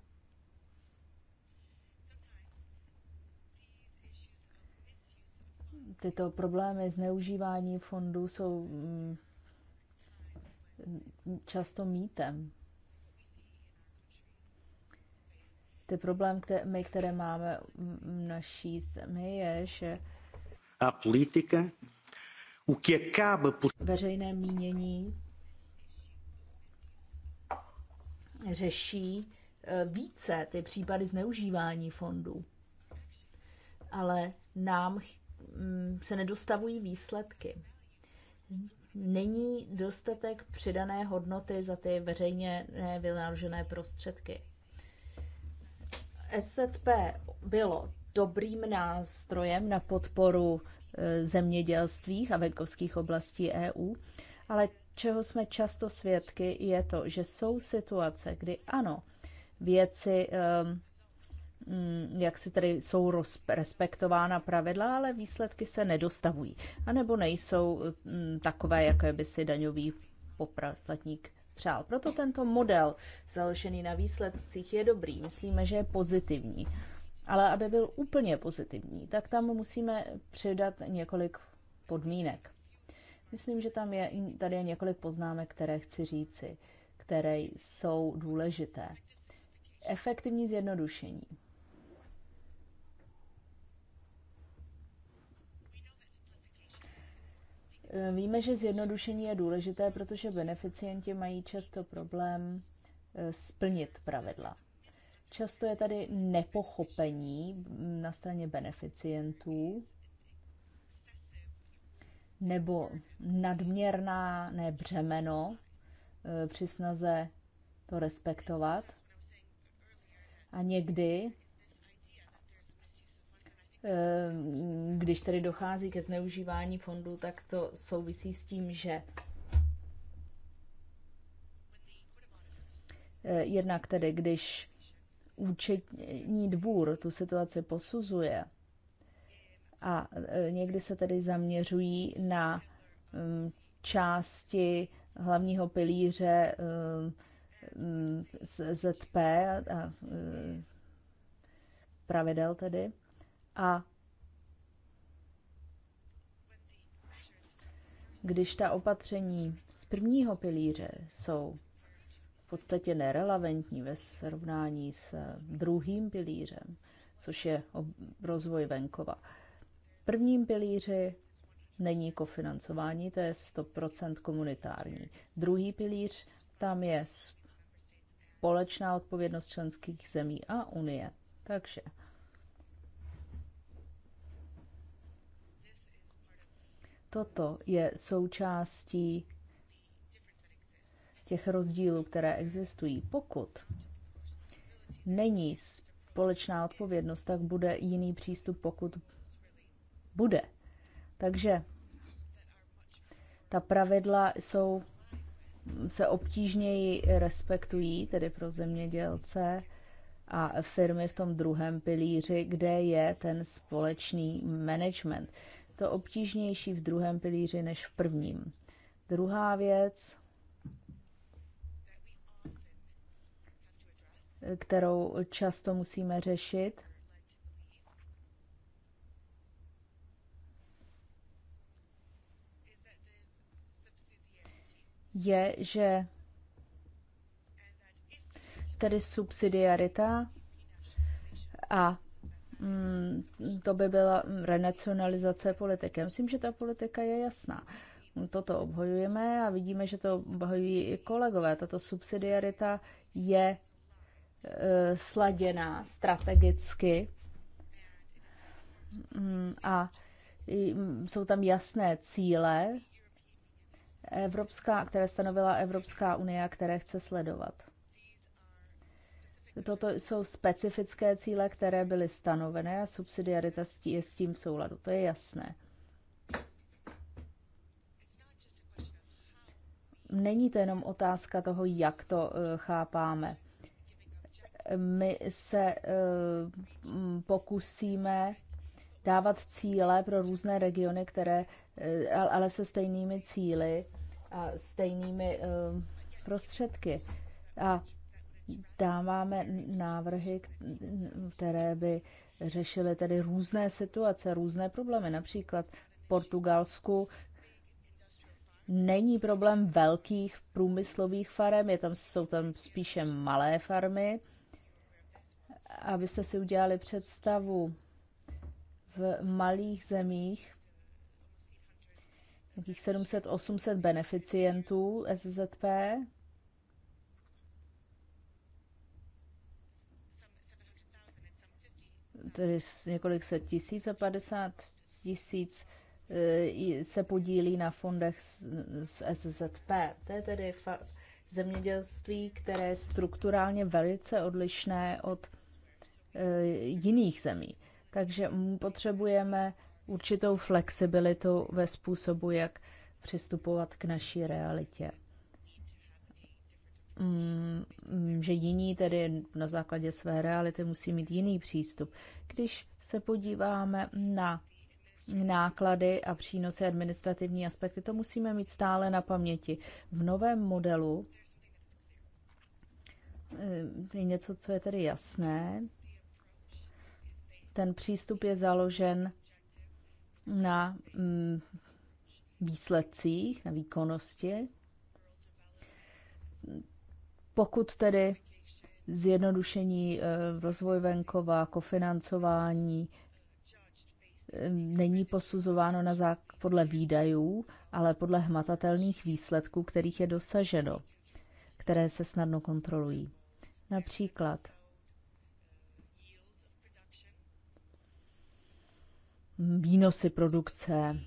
Tyto problémy zneužívání fondů jsou mm, často mýtem. Ty problém, které, my, které máme v naší zemi, je, že a politika, u que veřejné mínění řeší eh, více ty případy zneužívání fondů. Ale nám mm, se nedostavují výsledky. Není dostatek přidané hodnoty za ty veřejně vynaložené prostředky. SZP bylo dobrým nástrojem na podporu eh, zemědělství a venkovských oblastí EU, ale čeho jsme často svědky, je to, že jsou situace, kdy ano, věci, ehm, mm, jak si tedy jsou respektována pravidla, ale výsledky se nedostavují, a nebo nejsou mm, takové, jaké by si daňový poplatník přál. Proto tento model založený na výsledcích je dobrý, myslíme, že je pozitivní. Ale aby byl úplně pozitivní, tak tam musíme přidat několik podmínek. Myslím, že tam je, tady je několik poznámek, které chci říci, které jsou důležité. Efektivní zjednodušení. E, víme, že zjednodušení je důležité, protože beneficienti mají často problém e, splnit pravidla. Často je tady nepochopení na straně beneficientů, nebo nadměrná ne břemeno e, při snaze to respektovat. A někdy, e, když tedy dochází ke zneužívání fondů, tak to souvisí s tím, že e, jednak tedy, když účetní dvůr tu situaci posuzuje, a e, někdy se tedy zaměřují na mm, části hlavního pilíře mm, mm, ZP a e, pravidel tedy. A když ta opatření z prvního pilíře jsou v podstatě nerelevantní ve srovnání s druhým pilířem, což je rozvoj venkova, prvním pilíři není kofinancování, to je 100% komunitární. Druhý pilíř, tam je společná odpovědnost členských zemí a Unie. Takže toto je součástí těch rozdílů, které existují. Pokud není společná odpovědnost, tak bude jiný přístup, pokud bude. Takže ta pravidla jsou, se obtížněji respektují, tedy pro zemědělce a firmy v tom druhém pilíři, kde je ten společný management. To obtížnější v druhém pilíři než v prvním. Druhá věc, kterou často musíme řešit, je, že tedy subsidiarita a mm, to by byla renacionalizace politiky. Myslím, že ta politika je jasná. Toto obhajujeme a vidíme, že to obhajují i kolegové. Tato subsidiarita je e, sladěná strategicky mm, a mm, jsou tam jasné cíle Evropská, které stanovila Evropská unie a které chce sledovat. Toto jsou specifické cíle, které byly stanovené a subsidiarita je s tím v souladu. To je jasné. Není to jenom otázka toho, jak to eh, chápáme. My se eh, pokusíme dávat cíle pro různé regiony, které, eh, ale se stejnými cíly a stejnými eh, prostředky. A dáváme návrhy, které by řešily tedy různé situace, různé problémy. Například v Portugalsku není problém velkých průmyslových farem, je tam, jsou tam spíše malé farmy. Abyste si udělali představu, v malých zemích nějakých 700-800 beneficientů SZP. Tedy několik set tisíc a 50 tisíc eh, se podílí na fondech z SZP. To je tedy zemědělství, které je strukturálně velice odlišné od eh, jiných zemí. Takže potřebujeme určitou flexibilitu ve způsobu, jak přistupovat k naší realitě. Mm, mm, že jiní tedy na základě své reality musí mít jiný přístup. Když se podíváme na náklady a přínosy administrativní aspekty, to musíme mít stále na paměti. V novém modelu mm, je něco, co je tedy jasné, ten přístup je založen na mm, výsledcích, na výkonnosti. Pokud tedy zjednodušení eh, rozvoj venkova, kofinancování eh, není posuzováno na zák- podle výdajů, ale podle hmatatelných výsledků, kterých je dosaženo, které se snadno kontrolují. Například výnosy produkce.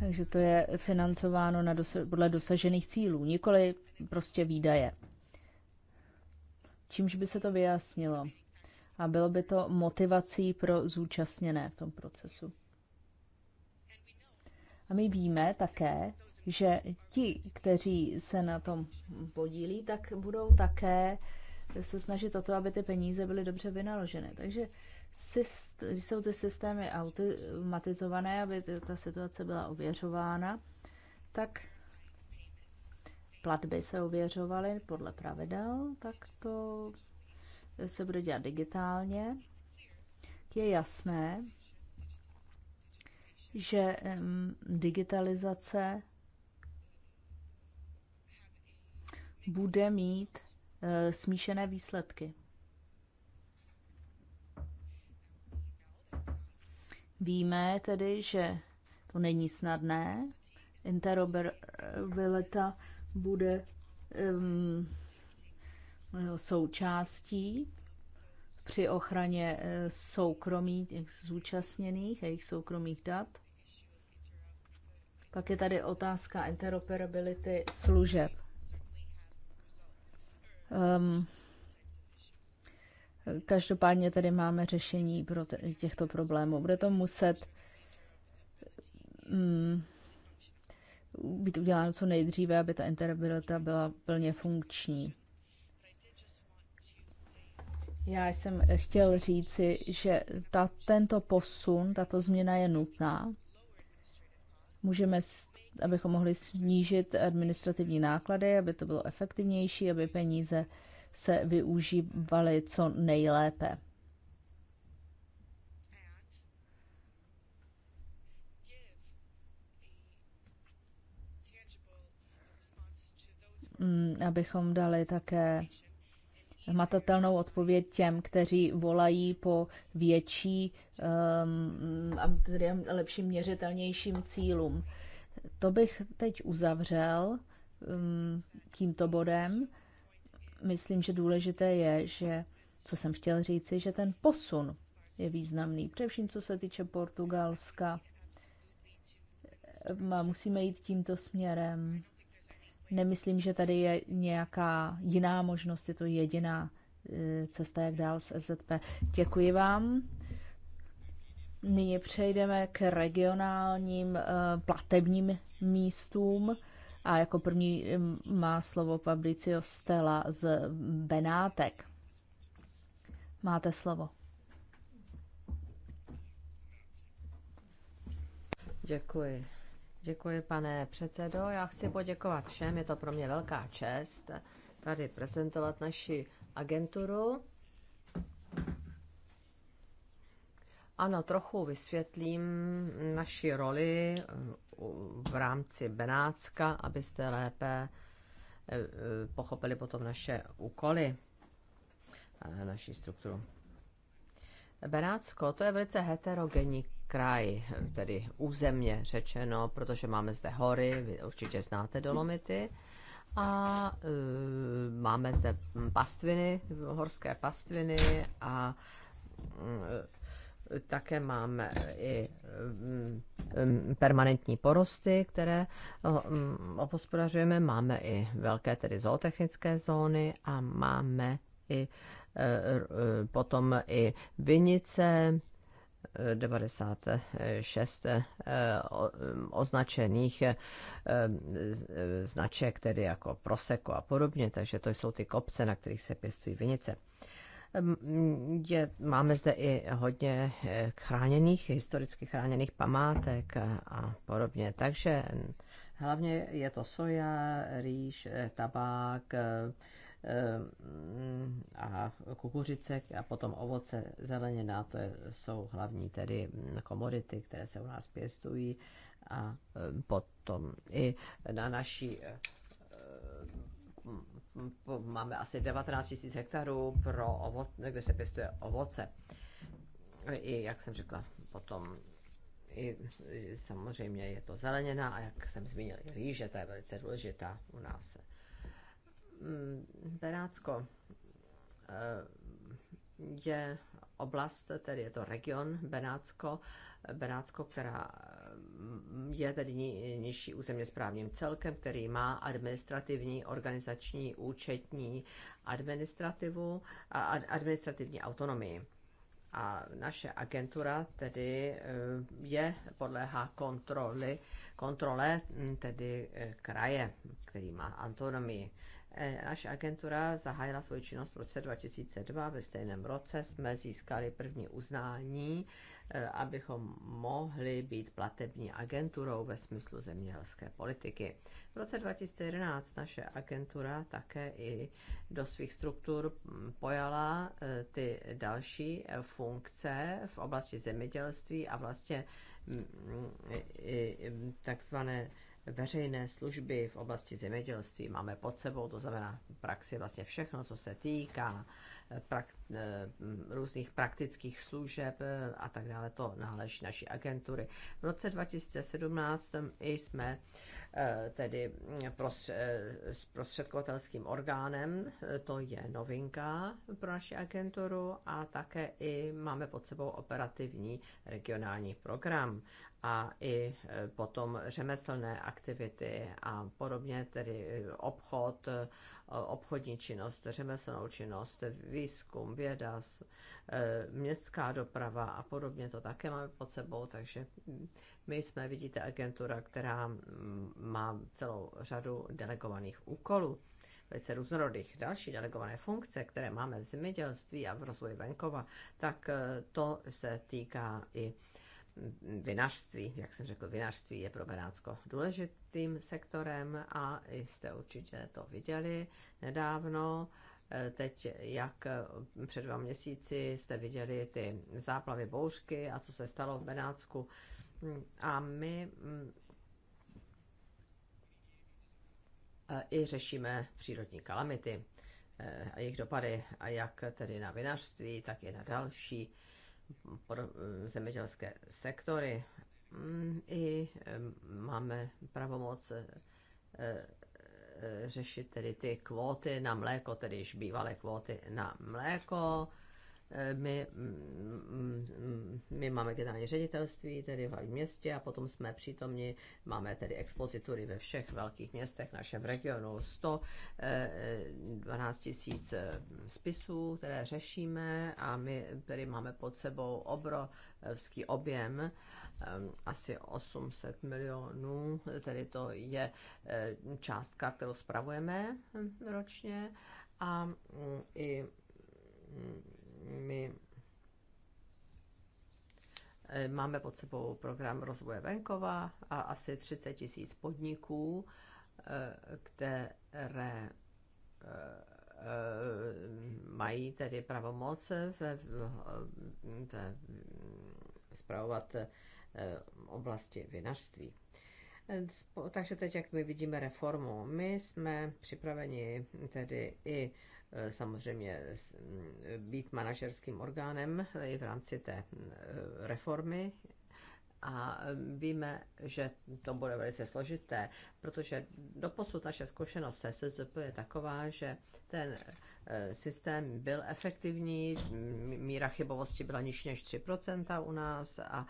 Takže to je financováno na dosa- podle dosažených cílů, nikoli prostě výdaje. Čímž by se to vyjasnilo? A bylo by to motivací pro zúčastněné v tom procesu. A my víme také, že ti, kteří se na tom podílí, tak budou také se snažit o to, aby ty peníze byly dobře vynaloženy. Takže když jsou ty systémy automatizované, aby ta situace byla ověřována, tak platby se ověřovaly podle pravidel, tak to se bude dělat digitálně. Je jasné, že digitalizace bude mít e, smíšené výsledky. Víme tedy, že to není snadné. Interoperabilita bude um, součástí při ochraně e, soukromí těch zúčastněných a jejich soukromých dat. Pak je tady otázka interoperability služeb. Um, Každopádně tady máme řešení pro těchto problémů. Bude to muset mm, být uděláno co nejdříve, aby ta interoperabilita byla plně funkční. Já jsem chtěl říci, že ta, tento posun, tato změna je nutná. Můžeme, abychom mohli snížit administrativní náklady, aby to bylo efektivnější, aby peníze se využívaly co nejlépe. Mm, abychom dali také hmatatelnou odpověď těm, kteří volají po větší um, a um, lepším měřitelnějším cílům. To bych teď uzavřel um, tímto bodem myslím, že důležité je, že, co jsem chtěl říci, že ten posun je významný, především co se týče Portugalska. Musíme jít tímto směrem. Nemyslím, že tady je nějaká jiná možnost, je to jediná e, cesta, jak dál s SZP. Děkuji vám. Nyní přejdeme k regionálním e, platebním místům. A jako první má slovo Fabricio Stella z Benátek. Máte slovo. Děkuji. Děkuji, pane předsedo. Já chci poděkovat všem. Je to pro mě velká čest tady prezentovat naši agenturu. Ano, trochu vysvětlím naši roli v rámci Benátska, abyste lépe eh, pochopili potom naše úkoly, naši strukturu. Benátsko, to je velice heterogenní kraj, tedy územně řečeno, protože máme zde hory, vy určitě znáte dolomity, a eh, máme zde pastviny, horské pastviny a mm, také máme i mm, mm, permanentní porosty, které mm, obhospodařujeme, máme i velké tedy zootechnické zóny a máme i e, potom i vinice, 96 e, e, označených značek, tedy jako proseko a podobně, takže to jsou ty kopce, na kterých se pěstují vinice. Je, máme zde i hodně eh, chráněných, historicky chráněných památek a podobně. Takže hlavně je to soja, rýž, eh, tabák eh, a kukuřice a potom ovoce, zelenina, to jsou hlavní tedy mm, komodity, které se u nás pěstují a potom i na naší máme asi 19 000 hektarů, pro ovoc, kde se pěstuje ovoce. I, jak jsem řekla, potom i, samozřejmě je to zelenina a jak jsem zmínil, i rýže, ta je velice důležitá u nás. Mm, Benácko eh, je oblast, tedy je to region Benátsko, Benátsko, která mm, je tedy nižší územně správním celkem, který má administrativní, organizační, účetní administrativu a administrativní autonomii. A naše agentura tedy eh, je, podléhá kontroly, kontrole mm, tedy eh, kraje, který má autonomii. Eh, naše agentura zahájila svoji činnost v roce 2002. Ve stejném roce jsme získali první uznání, eh, abychom mohli být platební agenturou ve smyslu zemědělské politiky. V roce 2011 naše agentura také i do svých struktur hm, pojala eh, ty další funkce v oblasti zemědělství a vlastně hm, hm, takzvané veřejné služby v oblasti zemědělství máme pod sebou, to znamená v praxi vlastně všechno, co se týká eh, prak, eh, různých praktických služeb eh, a tak dále, to náleží naší agentury. V roce 2017 jsme tedy mm, s prostředkovatelským orgánem, to je novinka pro naši agenturu a také i máme pod sebou operativní regionální program a i e, potom řemeslné aktivity a podobně, tedy e, obchod, e, obchodní činnost, řemeslnou činnost, výzkum, věda, městská doprava a podobně to také máme pod sebou, takže mm, my jsme, vidíte, agentura, která mm, má celou řadu delegovaných úkolů, velice různorodých. Další delegované funkce, které máme v zemědělství a v rozvoji venkova, tak to se týká i Vinařství, jak jsem řekl, vinařství je pro Benátsko důležitým sektorem a jste určitě to viděli nedávno. E, teď, jak e, před dva měsíci jste viděli ty záplavy bouřky a co se stalo v Benátsku. Mm, a my mm, e, i řešíme přírodní kalamity a jejich dopady, a jak tedy na vinařství, tak i na další pro eh, zemědělské sektory. Mm, I eh, máme pravomoc eh, řešit tedy ty kvóty na mléko, tedy již bývalé kvóty na mléko Eh, my, mm, mm, mm, my máme generální ředitelství, tedy v hlavním městě, a potom jsme přítomni, máme tedy expozitury ve všech velkých městech v našem regionu, 112 eh, tisíc eh, spisů, které řešíme a my tedy máme pod sebou obrovský objem, asi 800 milionů, tedy to je částka, kterou spravujeme hm, ročně a i my eh, máme pod sebou program rozvoje venkova a asi 30 tisíc podniků, eh, které eh, mají tedy pravomoc ve, ve spravovat oblasti vinařství. Takže teď, jak my vidíme reformu, my jsme připraveni tedy i Eh, samozřejmě mm, být manažerským orgánem eh, i v rámci té eh, reformy a víme, že to bude velice složité, protože doposud naše zkušenost se SZP je taková, že ten systém byl efektivní, míra chybovosti byla nižší než 3% u nás a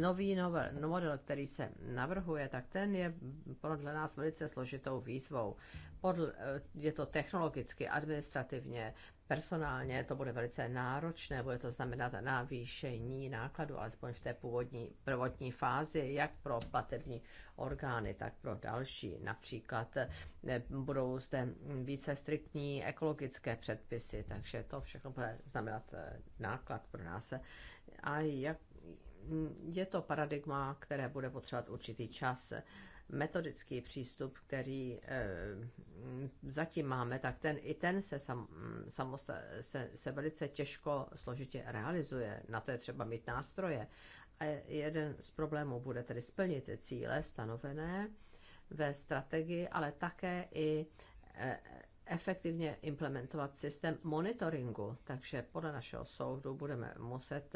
nový model, který se navrhuje, tak ten je podle nás velice složitou výzvou podle, je to technologicky, administrativně, personálně, to bude velice náročné, bude to znamenat navýšení nákladu, alespoň v té původní prvotní fázi, jak pro platební orgány, tak pro další. Například eh, budou zde více striktní ekologické předpisy, takže to všechno bude znamenat eh, náklad pro nás. A jak, je to paradigma, které bude potřebovat určitý čas metodický přístup, který eh, zatím máme, tak ten i ten se, sam, samosta, se, se velice těžko, složitě realizuje. Na to je třeba mít nástroje. A jeden z problémů bude tedy splnit cíle stanovené ve strategii, ale také i eh, efektivně implementovat systém monitoringu. Takže podle našeho soudu budeme muset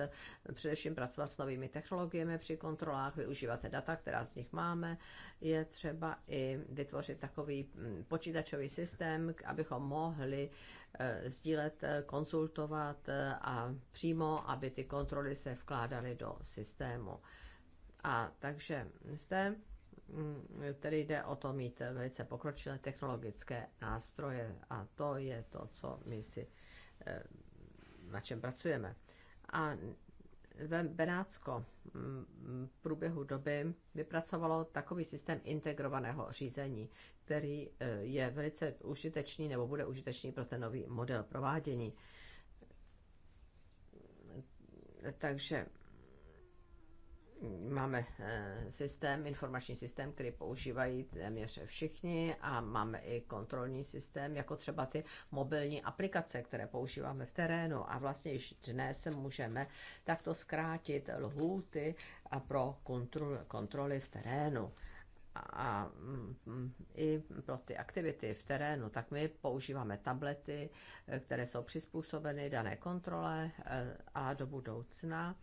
především pracovat s novými technologiemi při kontrolách, využívat data, která z nich máme. Je třeba i vytvořit takový mm, počítačový systém, abychom mohli eh, sdílet, eh, konsultovat eh, a přímo, aby ty kontroly se vkládaly do systému. A takže zde Mm, tedy jde o to mít velice pokročilé technologické nástroje a to je to, co my si eh, na čem pracujeme. A Benátsko mm, v průběhu doby vypracovalo takový systém integrovaného řízení, který eh, je velice užitečný nebo bude užitečný pro ten nový model provádění. Takže máme eh, systém, informační systém, který používají téměř všichni a máme i kontrolní systém, jako třeba ty mobilní aplikace, které používáme v terénu a vlastně již dnes můžeme takto zkrátit lhůty a pro kontroly v terénu a mm, mm, i pro ty aktivity v terénu, tak my používáme tablety, eh, které jsou přizpůsobeny dané kontrole eh, a do budoucna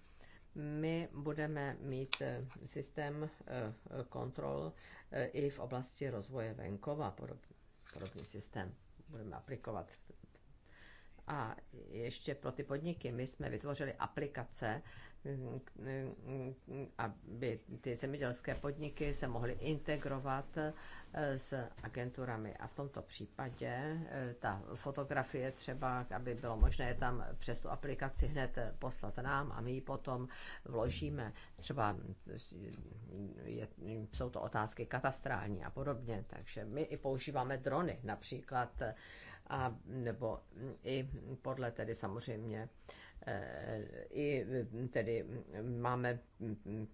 my budeme mít eh, systém eh, kontrol eh, i v oblasti rozvoje venkova, podobný, podobný systém budeme aplikovat. A ještě pro ty podniky, my jsme vytvořili aplikace, mm, mm, mm, aby ty zemědělské podniky se mohly integrovat s agenturami. A v tomto případě eh, ta fotografie třeba, aby bylo možné tam přes tu aplikaci hned poslat nám a my ji potom vložíme. Třeba eh, je, jsou to otázky katastrální a podobně, takže my i používáme drony například eh, a nebo mm, i podle tedy samozřejmě i tedy máme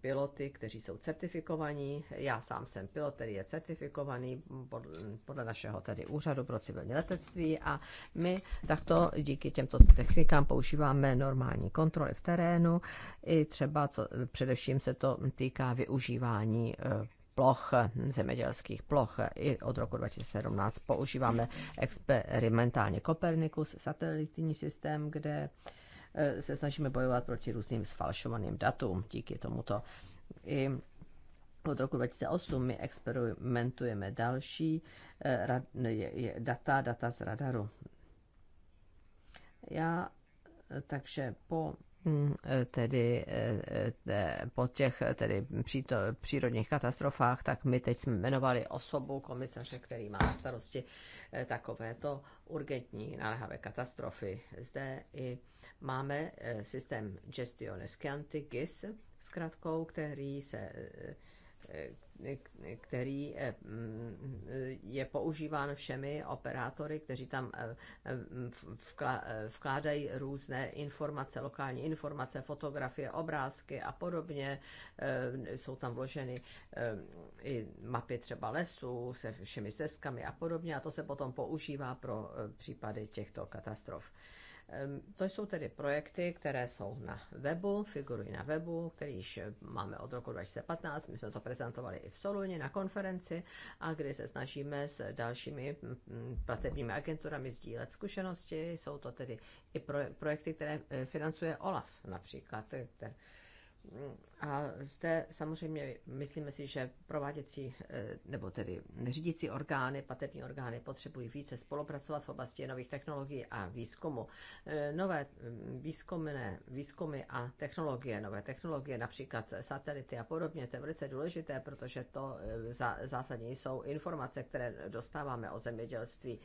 piloty, kteří jsou certifikovaní. Já sám jsem pilot, který je certifikovaný podle našeho tedy úřadu pro civilní letectví a my takto díky těmto technikám používáme normální kontroly v terénu i třeba co, především se to týká využívání eh, ploch, zemědělských ploch. I od roku 2017 používáme experimentálně Kopernikus, satelitní systém, kde Eh, se snažíme bojovat proti různým sfalšovaným datům. Díky tomuto i od roku 2008 my experimentujeme další eh, data, data z radaru. Já eh, takže po hm, tedy po těch tedy příto, přírodních katastrofách, tak my teď jsme jmenovali osobu komisaře, který má na starosti Eh, takovéto urgentní náléhavé katastrofy. Zde i máme eh, systém Gestione Scianti, GIS, zkratkou, který se eh, Eh, který eh, mm, je používán všemi operátory, kteří tam eh, vkládají různé informace, lokální informace, fotografie, obrázky a podobně. Jsou tam vloženy i mapy třeba lesů se všemi stezkami a podobně a to se potom používá pro případy těchto katastrof. To jsou tedy projekty, které jsou na webu, figurují na webu, který již máme od roku 2015. My jsme to prezentovali i v soluně na konferenci, a kdy se snažíme s dalšími platebními agenturami sdílet zkušenosti. Jsou to tedy i projekty, které eh, financuje OLAF například, které eh, a zde samozřejmě myslíme si, že prováděcí, eh, nebo tedy řídící orgány, patební orgány potřebují více spolupracovat v oblasti nových technologií a výzkumu. Eh, nové mm, výzkumné, výzkumy a technologie, nové technologie, například satelity a podobně, to je velice důležité, protože to eh, zásadně jsou informace, které dostáváme o zemědělství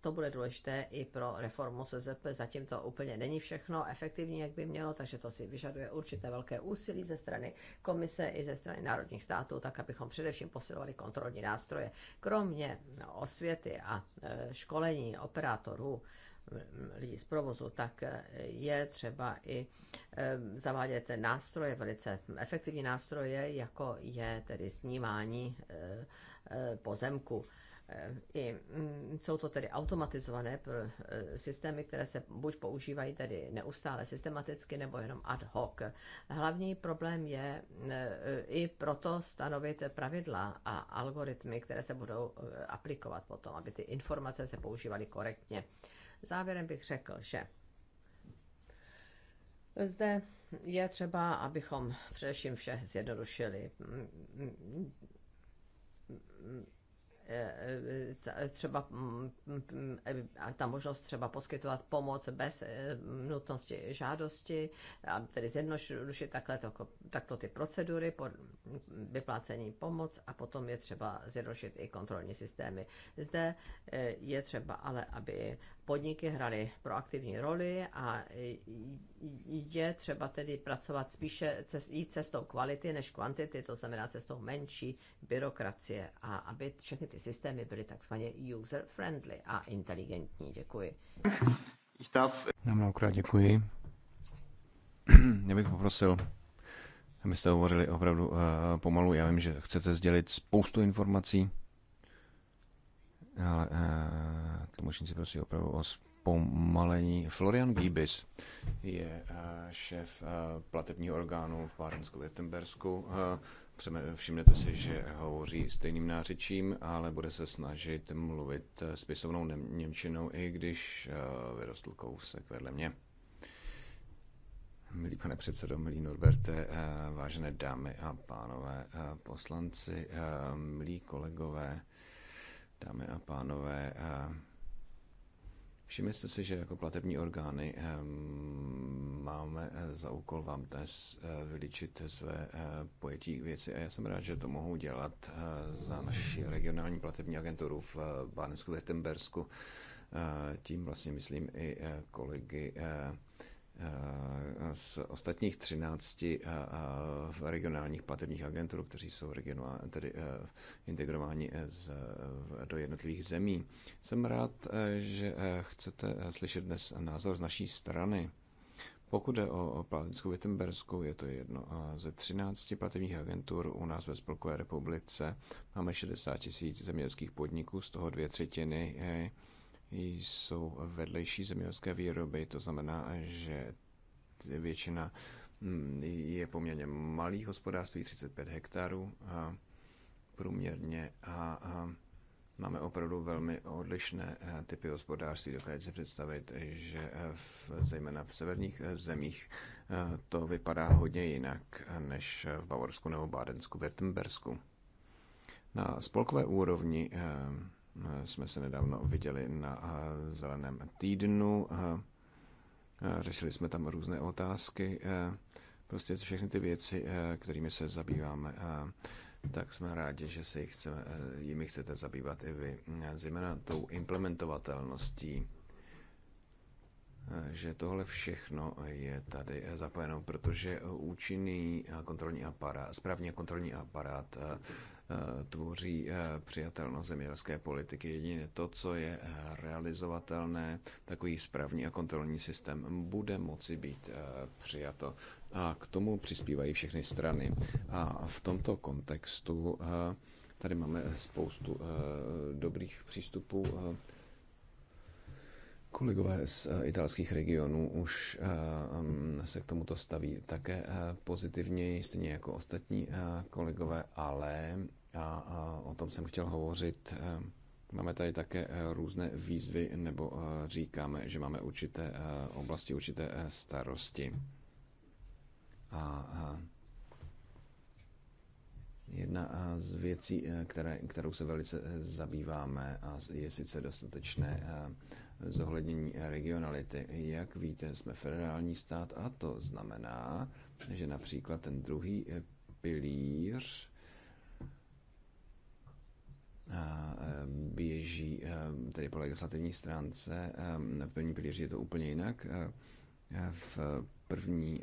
to bude důležité i pro reformu SZP. Zatím to úplně není všechno efektivní, jak by mělo, takže to si vyžaduje určité velké úsilí ze strany komise i ze strany národních států, tak abychom především posilovali kontrolní nástroje. Kromě no, osvěty a e, školení operátorů, lidí z provozu, tak e, je třeba i e, zavádět nástroje, velice efektivní nástroje, jako je tedy snímání pozemku i, mm, jsou to tedy automatizované eh, systémy, které se buď používají tedy neustále systematicky nebo jenom ad hoc. Hlavní problém je eh, i proto stanovit pravidla a algoritmy, které se budou eh, aplikovat potom, aby ty informace se používaly korektně. Závěrem bych řekl, že zde je třeba, abychom především vše zjednodušili mm, mm, Eh, eh, třeba mm, mm, eh, ta možnost třeba poskytovat pomoc bez nutnosti žádosti, a tedy zjednodušit takhle to, takto ty procedury, vyplácení pomoc a potom je třeba zjednodušit i kontrolní systémy. Zde je třeba ale, aby podniky hrali proaktivní roli a je třeba tedy pracovat spíše cest, jít cestou kvality než kvantity, to znamená cestou menší byrokracie a aby všechny ty systémy byly takzvaně user-friendly a inteligentní. Děkuji. Já mnohokrát děkuji. Já bych poprosil, abyste hovořili opravdu uh, pomalu. Já vím, že chcete sdělit spoustu informací, ale uh, Tlumočníci prosí opravdu o zpomalení. Florian Bíbis je eh, šéf eh, platebního orgánu v bádensku Větembersku. Eh, všimnete si, že hovoří stejným nářečím, ale bude se snažit mluvit spisovnou Němčinou, i když vyrostl kousek vedle mě. Milý pane předsedo, milý Norberte, vážené dámy a pánové poslanci, milí kolegové, dámy a pánové, Všimli jste si, že jako platební orgány ehm, máme eh, za úkol vám dnes eh, vyličit své eh, pojetí věci a já jsem rád, že to mohou dělat za naši regionální platební agenturu v Bánsku, Vetembersku. Tím vlastně myslím i kolegy z ostatních 13 regionálních platebních agentur, kteří jsou tedy e, integrováni z, do jednotlivých zemí. Jsem rád, e, že e, chcete slyšet dnes názor z naší strany. Pokud jde o Palatickou Wittenberskou, je to jedno ze 13 platebních agentur u nás ve Spolkové republice. Máme 60 tisíc zemědělských podniků, z toho dvě třetiny jsou vedlejší zemědělské výroby, to znamená, že většina mm, je poměrně malých hospodářství, 35 hektarů a průměrně a, a máme opravdu velmi odlišné eh, typy hospodářství. Dokážete si představit, že eh, v, zejména v severních eh, zemích to vypadá hodně jinak než v Bavorsku nebo Bádensku, Württembersku. Na spolkové úrovni jsme se nedávno viděli na eh, Zeleném týdnu. Eh, eh, řešili jsme tam různé otázky. Prostě všechny ty věci, kterými se zabýváme, tak jsme rádi, že se jich chceme, jimi chcete zabývat i vy. Zejména tou implementovatelností, že tohle všechno je tady zapojeno, protože účinný kontrolní aparát, správně kontrolní aparát Eh, tvoří eh, přijatelnost zemědělské politiky. Jedině to, co je eh, realizovatelné, takový správní a kontrolní systém bude moci být přijato. A k tomu přispívají všechny strany. A v tomto kontextu tady máme spoustu dobrých přístupů. Kolegové z italských regionů už mm, se k tomuto staví také pozitivně, stejně jako ostatní kolegové, ale a, a o tom jsem chtěl hovořit. Eh, máme tady také eh, různé výzvy, nebo eh, říkáme, že máme určité oblasti, určité starosti. A jedna z věcí, které, kterou se velice zabýváme, a je sice dostatečné zohlednění regionality. Jak víte, jsme federální stát a to znamená, že například ten druhý pilíř běží tedy po legislativní stránce. V první pilíři je to úplně jinak. E, v první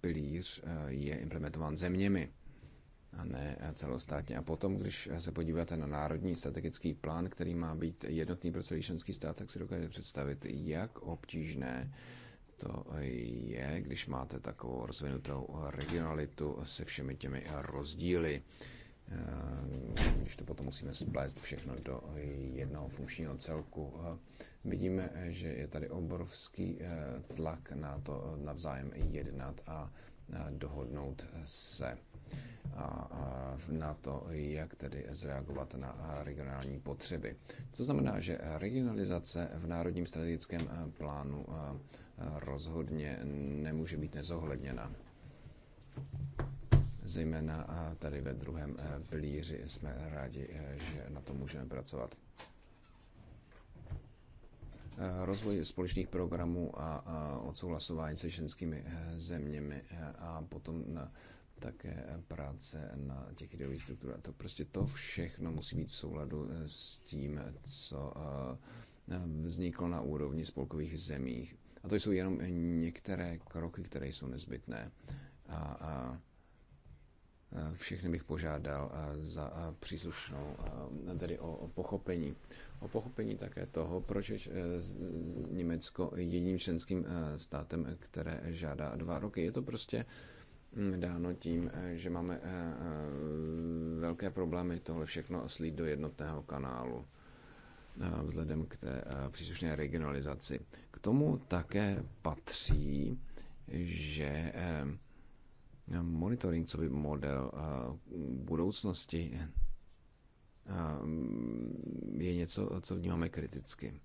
pilíř e, je implementován zeměmi a ne celostátně. A potom, když se podíváte na národní strategický plán, který má být jednotný pro celý členský stát, tak si dokážete představit, jak obtížné to je, když máte takovou rozvinutou regionalitu se všemi těmi rozdíly. Eh, když to potom musíme splést všechno do jednoho funkčního celku. Eh, vidíme, že je tady obrovský eh, tlak na to navzájem jednat a dohodnout se a na to, jak tedy zreagovat na regionální potřeby. Co znamená, že regionalizace v Národním strategickém plánu rozhodně nemůže být nezohledněna. Zejména a tady ve druhém eh, pilíři jsme rádi, eh, že na tom můžeme pracovat. Eh, rozvoj společných programů a odsouhlasování se ženskými zeměmi a potom na také práce na těch ideových strukturách. To prostě to všechno musí být v souladu s tím, co vzniklo na úrovni spolkových zemích. A to jsou jenom některé kroky, které jsou nezbytné. A, a Eh, všechny bych požádal eh, za eh, příslušnou, tedy o pochopení. O pochopení také toho, proč je Německo jediným členským státem, které žádá dva roky. Je to prostě hm, dáno tím, že máme velké problémy tohle všechno slít do jednotného kanálu vzhledem k té příslušné regionalizaci. K tomu také patří, že monitoring, co by model eh, budoucnosti eh, je něco, co vnímáme kriticky.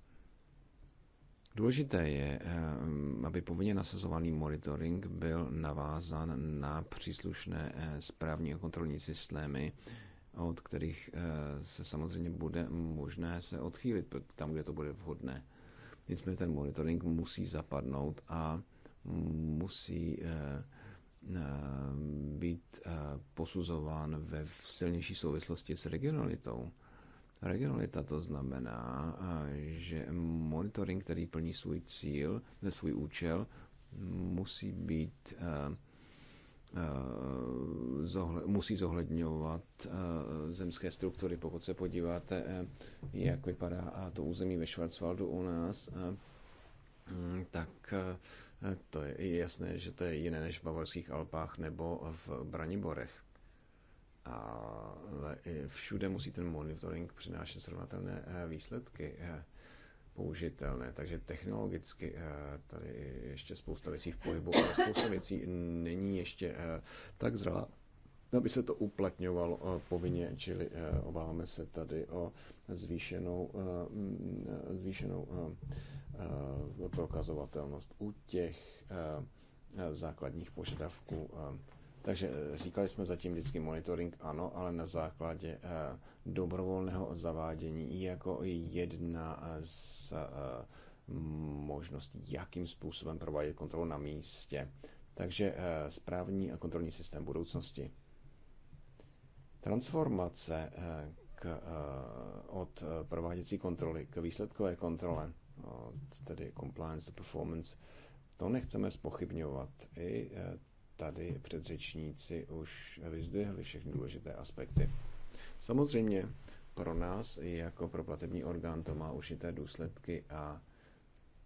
Důležité je, eh, aby povinně nasazovaný monitoring byl navázan na příslušné správní a kontrolní systémy, od kterých se samozřejmě bude možné se odchýlit tam, kde to bude vhodné. Nicméně ten monitoring musí zapadnout a musí Eh, být eh, posuzován ve silnější souvislosti s regionalitou. Regionalita to znamená, eh, že monitoring, který plní svůj cíl, svůj účel, musí být musí zohledňovat zemské struktury. Pokud se podíváte, jak vypadá to území ve Schwarzwaldu u nás, Mm, tak eh, to je jasné, že to je jiné než v Bavorských Alpách nebo v Braniborech. Ale všude musí ten monitoring přinášet srovnatelné eh, výsledky eh, použitelné. Takže technologicky tady ještě spousta věcí v pohybu, ale spousta věcí není ještě tak zralá, No, aby se to uplatňovalo eh, povinně, čili eh, obáváme se tady o zvýšenou, eh, mm, zvýšenou prokazovatelnost u těch základních požadavků. Takže říkali jsme zatím vždycky monitoring ano, ale na základě dobrovolného zavádění jako jedna z možností, jakým způsobem provádět kontrolu na místě. Takže správní a kontrolní systém budoucnosti. Transformace eh, k, eh, od eh, prováděcí kontroly k výsledkové kontrole, od tedy compliance to performance, to nechceme spochybňovat. I tady předřečníci už vyzdvihli všechny důležité aspekty. Samozřejmě pro nás i jako pro platební orgán to má určité důsledky a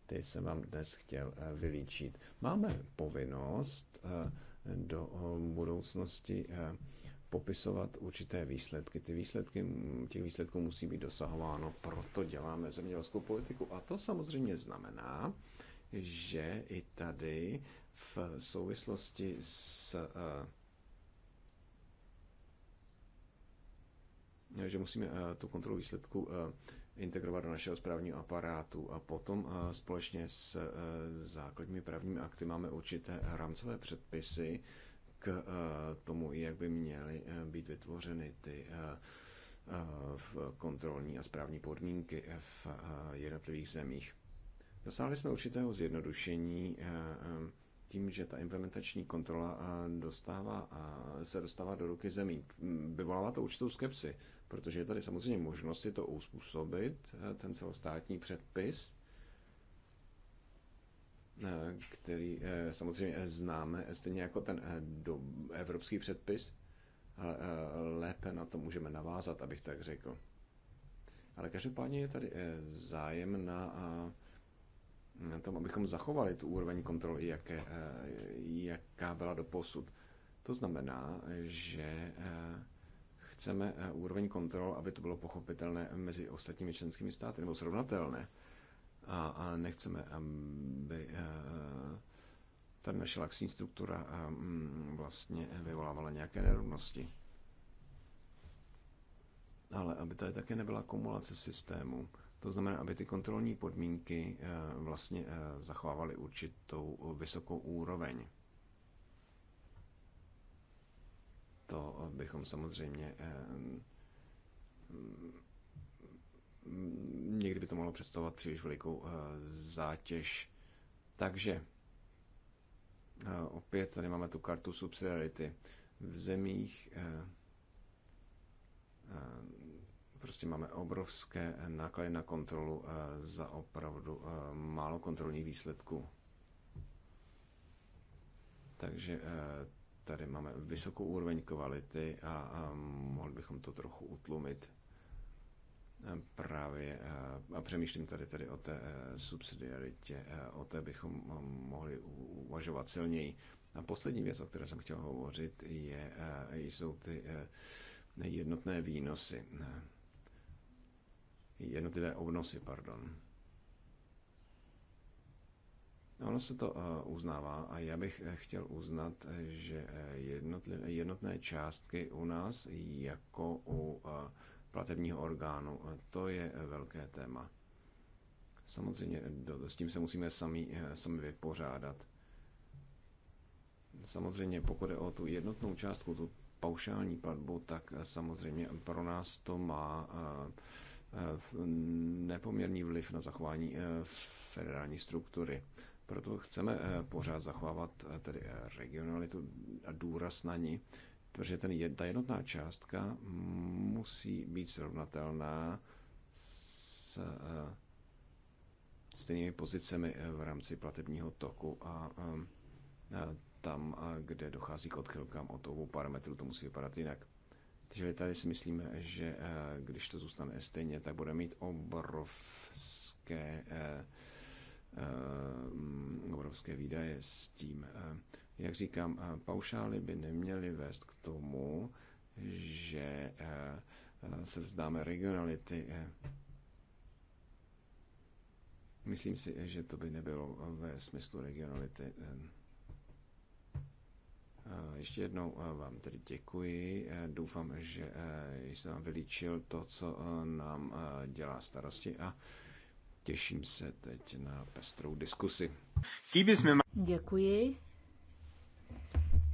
ty jsem vám dnes chtěl vylíčit. Máme povinnost do budoucnosti popisovat určité výsledky. Ty výsledky, těch výsledků musí být dosahováno, proto děláme zemědělskou politiku. A to samozřejmě znamená, že i tady v souvislosti s eh, že musíme eh, tu kontrolu výsledku eh, integrovat do našeho správního aparátu a potom společně s základními právními akty máme určité rámcové předpisy, Eh, tomu, jak by měly eh, být vytvořeny ty eh, v kontrolní a správní podmínky v jednotlivých zemích. Dosáhli jsme určitého zjednodušení tím, že ta implementační kontrola dostává, se dostává do ruky zemí. Vyvolává to určitou skepsi, protože je tady samozřejmě možnost si to uspůsobit, ten celostátní předpis, Eh, který eh, samozřejmě známe, stejně jako ten eh, evropský předpis, ale lépe na to můžeme navázat, abych tak řekl. Ale každopádně je tady zájem na, na tom, abychom zachovali tu úroveň kontroly, jaké, jaká byla do posud. To znamená, že chceme úroveň kontrol, aby to bylo pochopitelné mezi ostatními členskými státy nebo srovnatelné a, a nechceme, aby eh, ta naše laxní struktura eh, mm, vlastně vyvolávala nějaké nerovnosti. Ale aby tady také nebyla kumulace systému, to znamená, aby ty kontrolní podmínky eh, vlastně zachovávaly určitou vysokou úroveň. To bychom samozřejmě Mm, někdy by to mohlo představovat příliš velikou eh, zátěž. Takže eh, opět tady máme tu kartu subsidiarity. V zemích eh, prostě máme obrovské náklady na kontrolu za opravdu málo kontrolních výsledků. Takže tady máme vysokou úroveň kvality a mohli bychom to trochu utlumit právě eh, a přemýšlím tady tady o té eh, subsidiaritě, eh, o té bychom mohli uvažovat silněji. A poslední věc, o které jsem chtěl hovořit, je, jsou ty jednotné výnosy. Jednotlivé obnosy, pardon. Ono se to uznává a já bych chtěl uznat, že jednotné částky u nás jako u platebního orgánu. To je eh, velké téma. Samozřejmě s tím se musíme sami, eh, sami vypořádat. Samozřejmě pokud je o tu jednotnou částku, tu paušální platbu, tak eh, samozřejmě pro nás to má nepoměrný vliv na zachování federální struktury. Proto chceme pořád zachovávat tedy regionalitu a důraz na ní protože ten, ta jednotná částka musí být srovnatelná s eh, stejnými pozicemi eh, v rámci platebního toku a eh, tam, kde dochází k odchylkám od obou parametrů, to musí vypadat jinak. Takže tady si myslíme, že když to zůstane stejně, tak bude mít obrovské obrovské výdaje s tím. Jak říkám, eh, paušály by neměly vést k tomu, že eh, eh, se vzdáme regionality. Myslím si, že to by nebylo ve smyslu regionality. Ještě jednou vám tedy děkuji. Doufám, že jsem vám vylíčil to, co nám dělá starosti a těším se teď na pestrou diskusi. Děkuji.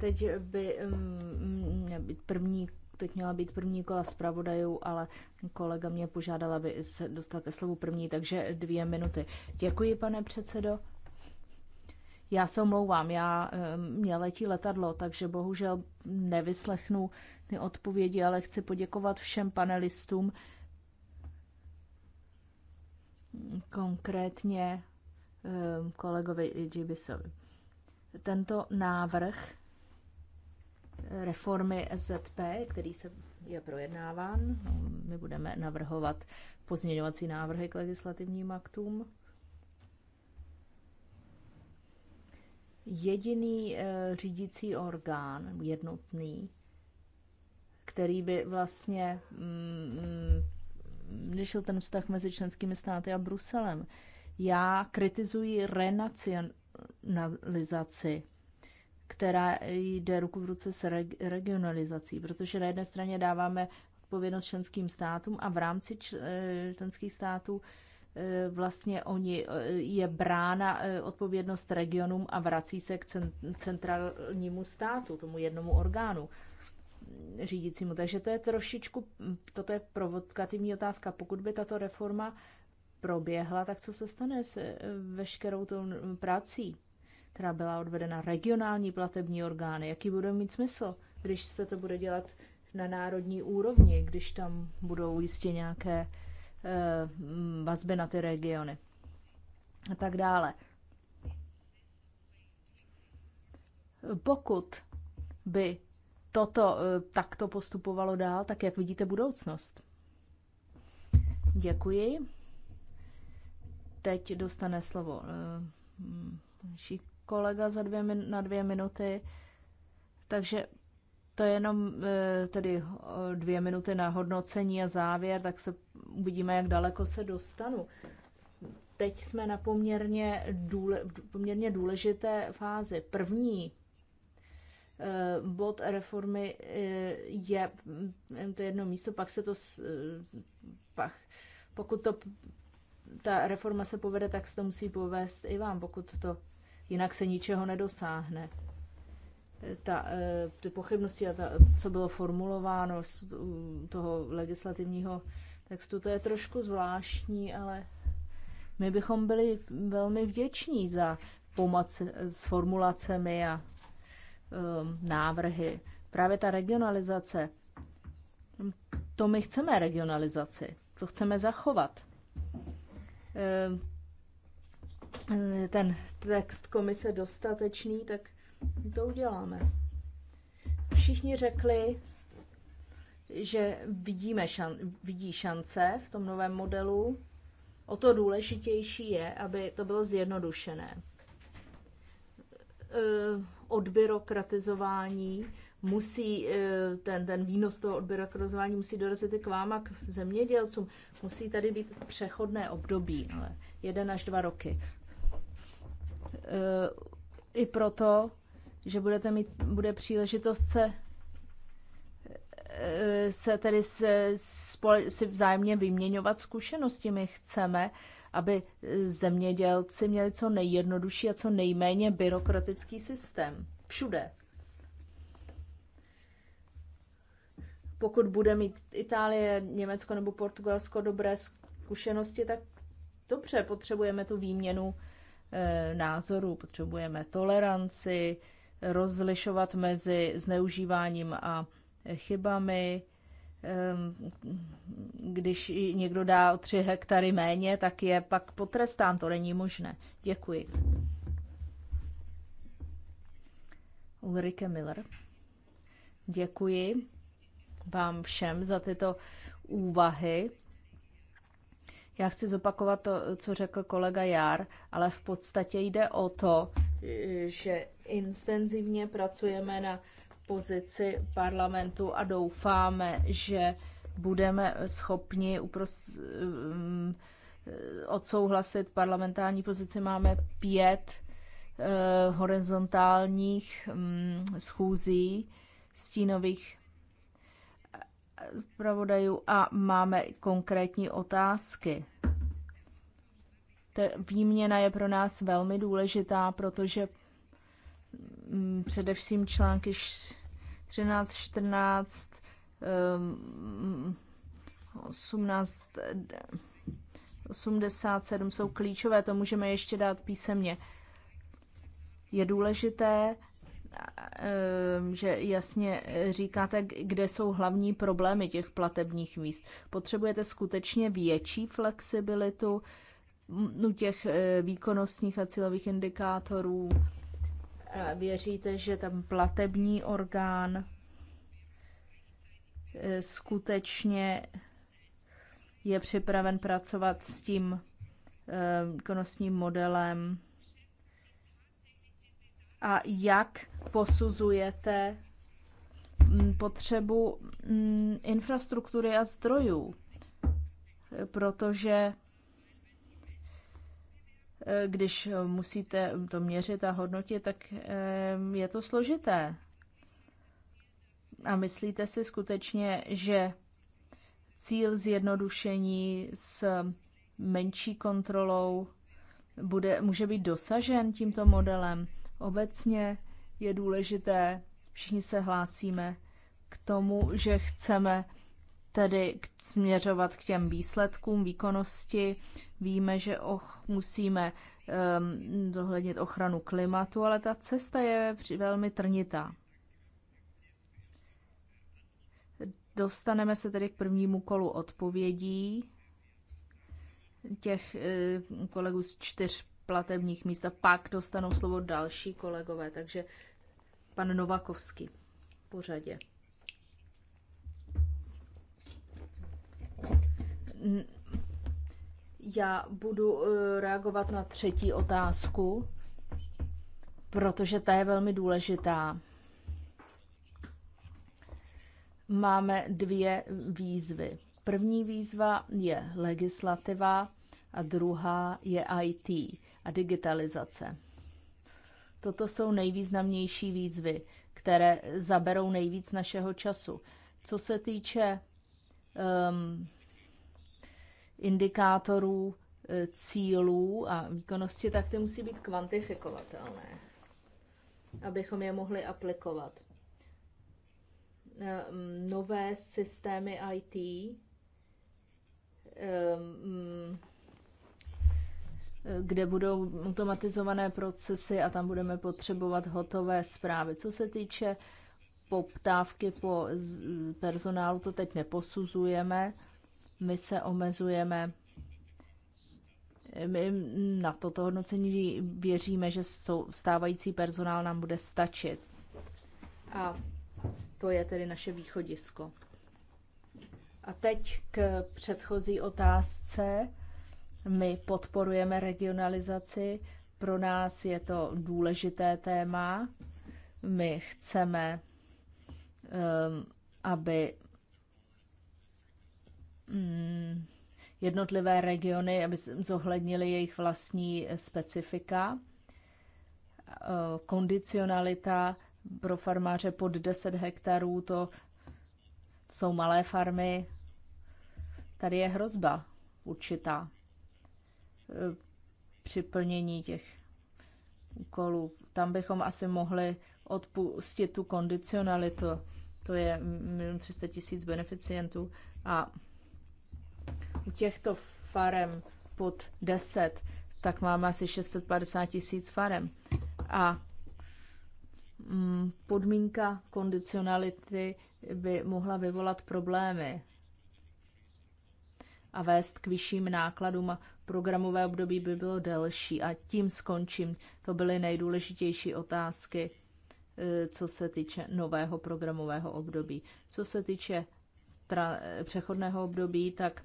Teď by mm, měl být první, teď měla být první kola zpravodajů, ale kolega mě požádala, aby se dostal ke slovu první, takže dvě minuty. Děkuji, pane předsedo. Já se omlouvám, já, mm, mě letí letadlo, takže bohužel nevyslechnu ty odpovědi, ale chci poděkovat všem panelistům. Konkrétně mm, kolegovi Jibisovi. Tento návrh reformy SZP, který se je projednáván, no, my budeme navrhovat pozměňovací návrhy k legislativním aktům. Jediný eh, řídící orgán, jednotný, který by vlastně řešil mm, mm, ten vztah mezi členskými státy a Bruselem. Já kritizuji renacion, regionalizaci, která jde ruku v ruce s regionalizací, protože na jedné straně dáváme odpovědnost členským státům a v rámci eh, členských států eh, vlastně oni, eh, je brána odpovědnost regionům a vrací se k centrálnímu státu, tomu jednomu orgánu řídícímu. Takže to je trošičku, toto je provokativní otázka. Pokud by tato reforma proběhla, tak co se stane s eh, veškerou tou prací, která byla odvedena regionální platební orgány? Jaký bude mít smysl, když se to bude dělat na národní úrovni, když tam budou jistě nějaké eh, vazby na ty regiony a tak dále. Pokud by toto eh, takto postupovalo dál, tak jak vidíte budoucnost? Děkuji. Teď dostane slovo eh, naší kolega za dvě, na dvě minuty. Takže to je jenom eh, tedy eh, dvě minuty na hodnocení a závěr, tak se uvidíme, jak daleko se dostanu. Teď jsme na poměrně, důle, poměrně důležité fázi. První bod reformy je hm, to jedno místo, pak se to, pak, pokud to ta reforma se povede, tak se to musí povést i vám, pokud to jinak se ničeho nedosáhne. Ta, eh, ty pochybnosti a ta, co bylo formulováno z toho legislativního textu, to je trošku zvláštní, ale my bychom byli velmi vděční za pomoc s formulacemi a um, návrhy. Právě ta regionalizace, to my chceme regionalizaci, to chceme zachovat. Eh, ten text komise dostatečný, tak to uděláme. Všichni řekli, že vidíme šan, vidí šance v tom novém modelu. O to důležitější je, aby to bylo zjednodušené. Eh, odbyrokratizování musí eh, ten, ten výnos toho odbyrokratizování musí dorazit i k vám a k zemědělcům. Musí tady být přechodné období, ale jeden až dva roky. Eh, I proto, že budete mít, bude příležitost se eh, se tedy se, spole, si vzájemně vyměňovat zkušenosti. My chceme, aby zemědělci měli co nejjednodušší a co nejméně byrokratický systém. Všude pokud bude mít Itálie, Německo nebo Portugalsko dobré zkušenosti, tak dobře, potřebujeme tu výměnu e, názorů, potřebujeme toleranci, rozlišovat mezi zneužíváním a eh, chybami. Ehm, když někdo dá o tři hektary méně, tak je pak potrestán, to není možné. Děkuji. Ulrike Miller. Děkuji vám všem za tyto úvahy. Já chci zopakovat to, co řekl kolega Jar, ale v podstatě jde o to, že intenzivně pracujeme na pozici parlamentu a doufáme, že budeme schopni upros- mm, odsouhlasit parlamentární pozici. Máme pět eh, horizontálních mm, schůzí stínových zpravodajů a máme konkrétní otázky. Ta výměna je pro nás velmi důležitá, protože mm, především články 13, 14, 18, 87 jsou klíčové, to můžeme ještě dát písemně. Je důležité Ehm, že jasně eh, říkáte, kde jsou hlavní problémy těch platebních míst. Potřebujete skutečně větší flexibilitu u těch eh, výkonnostních a cílových indikátorů. Věříte, že tam platební orgán eh, skutečně je připraven pracovat s tím výkonnostním modelem a jak posuzujete mm, potřebu mm, infrastruktury a zdrojů, protože eh, když musíte to měřit a hodnotit, tak eh, je to složité. A myslíte si skutečně, že cíl zjednodušení s menší kontrolou bude, může být dosažen tímto modelem? Obecně je důležité, všichni se hlásíme k tomu, že chceme tedy směřovat k těm výsledkům výkonnosti. Víme, že och, musíme um, zohlednit ochranu klimatu, ale ta cesta je velmi trnitá. Dostaneme se tedy k prvnímu kolu odpovědí těch eh, kolegů z čtyř platebních míst a pak dostanou slovo další kolegové. Takže pan Novakovský řadě. Já budu eh, reagovat na třetí otázku, protože ta je velmi důležitá. Máme dvě výzvy. První výzva je legislativa a druhá je IT a digitalizace. Toto jsou nejvýznamnější výzvy, které zaberou nejvíc našeho času. Co se týče um, indikátorů, uh, cílů a výkonnosti, tak ty musí být kvantifikovatelné, abychom je mohli aplikovat. Um, nové systémy IT um, kde budou automatizované procesy a tam budeme potřebovat hotové zprávy. Co se týče poptávky po personálu, to teď neposuzujeme. My se omezujeme my na toto hodnocení věříme, že stávající personál nám bude stačit. A to je tedy naše východisko. A teď k předchozí otázce my podporujeme regionalizaci, pro nás je to důležité téma. My chceme, um, aby mm, jednotlivé regiony, aby zohlednili jejich vlastní specifika. Uh, kondicionalita pro farmáře pod 10 hektarů, to jsou malé farmy. Tady je hrozba určitá. Eh, při plnění těch úkolů. Tam bychom asi mohli odpustit tu kondicionalitu. To je 1 300 tisíc beneficientů a u těchto farem pod 10, tak máme asi 650 tisíc farem. A mm, podmínka kondicionality by mohla vyvolat problémy a vést k vyšším nákladům. Programové období by bylo delší a tím skončím. To byly nejdůležitější otázky, e, co se týče nového programového období. Co se týče přechodného období, tak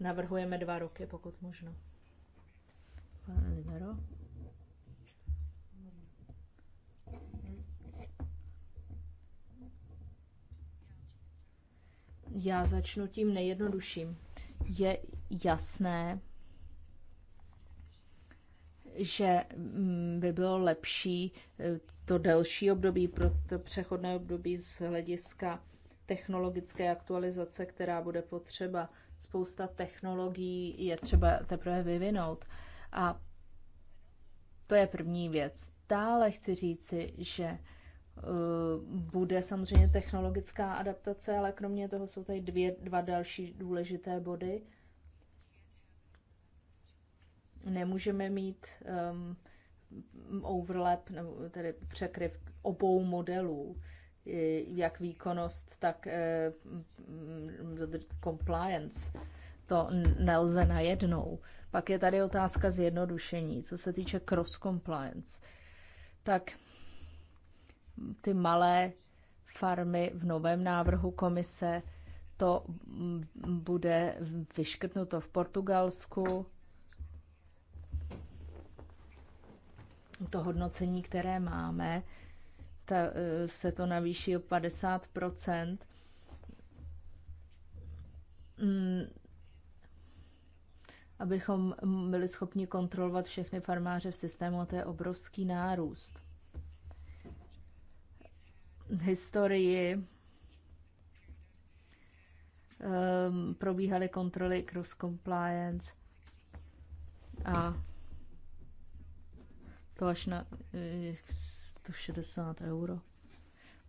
navrhujeme dva roky, pokud možno. Pane Libero? Já začnu tím nejjednodušším je jasné, že mm, by bylo lepší eh, to delší období pro to přechodné období z hlediska technologické aktualizace, která bude potřeba. Spousta technologií je třeba teprve vyvinout. A to je první věc. Dále chci říci, že Eh, bude samozřejmě technologická adaptace, ale kromě toho jsou tady dvě, dva další důležité body. Nemůžeme mít um, overlap, nebo tedy překryv obou modelů, jak výkonnost, tak eh, mm, mm, compliance. To nelze najednou. Pak je tady otázka zjednodušení, co se týče cross compliance. Tak ty malé farmy v novém návrhu komise. To bude vyškrtnuto v Portugalsku. To hodnocení, které máme, ta, e, se to navýší o 50 mm, abychom byli schopni kontrolovat všechny farmáře v systému, a to je obrovský nárůst historii um, probíhaly kontroly cross compliance a to až na 160 eh, euro.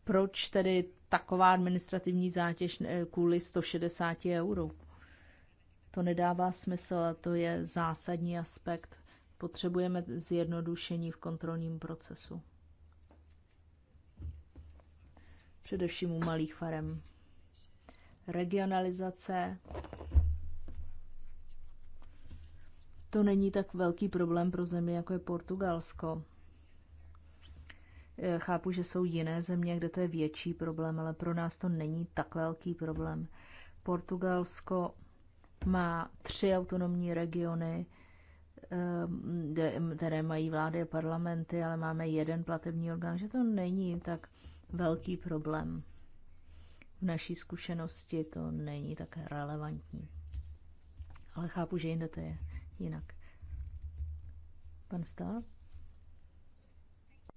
Proč tedy taková administrativní zátěž eh, kvůli 160 euro? To nedává smysl a to je zásadní aspekt. Potřebujeme zjednodušení v kontrolním procesu. především u malých farem. Regionalizace. To není tak velký problém pro zemi, jako je Portugalsko. Eh, chápu, že jsou jiné země, kde to je větší problém, ale pro nás to není tak velký problém. Portugalsko má tři autonomní regiony, eh, které mají vlády a parlamenty, ale máme jeden platební orgán, že to není tak velký problém. V naší zkušenosti to není tak relevantní. Ale chápu, že jinde to je jinak. Pan Stál?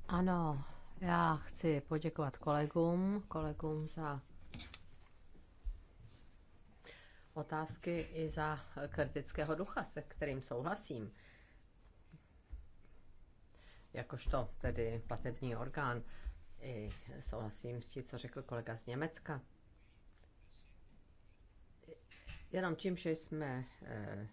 Ano, já chci poděkovat kolegům, kolegům za otázky i za kritického ducha, se kterým souhlasím. Jakožto tedy platební orgán i souhlasím s tím, co řekl kolega z Německa. Jenom tím, že jsme, eh,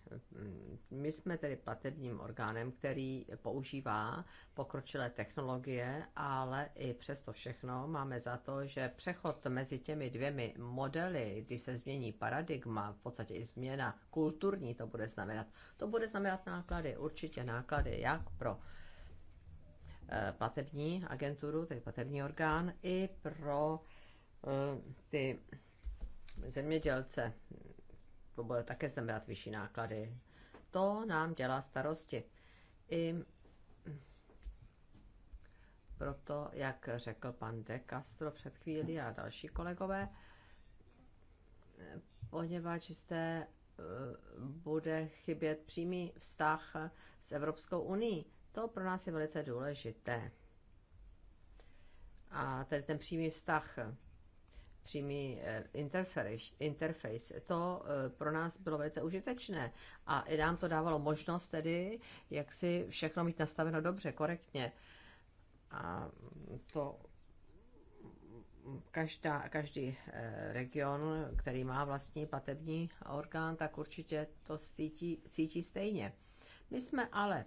my jsme tedy platebním orgánem, který používá pokročilé technologie, ale i přesto všechno máme za to, že přechod mezi těmi dvěmi modely, když se změní paradigma, v podstatě i změna kulturní to bude znamenat, to bude znamenat náklady, určitě náklady jak pro Eh, platební agenturu, tedy platební orgán, i pro eh, ty zemědělce. To bude také znamenat vyšší náklady. To nám dělá starosti. I proto, jak řekl pan De Castro před chvílí a další kolegové, poněvadž zde eh, bude chybět přímý vztah s Evropskou unii. To pro nás je velice důležité. A tedy ten přímý vztah, přímý eh, interface, interface, to eh, pro nás bylo velice užitečné a i nám to dávalo možnost tedy, jak si všechno mít nastaveno dobře, korektně. A to každá, každý eh, region, který má vlastní platební orgán, tak určitě to cítí, cítí stejně. My jsme ale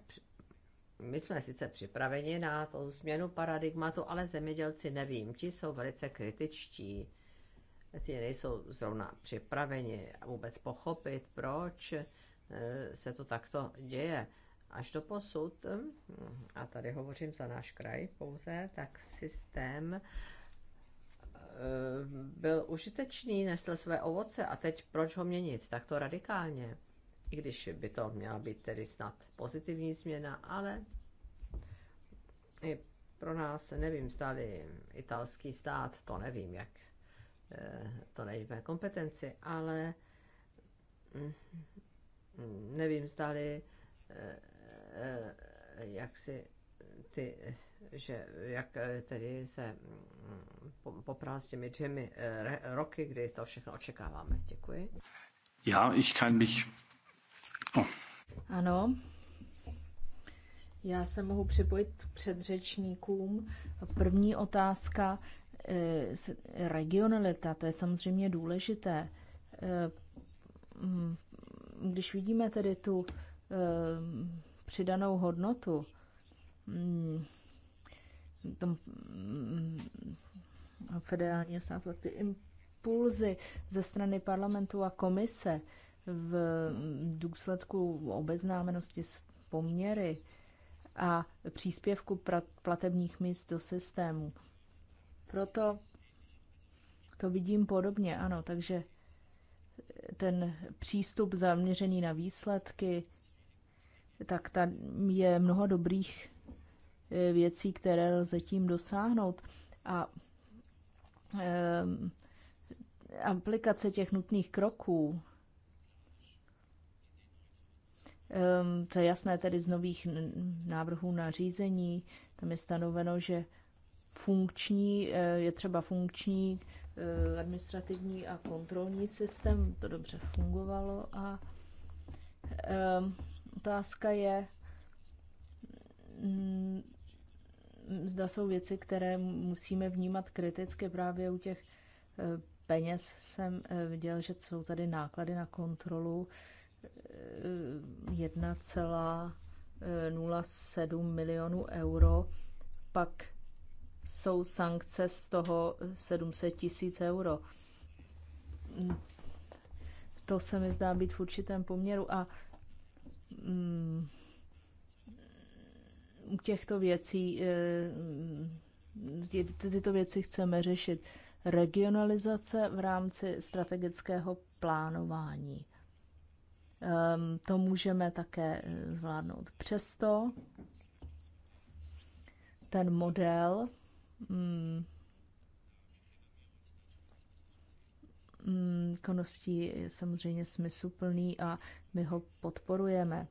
my jsme sice připraveni na tu změnu paradigmatu, ale zemědělci nevím, ti jsou velice kritičtí. Ti nejsou zrovna připraveni vůbec pochopit, proč eh, se to takto děje. Až do posud, hm, a tady hovořím za náš kraj pouze, tak systém eh, byl užitečný, nesl své ovoce a teď proč ho měnit takto radikálně? i když by to měla být tedy snad pozitivní změna, ale i pro nás, nevím, stáli italský stát, to nevím, jak eh, to není mé kompetenci, ale mm, nevím, stáli eh, eh, jak si ty, že jak tedy se mm, poprál s těmi dvěmi roky, kdy to všechno očekáváme. Děkuji. Já, ich kann mich No. Ano. Já se mohu připojit k předřečníkům. První otázka, eh, regionalita, to je samozřejmě důležité. Eh, mm, když vidíme tedy tu eh, přidanou hodnotu, mm, tom mm, federálního státu, ty impulzy ze strany parlamentu a komise, v důsledku obeznámenosti s poměry a příspěvku platebních míst do systému. Proto to vidím podobně, ano, takže ten přístup zaměřený na výsledky, tak tam je mnoho dobrých eh, věcí, které lze tím dosáhnout. A e, aplikace těch nutných kroků Ehm, to je jasné tedy z nových návrhů na řízení. Tam je stanoveno, že funkční, eh, je třeba funkční eh, administrativní a kontrolní systém. To dobře fungovalo a ehm, otázka je, mm, zda jsou věci, které musíme vnímat kriticky právě u těch eh, peněz. Jsem viděl, že jsou tady náklady na kontrolu, 1,07 e, milionů euro, pak jsou sankce z toho 700 tisíc euro. To se mi zdá být v určitém poměru a mm, u těchto věcí, e, tyto věci chceme řešit regionalizace v rámci strategického plánování. Ehm, to můžeme také eh, zvládnout. Přesto ten model mm, mm, koností je samozřejmě smysluplný a my ho podporujeme.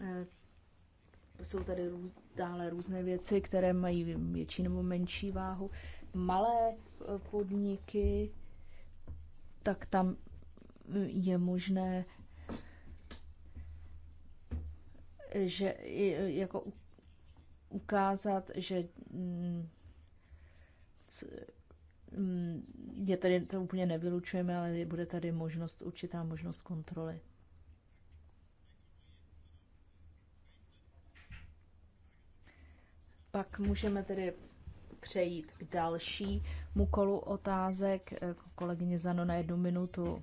Eh, jsou tady růz, dále různé věci, které mají větší nebo menší váhu. Malé eh, podniky, tak tam je možné, že jako ukázat, že mm, mm, je tady, to úplně nevylučujeme, ale bude tady možnost, určitá možnost kontroly. Pak můžeme tedy přejít k dalšímu kolu otázek. Kolegyně Zano na jednu minutu.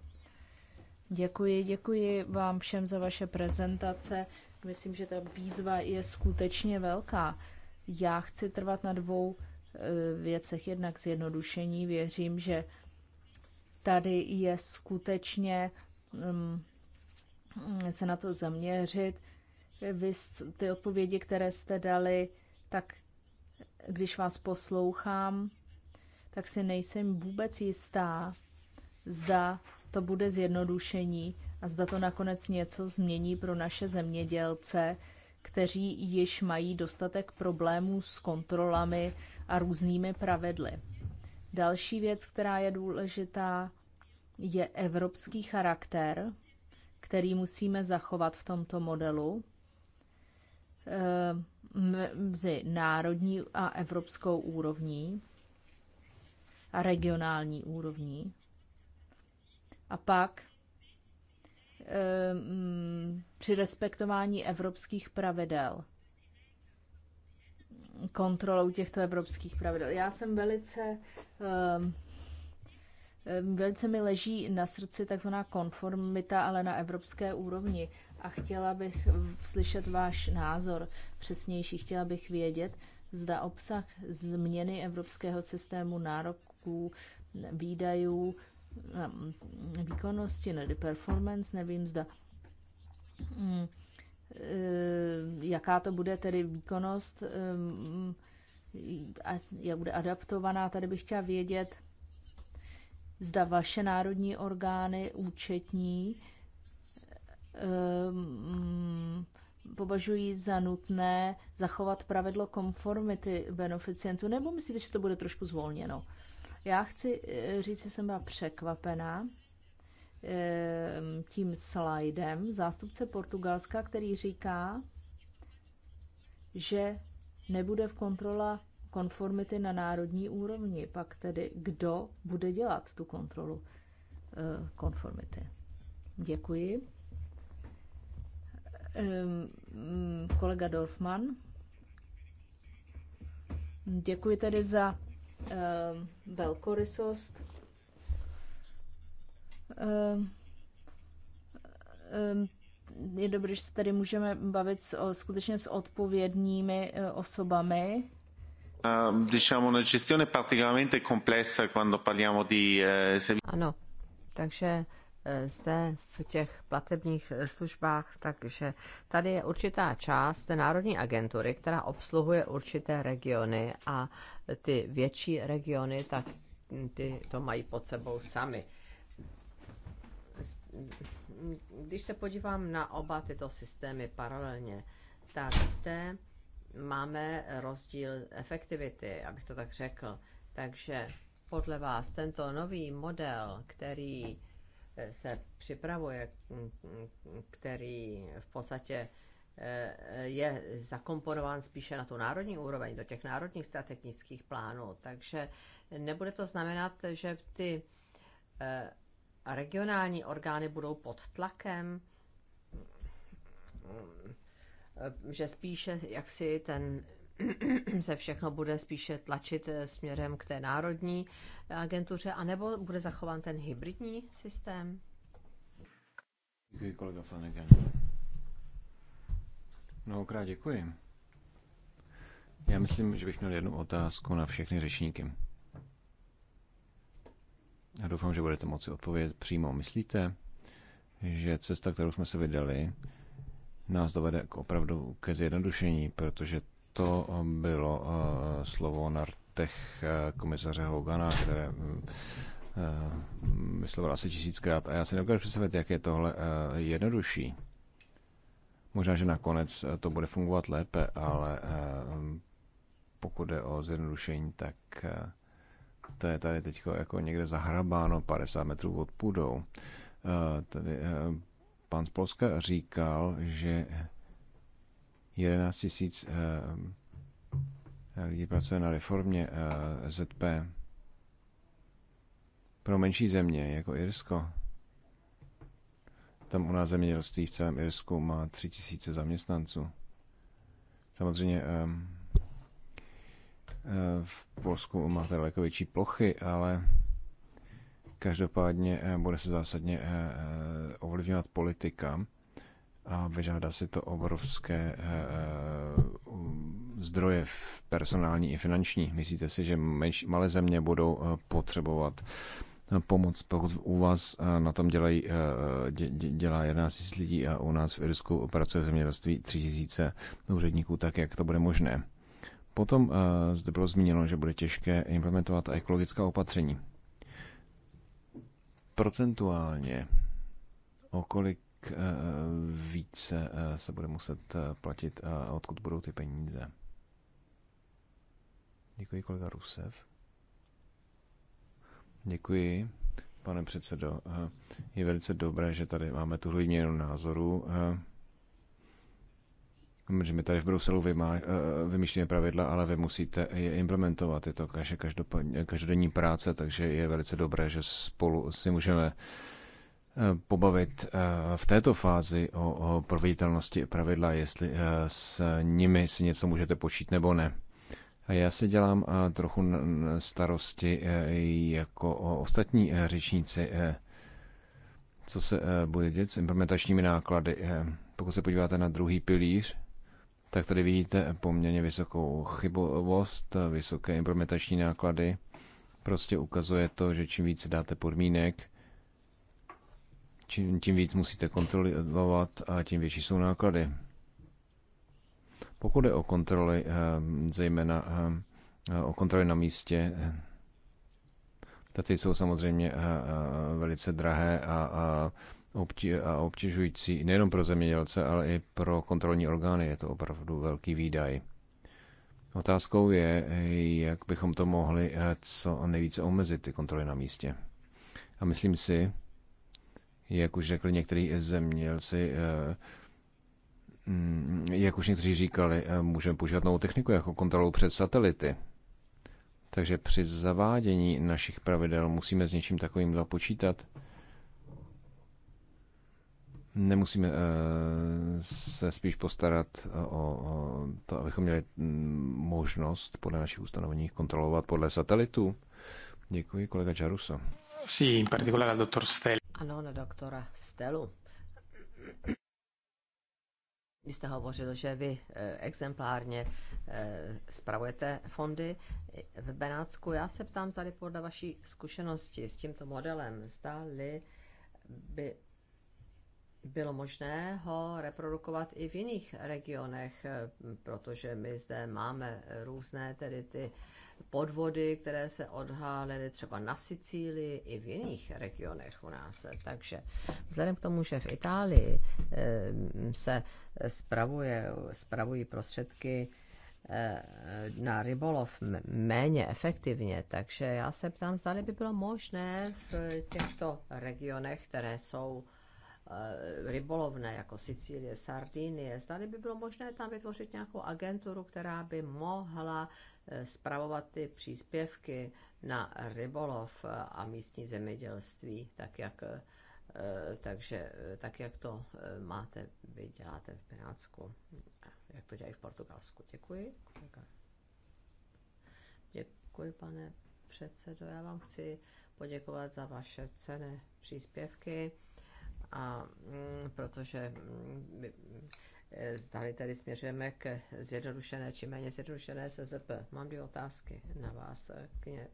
Děkuji, děkuji vám všem za vaše prezentace. Myslím, že ta výzva je skutečně velká. Já chci trvat na dvou eh, věcech. Jednak zjednodušení. Věřím, že tady je skutečně mm, mm, se na to zaměřit. Vy ty odpovědi, které jste dali, tak když vás poslouchám, tak si nejsem vůbec jistá, zda to bude zjednodušení a zda to nakonec něco změní pro naše zemědělce, kteří již mají dostatek problémů s kontrolami a různými pravidly. Další věc, která je důležitá, je evropský charakter, který musíme zachovat v tomto modelu eh, mezi národní a evropskou úrovní a regionální úrovní. A pak eh, mm, při respektování evropských pravidel, kontrolou těchto evropských pravidel. Já jsem velice, eh, eh, velice mi leží na srdci takzvaná konformita, ale na evropské úrovni. A chtěla bych slyšet váš názor přesnější. Chtěla bych vědět, zda obsah změny evropského systému nároků, výdajů Mm, výkonnosti, nedy performance, nevím zda mm, eh, jaká to bude tedy výkonnost eh, mm, a jak bude adaptovaná, tady bych chtěla vědět, zda vaše národní orgány účetní eh, považují za nutné zachovat pravidlo konformity beneficientů, nebo myslíte, že to bude trošku zvolněno? Já chci eh, říct, že jsem byla překvapená eh, tím slajdem zástupce Portugalska, který říká, že nebude v kontrola konformity na národní úrovni. Pak tedy kdo bude dělat tu kontrolu eh, konformity? Děkuji. Ehm, mm, kolega Dorfman. Děkuji tedy za Ehm, velkorysost. Ehm, ehm, je dobré, že se tady můžeme bavit s, o, skutečně s odpovědnými e, osobami. Diciamo una gestione particolarmente complessa quando parliamo di... Eh, ano, takže Eh, zde v těch platebních eh, službách, takže tady je určitá část Národní agentury, která obsluhuje určité regiony a ty větší regiony, tak ty to mají pod sebou sami. Když se podívám na oba tyto systémy paralelně, tak zde máme rozdíl efektivity, abych to tak řekl. Takže podle vás tento nový model, který se připravuje, který v podstatě eh, je zakomponován spíše na tu národní úroveň, do těch národních strategických plánů. Takže nebude to znamenat, že ty eh, regionální orgány budou pod tlakem, eh, že spíše jaksi ten se všechno bude spíše tlačit eh, směrem k té národní eh, agentuře, anebo bude zachován ten hybridní systém? Děkuji, kolega Flanagan. Mnohokrát děkuji. Já myslím, že bych měl jednu otázku na všechny řečníky. Já doufám, že budete moci odpovědět přímo. Myslíte, že cesta, kterou jsme se vydali, nás dovede k opravdu ke zjednodušení, protože to eh, bylo eh, slovo na rtech eh, komisaře Hogana, které mm, myslel asi tisíckrát a já si nedokážu představit, jak je tohle jednodušší. Možná, že nakonec to bude fungovat lépe, ale pokud jde o zjednodušení, tak to je tady teď jako někde zahrabáno 50 metrů od půdou. Tady pan z Polska říkal, že 11 tisíc eh, eh, lidí pracuje na reformě eh, ZP. Pro menší země, jako Irsko, tam u nás zemědělství v celém Irsku má 3 tisíce zaměstnanců. Samozřejmě ehm, v Polsku máte daleko větší plochy, ale každopádně bude se zásadně ovlivňovat politika a vyžádá si to obrovské eh, eh, um, zdroje personální i finanční. Myslíte si, že malé země budou eh, potřebovat pomoc, pokud u vás na tom dělají, dě, dělá 11 000 lidí a u nás v Irsku pracuje v zemědělství 3 000 úředníků, tak jak to bude možné? Potom zde bylo zmíněno, že bude těžké implementovat ekologická opatření. Procentuálně, o kolik Eh, více eh, se bude muset eh, platit a odkud budou ty peníze. Děkuji, kolega Rusev. Děkuji, pane předsedo. Je velice dobré, že tady máme tuhle výměnu názoru. Že my tady v Bruselu vymá, vymýšlíme pravidla, ale vy musíte je implementovat. Je to každodenní práce, takže je velice dobré, že spolu si můžeme Eh, pobavit eh, v této fázi o, o proveditelnosti pravidla, jestli eh, s nimi si něco můžete počít nebo ne. A já si dělám trochu starosti jako ostatní řečníci, co se bude dět s implementačními náklady. Pokud se podíváte na druhý pilíř, tak tady vidíte poměrně vysokou chybovost, vysoké implementační náklady. Prostě ukazuje to, že čím více dáte podmínek, čím, tím víc musíte kontrolovat a tím větší jsou náklady. Pokud je o kontroly, eh, zejména eh, o kontroly na místě, ty jsou samozřejmě eh, velice drahé a obtěžující nejenom pro zemědělce, ale i pro kontrolní orgány. Je to opravdu velký výdaj. Otázkou je, jak bychom to mohli co nejvíce omezit, ty kontroly na místě. A myslím si, jak už řekli někteří zemělci, eh, mm, jak už někteří říkali, eh, můžeme používat novou techniku jako kontrolu před satelity. Takže při zavádění našich pravidel musíme s něčím takovým započítat. Nemusíme eh, se spíš postarat o to, abychom měli mm, možnost podle našich ustanovení kontrolovat podle satelitů. Děkuji, kolega Jaruso. Sì, in particolare al dottor Stella. Ano, na doktora Stelu. Vy jste hovořil, že vy eh, exemplárně eh, spravujete fondy v Benátsku. Já se ptám, zdali podle vaší zkušenosti s tímto modelem, zdali by bylo možné ho reprodukovat i v jiných regionech, eh, protože my zde máme různé tedy ty podvody, které se odhalily třeba na Sicílii i v jiných regionech u nás. Takže vzhledem k tomu, že v Itálii ehm, se spravuje, spravují prostředky ehm, na rybolov méně efektivně, takže já se ptám, zda by bylo možné v těchto regionech, které jsou ehm, rybolovné, jako Sicílie, Sardinie. zda by bylo možné tam vytvořit nějakou agenturu, která by mohla Eh, spravovat ty příspěvky na rybolov a místní zemědělství, tak jak, eh, takže, eh, tak jak to máte, vy děláte v Pinácku, jak to dělají v Portugalsku. Děkuji. Děkuji, pane předsedo. Já vám chci poděkovat za vaše cené příspěvky a mm, protože mm, Eh, zdali tady směřujeme k zjednodušené či méně zjednodušené SZP. Mám dvě otázky na vás, eh, k ně,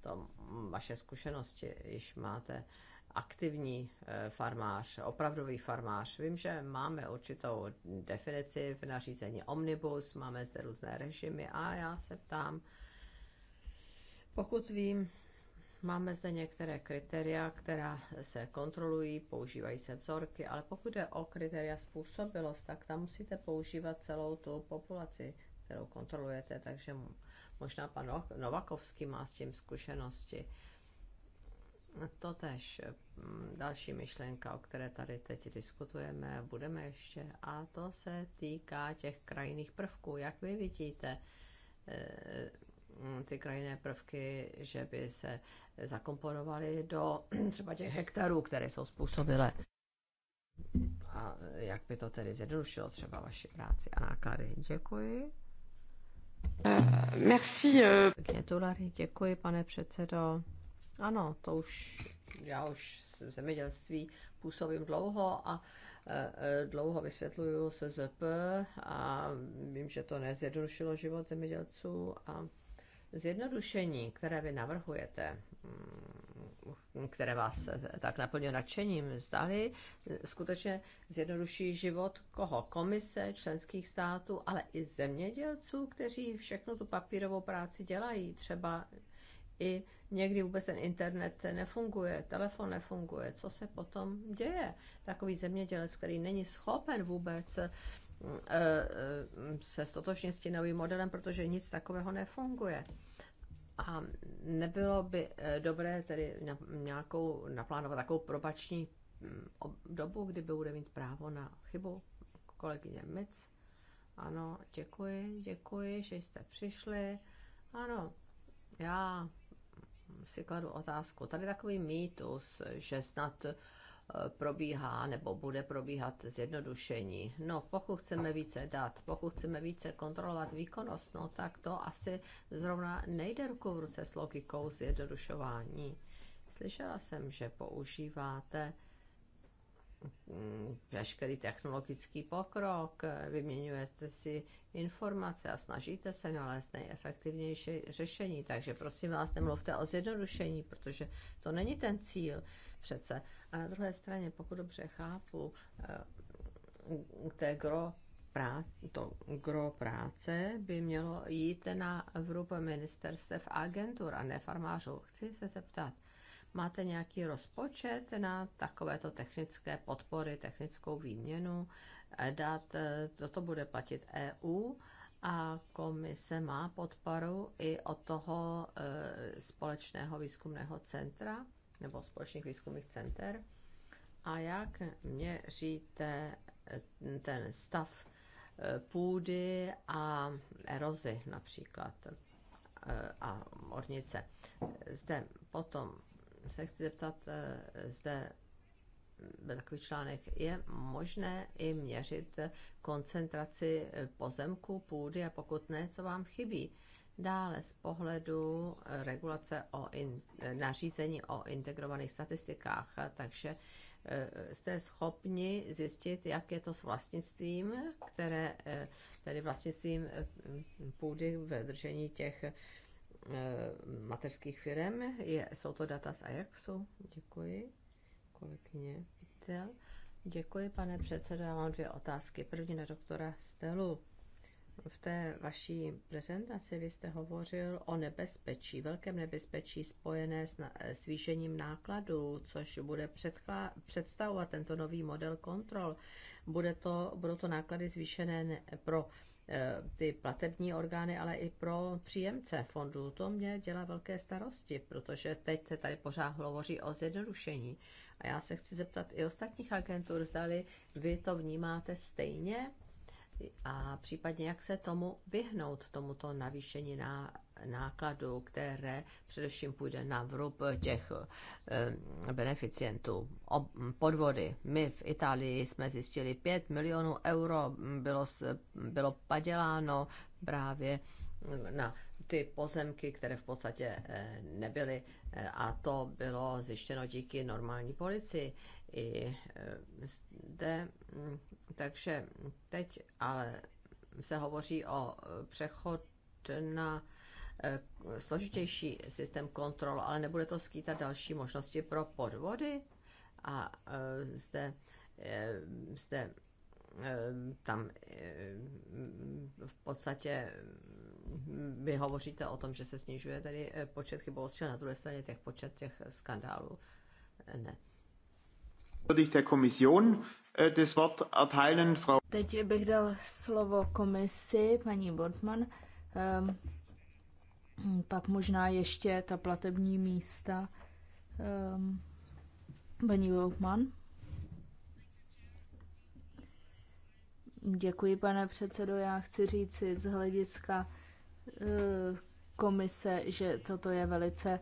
to vaše zkušenosti, již máte aktivní eh, farmář, opravdový farmář. Vím, že máme určitou definici v nařízení Omnibus, máme zde různé režimy a já se ptám, pokud vím, Máme zde některé kritéria, která se kontrolují, používají se vzorky, ale pokud jde o kritéria způsobilost, tak tam musíte používat celou tu populaci, kterou kontrolujete, takže možná pan Novakovský má s tím zkušenosti. Totež další myšlenka, o které tady teď diskutujeme, budeme ještě, a to se týká těch krajinných prvků. Jak vy vidíte, e, Mm, ty krajinné prvky, že by se zakomponovaly do třeba těch hektarů, které jsou způsobilé. A jak by to tedy zjednodušilo třeba vaši práci a náklady? Děkuji. Uh, merci. Uh... děkuji, pane předsedo. Ano, to už, já už v zemědělství působím dlouho a eh, dlouho vysvětluju SZP a vím, že to nezjednodušilo život zemědělců a Zjednodušení, které vy navrhujete, mm, které vás tak naplňuje nadšením, zdali skutečně zjednoduší život koho? Komise, členských států, ale i zemědělců, kteří všechno tu papírovou práci dělají. Třeba i někdy vůbec ten internet nefunguje, telefon nefunguje. Co se potom děje? Takový zemědělec, který není schopen vůbec se stotočnit s tím novým modelem, protože nic takového nefunguje. A nebylo by eh, dobré tedy nějakou naplánovat takovou probační mm, dobu, kdy bude mít právo na chybu kolegyně Mic. Ano, děkuji, děkuji, že jste přišli. Ano, já si kladu otázku. Tady takový mýtus, že snad probíhá nebo bude probíhat zjednodušení. No, pokud chceme více dát, pokud chceme více kontrolovat výkonnost, no tak to asi zrovna nejde ruku v ruce s logikou zjednodušování. Slyšela jsem, že používáte Mm, veškerý technologický pokrok, vyměňujete si informace a snažíte se nalézt nejefektivnější řešení. Takže prosím vás, nemluvte o zjednodušení, protože to není ten cíl přece. A na druhé straně, pokud dobře chápu, eh, té gro prá- to gro práce by mělo jít na vrub ministerstev agentur a ne farmářů. Chci se zeptat, Máte nějaký rozpočet na takovéto technické podpory, technickou výměnu? Eh, dát, eh, toto bude platit EU a komise má podporu i od toho eh, společného výzkumného centra nebo společných výzkumných center. A jak měříte ten stav půdy a erozy například a ornice. Zde potom se chci zeptat, eh, zde byl takový článek, je možné i měřit koncentraci eh, pozemku, půdy a pokud ne, co vám chybí. Dále z pohledu eh, regulace o in, nařízení o integrovaných statistikách, takže jste schopni zjistit, jak je to s vlastnictvím, které, tedy vlastnictvím půdy ve držení těch Eh, mateřských firm. Je, jsou to data z Ajaxu. Děkuji, kolegyně Pitel. Děkuji, pane předsedo. Já mám dvě otázky. První na doktora Stelu. V té vaší prezentaci vy jste hovořil o nebezpečí, velkém nebezpečí spojené s eh, zvýšením nákladů, což bude představovat tento nový model kontrol. Bude to, budou to náklady zvýšené pro Eh, ty platební orgány, ale i pro příjemce fondů. To mě dělá velké starosti, protože teď se tady pořád hovoří o zjednodušení. A já se chci zeptat i ostatních agentur, zdali vy to vnímáte stejně a případně jak se tomu vyhnout, tomuto navýšení na nákladů, které především půjde na vrub těch eh, beneficientů. Podvody. My v Itálii jsme zjistili 5 milionů euro bylo, bylo paděláno právě na ty pozemky, které v podstatě eh, nebyly eh, a to bylo zjištěno díky normální policii i zde. Hm, takže teď ale se hovoří o přechod na Eh, složitější systém kontrol, ale nebude to skýtat další možnosti pro podvody. A eh, zde, jste eh, tam v podstatě hm, vy hovoříte o tom, že se snižuje tady počet chybovostí, a na druhé straně těch počet těch skandálů ne. Teď bych dal slovo komisi, paní Bortman. Ehm, pak možná ještě ta platební místa. Um, paní Volkman. Děkuji, pane předsedo. Já chci říci z hlediska eh, komise, že toto je velice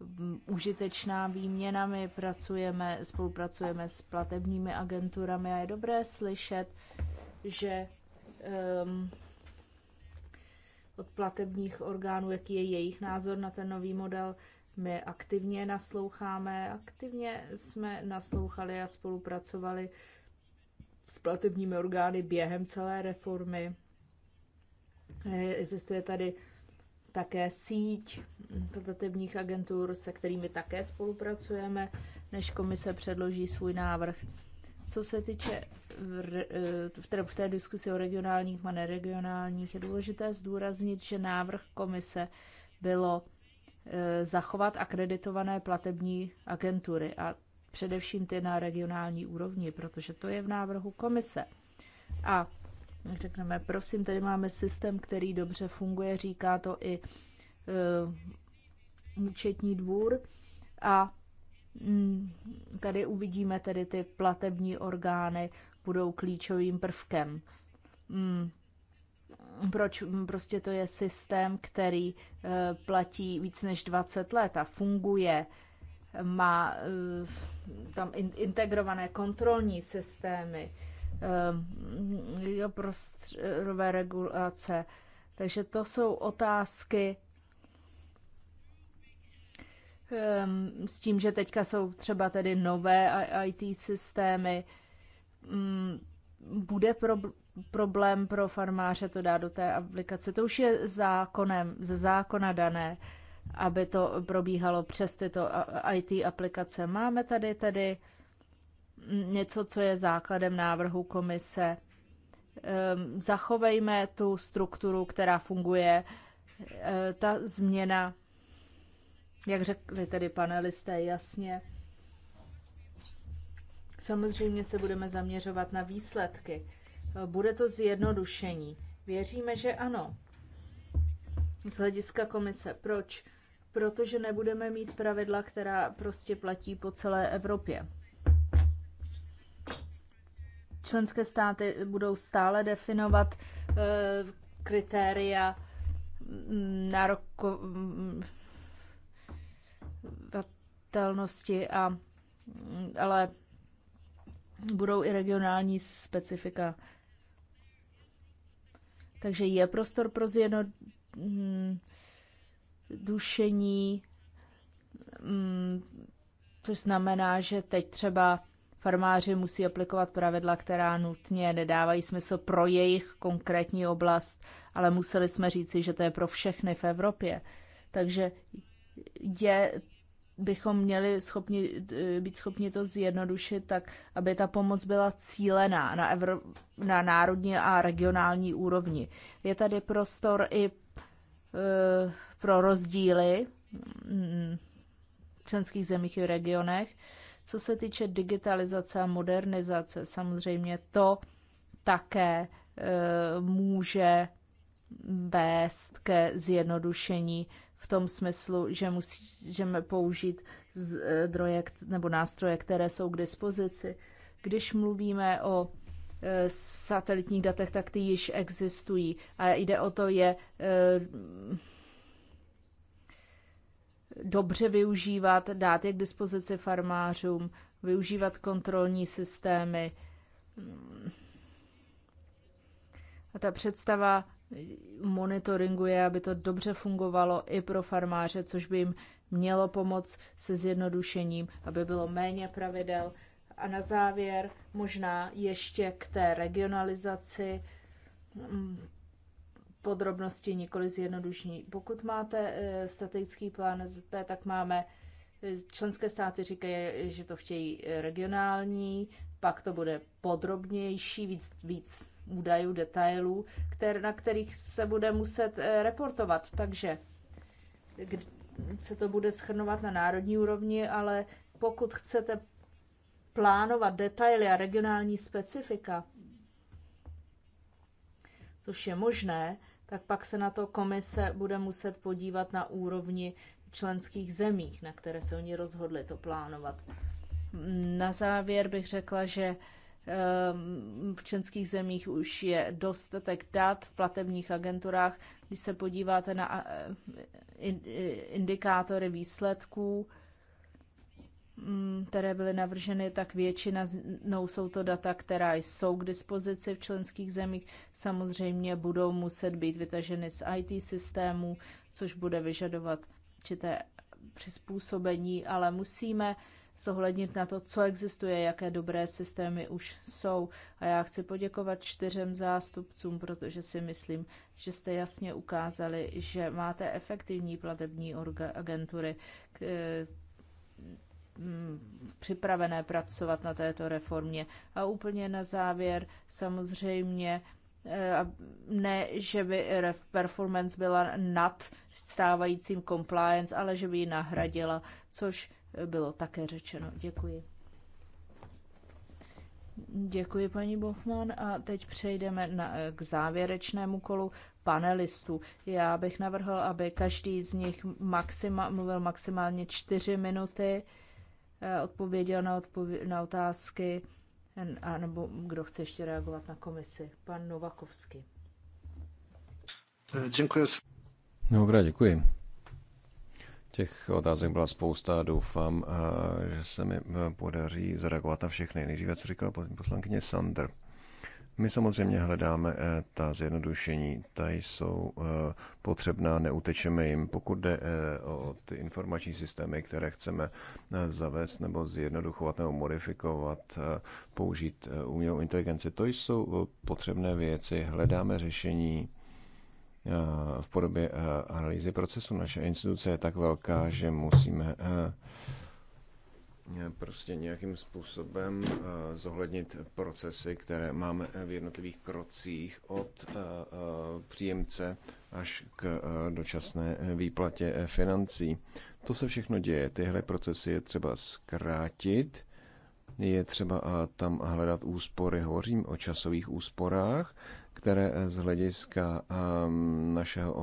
mm, užitečná výměna. My pracujeme, spolupracujeme s platebními agenturami a je dobré slyšet, že um, od platebních orgánů, jaký je jejich názor na ten nový model. My aktivně nasloucháme, aktivně jsme naslouchali a spolupracovali s platebními orgány během celé reformy. Existuje tady také síť platebních agentur, se kterými také spolupracujeme, než komise předloží svůj návrh. Co se týče eh, v té, v té diskusi o regionálních a neregionálních, je důležité zdůraznit, že návrh komise bylo eh, zachovat akreditované platební agentury a především ty na regionální úrovni, protože to je v návrhu komise. A řekneme, prosím, tady máme systém, který dobře funguje, říká to i eh, účetní dvůr a Mm, tady uvidíme tedy ty platební orgány budou klíčovým prvkem. Mm, proč? Mm, prostě to je systém, který eh, platí víc než 20 let a funguje. Má eh, tam integrované kontrolní systémy, eh, prostřerové regulace. Takže to jsou otázky, Ehm, s tím, že teďka jsou třeba tedy nové IT systémy, mm, bude pro, problém pro farmáře to dá do té aplikace. To už je zákonem, ze zákona dané, aby to probíhalo přes tyto IT aplikace. Máme tady tedy něco, co je základem návrhu komise. Ehm, zachovejme tu strukturu, která funguje. Ehm, ta změna jak řekli tedy panelisté jasně, samozřejmě se budeme zaměřovat na výsledky. Bude to zjednodušení. Věříme, že ano. Z hlediska komise. Proč? Protože nebudeme mít pravidla, která prostě platí po celé Evropě. Členské státy budou stále definovat eh, kritéria mm, nároko, mm, udržitelnosti, a, mm, ale budou i regionální specifika. Takže je prostor pro zjednodušení, mm, mm, což znamená, že teď třeba farmáři musí aplikovat pravidla, která nutně nedávají smysl pro jejich konkrétní oblast, ale museli jsme říci, že to je pro všechny v Evropě. Takže je bychom měli schopni, eh, být schopni to zjednodušit tak, aby ta pomoc byla cílená na, evro, na národní a regionální úrovni. Je tady prostor i e, pro rozdíly mm, v členských zemích i regionech. Co se týče digitalizace a modernizace, samozřejmě to také e, může vést ke zjednodušení v tom smyslu, že musíme použít eh, zdroje nebo nástroje, které jsou k dispozici. Když mluvíme o eh, satelitních datech, tak ty již existují. A jde o to je eh, dobře využívat, dát je k dispozici farmářům, využívat kontrolní systémy. A ta představa monitoringuje, aby to dobře fungovalo i pro farmáře, což by jim mělo pomoct se zjednodušením, aby bylo méně pravidel. A na závěr možná ještě k té regionalizaci mm, podrobnosti nikoli zjednodušení. Pokud máte eh, strategický plán ZP, tak máme eh, členské státy říkají, že to chtějí eh, regionální, pak to bude podrobnější, víc, víc údajů, detailů, které, na kterých se bude muset eh, reportovat. Takže se to bude schrnovat na národní úrovni, ale pokud chcete plánovat detaily a regionální specifika, což je možné, tak pak se na to komise bude muset podívat na úrovni členských zemích, na které se oni rozhodli to plánovat. Na závěr bych řekla, že Ehm, v členských zemích už je dostatek dat v platebních agenturách. Když se podíváte na eh, eh, indikátory výsledků, mm, které byly navrženy, tak většina no, jsou to data, která jsou k dispozici v členských zemích. Samozřejmě budou muset být vytaženy z IT systémů, což bude vyžadovat určité přizpůsobení, ale musíme uh, zohlednit na to, co existuje, jaké dobré systémy už jsou. A já chci poděkovat čtyřem zástupcům, protože si myslím, že jste jasně ukázali, že máte efektivní platební agentury k, m, připravené pracovat na této reformě. A úplně na závěr samozřejmě eh, ne, že by performance byla nad stávajícím compliance, ale že by ji nahradila, což bylo také řečeno. Děkuji. Děkuji, paní Bochman. A teď přejdeme na, k závěrečnému kolu panelistů. Já bych navrhl, aby každý z nich maxima, mluvil maximálně čtyři minuty, eh, odpověděl na, odpově- na otázky, a nebo kdo chce ještě reagovat na komisi. Pan Novakovský. Eh, děkuji. Mnohokrát děkuji. Těch otázek byla spousta a doufám, eh, že se mi eh, podaří zareagovat na všechny. Nejdříve, co říkala poslankyně Sander. My samozřejmě hledáme eh, ta zjednodušení, ta jsou potřebná, neutečeme jim. Pokud jde o ty informační systémy, které chceme zavést nebo zjednoduchovat nebo modifikovat, použít umělou inteligenci, to jsou potřebné věci, hledáme řešení Eh, v podobě eh, analýzy procesu. Naše instituce je tak velká, že musíme eh, prostě nějakým způsobem zohlednit procesy, které máme v jednotlivých krocích od příjemce až k dočasné výplatě financí. To se všechno děje. Tyhle procesy je třeba zkrátit, je třeba tam hledat úspory. Hovořím o časových úsporách, které eh, z hlediska ehm, našeho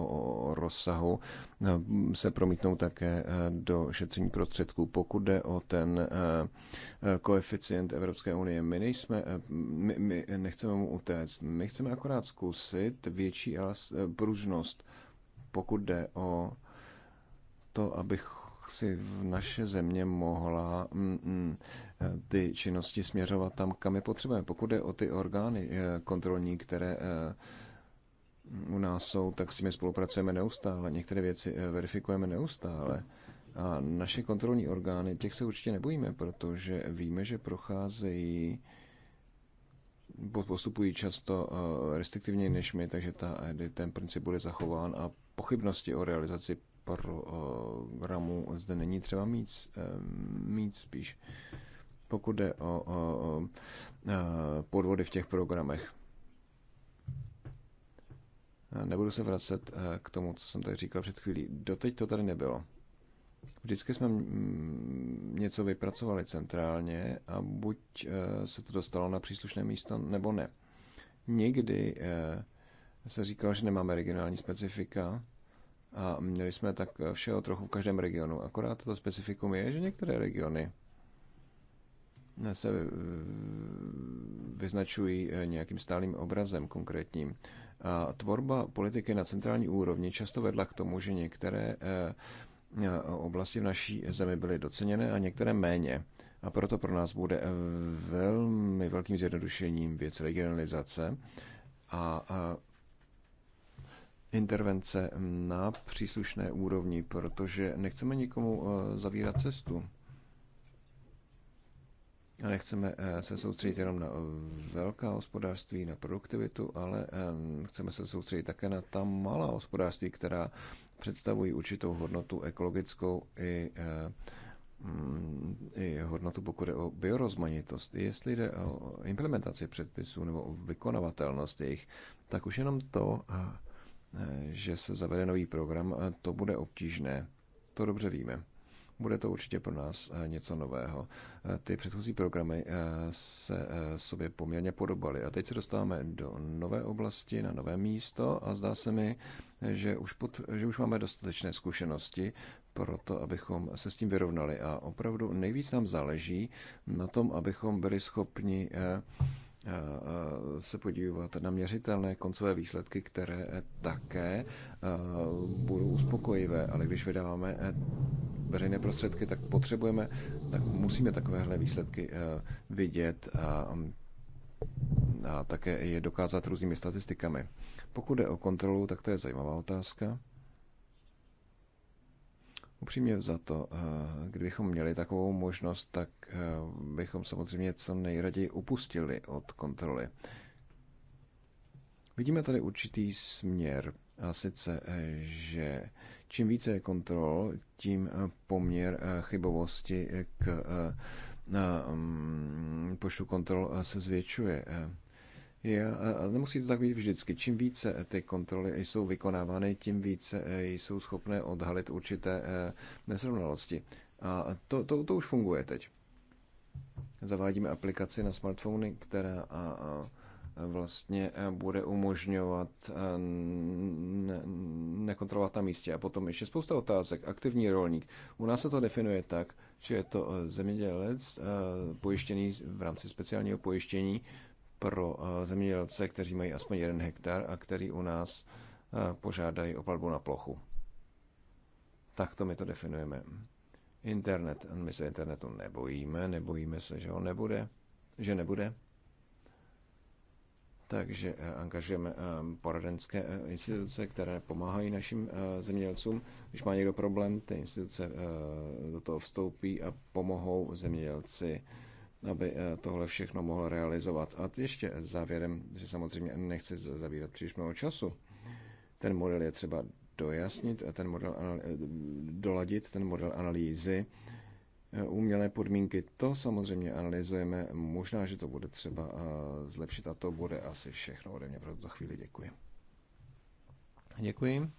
rozsahu eh, se promítnou také eh, do šetření prostředků. Pokud jde o ten koeficient Evropské unie, my, nejsme, my, my nechceme mu utéct, my chceme akorát zkusit větší pružnost, pokud jde o to, abychom si v naše země mohla mm, mm, ty činnosti směřovat tam, kam je potřebujeme. Pokud je o ty orgány eh, kontrolní, které eh, u nás jsou, tak s nimi spolupracujeme neustále. Některé věci eh, verifikujeme neustále. A naše kontrolní orgány, těch se určitě nebojíme, protože víme, že procházejí postupují často restriktivněji než my, takže ta, ten princip bude zachován a pochybnosti o realizaci programu zde není třeba mít, eh, mít spíš, pokud jde o, o, o eh, podvody v těch programech. Eh, nebudu se vracet k tomu, co jsem tady říkal před chvílí. Doteď to tady nebylo. Vždycky jsme mm, něco vypracovali centrálně a buď se to dostalo na příslušné místo, nebo ne. Někdy se říkalo, že nemáme regionální specifika, a měli jsme tak všeho trochu v každém regionu. Akorát to specifikum je, že některé regiony eh, se eh, vyznačují eh, nějakým stálým obrazem konkrétním. A tvorba politiky na centrální úrovni často vedla k tomu, že některé oblasti v naší zemi byly doceněné a některé méně. A proto pro nás bude velmi velkým zjednodušením věc regionalizace a intervence na příslušné úrovni, protože nechceme nikomu eh, zavírat cestu. A nechceme eh, se soustředit jenom na eh, velká hospodářství, na produktivitu, ale chceme se soustředit také na ta malá hospodářství, která představují určitou hodnotu ekologickou i, mm, i hodnotu, pokud je o biorozmanitost. Jestli jde o implementaci předpisů nebo o vykonavatelnost jejich, tak už jenom to, že se zavede nový program, to bude obtížné. To dobře víme. Bude to určitě pro nás eh, něco nového. Eh, ty předchozí programy eh, se sobě poměrně podobaly a teď se dostáváme do nové oblasti, na nové místo a zdá se mi, že už, pod, že už máme dostatečné zkušenosti pro to, abychom se s tím vyrovnali. A opravdu nejvíc nám záleží na tom, abychom byli schopni se podívat na měřitelné koncové výsledky, které také budou uspokojivé, ale když vydáváme e, veřejné prostředky, tak potřebujeme, tak musíme takovéhle výsledky e, vidět a, a také je dokázat různými statistikami. Pokud jde o kontrolu, tak to je zajímavá otázka. Upřímně za to, eh, kdybychom měli takovou možnost, tak eh, bychom samozřejmě co nejraději upustili od kontroly. Vidíme tady určitý směr, a sice, eh, že čím více je kontrol, tím poměr chybovosti k mm, počtu kontrol se zvětšuje je, nemusí to tak být vždycky. Čím více eh, ty kontroly jsou vykonávány, tím více eh, jsou schopné odhalit určité eh, nesrovnalosti. A to, to, to už funguje teď. Zavádíme aplikaci na smartfony, která a, a vlastně bude umožňovat nekontrolovat na místě. A potom ještě spousta otázek. Aktivní rolník. U nás se to definuje tak, že je to zemědělec pojištěný v rámci speciálního pojištění, pro eh, zemědělce, kteří mají aspoň jeden hektar a který u nás eh, požádají o platbu na plochu. Tak to my to definujeme. Internet, my se internetu nebojíme, nebojíme se, že ho nebude, že nebude. Takže eh, angažujeme poradenské instituce, které pomáhají našim zemědělcům. Když má někdo problém, ty instituce do toho vstoupí a pomohou zemědělci aby eh, tohle všechno mohl realizovat. A ještě závěrem, že samozřejmě nechci zabírat příliš mnoho času, ten model je třeba dojasnit, ten model eh, doladit, ten model analýzy, eh, umělé podmínky, to samozřejmě analyzujeme, možná, že to bude třeba zlepšit a to bude asi všechno ode mě pro tuto chvíli. Děkuji. Děkuji.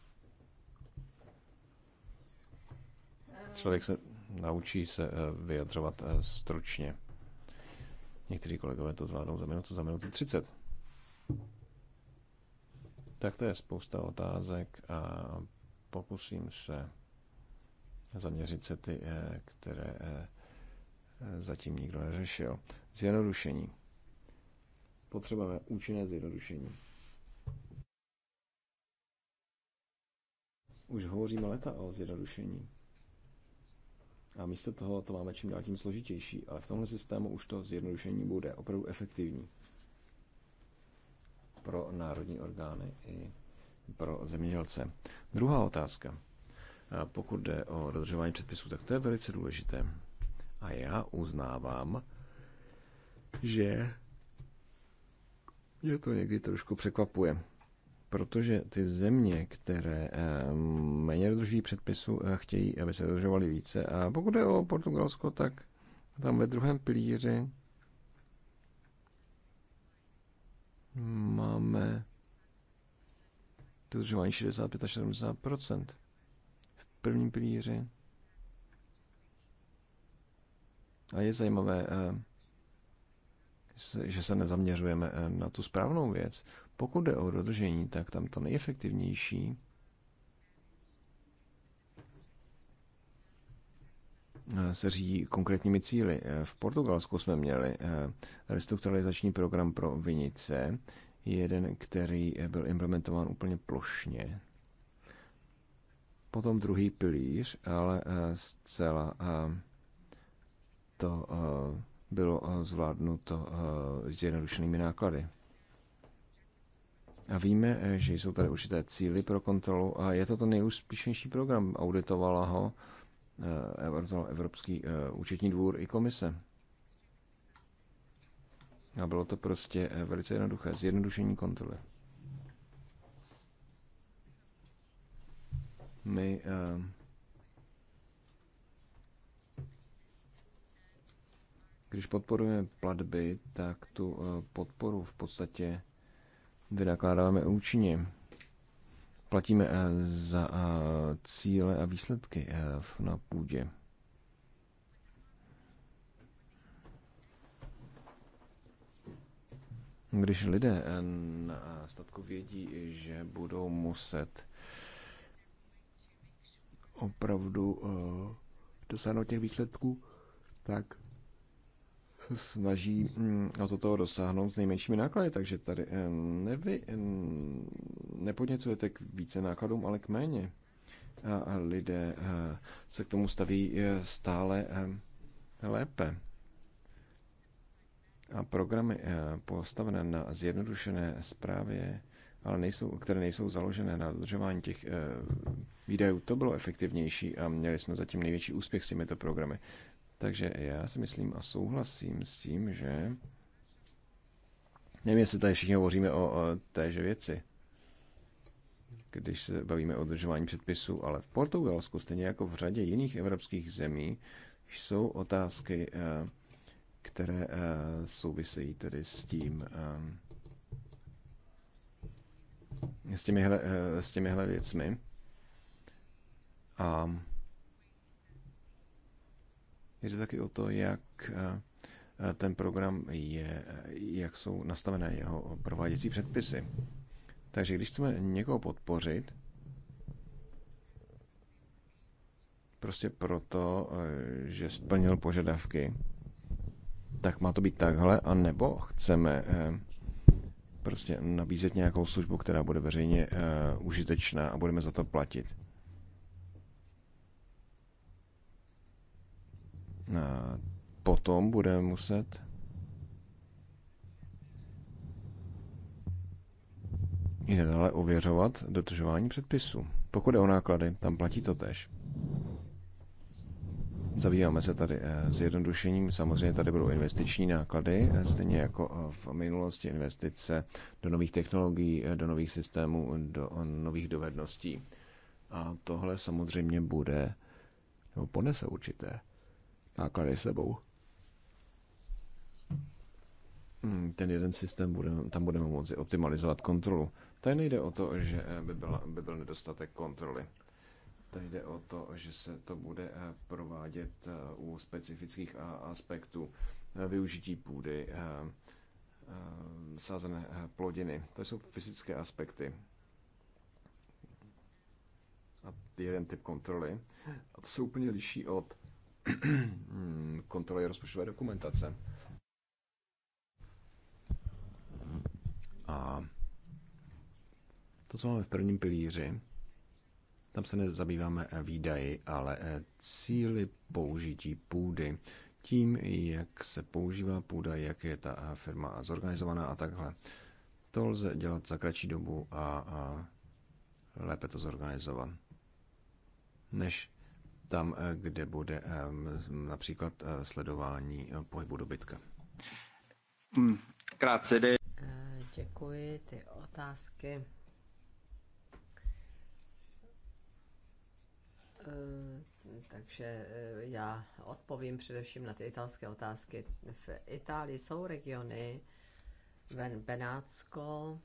Člověk se naučí se vyjadřovat stručně. Někteří kolegové to zvládnou za minutu, za minutu 30. Tak to je spousta otázek a pokusím se zaměřit se ty, eh, které eh, zatím nikdo neřešil. Zjednodušení. Potřebujeme účinné zjednodušení. Už hovoříme leta o zjednodušení. A místo toho to máme čím dál tím složitější, ale v tomhle systému už to zjednodušení bude opravdu efektivní pro národní orgány i pro zemědělce. Druhá otázka. Pokud jde o dodržování předpisů, tak to je velice důležité. A já uznávám, že mě to někdy trošku překvapuje protože ty země, které eh, méně dodržují předpisu, eh, chtějí, aby se dodržovaly více. A pokud je o Portugalsko, tak tam ve druhém pilíři máme dodržování 65 až 70 v prvním pilíři. A je zajímavé, eh, že se nezaměřujeme na tu správnou věc. Pokud jde o dodržení, tak tam to nejefektivnější se řídí konkrétními cíly. V Portugalsku jsme měli eh, restrukturalizační program pro vinice, jeden, který byl implementován úplně plošně. Potom druhý pilíř, ale eh, zcela eh, to bylo zvládnuto s jednodušenými náklady. A víme, eh, že jsou tady určité cíly pro kontrolu a je to ten nejúspěšnější program. Auditovala ho eh, Evropský eh, účetní dvůr i komise. A bylo to prostě velice jednoduché, zjednodušení kontroly. My když podporujeme platby, tak tu podporu v podstatě vynakládáme účinně. Platíme eh, za eh, cíle a výsledky eh, na půdě. Když lidé na statku vědí, že budou muset opravdu dosáhnout těch výsledků, tak snaží mm, o toto dosáhnout s nejmenšími náklady, takže tady eh, nevy, eh, nepodněcujete k více nákladům, ale k méně. A lidé eh, se k tomu staví stále lépe. A programy postavené na zjednodušené zprávě, ale nejsou, které nejsou založené na dodržování těch výdajů, to bylo efektivnější a měli jsme zatím největší úspěch s těmito programy. Takže já si myslím a souhlasím s tím, že nevím, jestli tady všichni hovoříme o, o téže věci, když se bavíme o dodržování předpisů, ale v Portugalsku, stejně jako v řadě jiných evropských zemí, jsou otázky, eh, které eh, souvisejí tedy s tím, eh, s těmihle, s těmihle věcmi. A je to taky o to, jak eh, eh, ten program je, eh, jak jsou nastavené jeho prováděcí předpisy. Takže když chceme někoho podpořit, prostě proto, že splnil požadavky, tak má to být takhle, a nebo chceme prostě nabízet nějakou službu, která bude veřejně užitečná a budeme za to platit. Eh, potom budeme muset i nadále ověřovat dodržování předpisů. Pokud je o náklady, tam platí to tež. Zabýváme se tady eh, zjednodušením. Samozřejmě tady budou investiční náklady, eh, stejně jako v minulosti investice do nových technologií, do nových systémů, do nových dovedností. A tohle samozřejmě bude, nebo ponese určité náklady sebou. Hmm, ten jeden systém, bude, tam budeme moci optimalizovat kontrolu. Tady nejde o to, že eh, by, byla, by byl nedostatek kontroly. Tady jde o to, že se to bude eh, provádět eh, u specifických aspektů využití půdy, sázené plodiny. To jsou fyzické aspekty. A jeden typ kontroly. A to se úplně liší od Hmm, kontroly rozpočtové dokumentace. A to, co máme v prvním pilíři, tam se nezabýváme eh, výdaji, ale eh, cíly použití půdy. Tím, jak se používá půda, jak je ta eh, firma zorganizovaná a takhle. To lze dělat za kratší dobu a, a lépe to zorganizovat, než tam, eh, kde bude například eh, sledování eh, pohybu dobytka. Hmm, krátce. Děkuji, ty otázky. Takže já odpovím především na ty italské otázky. V Itálii jsou regiony, ven Benátsko,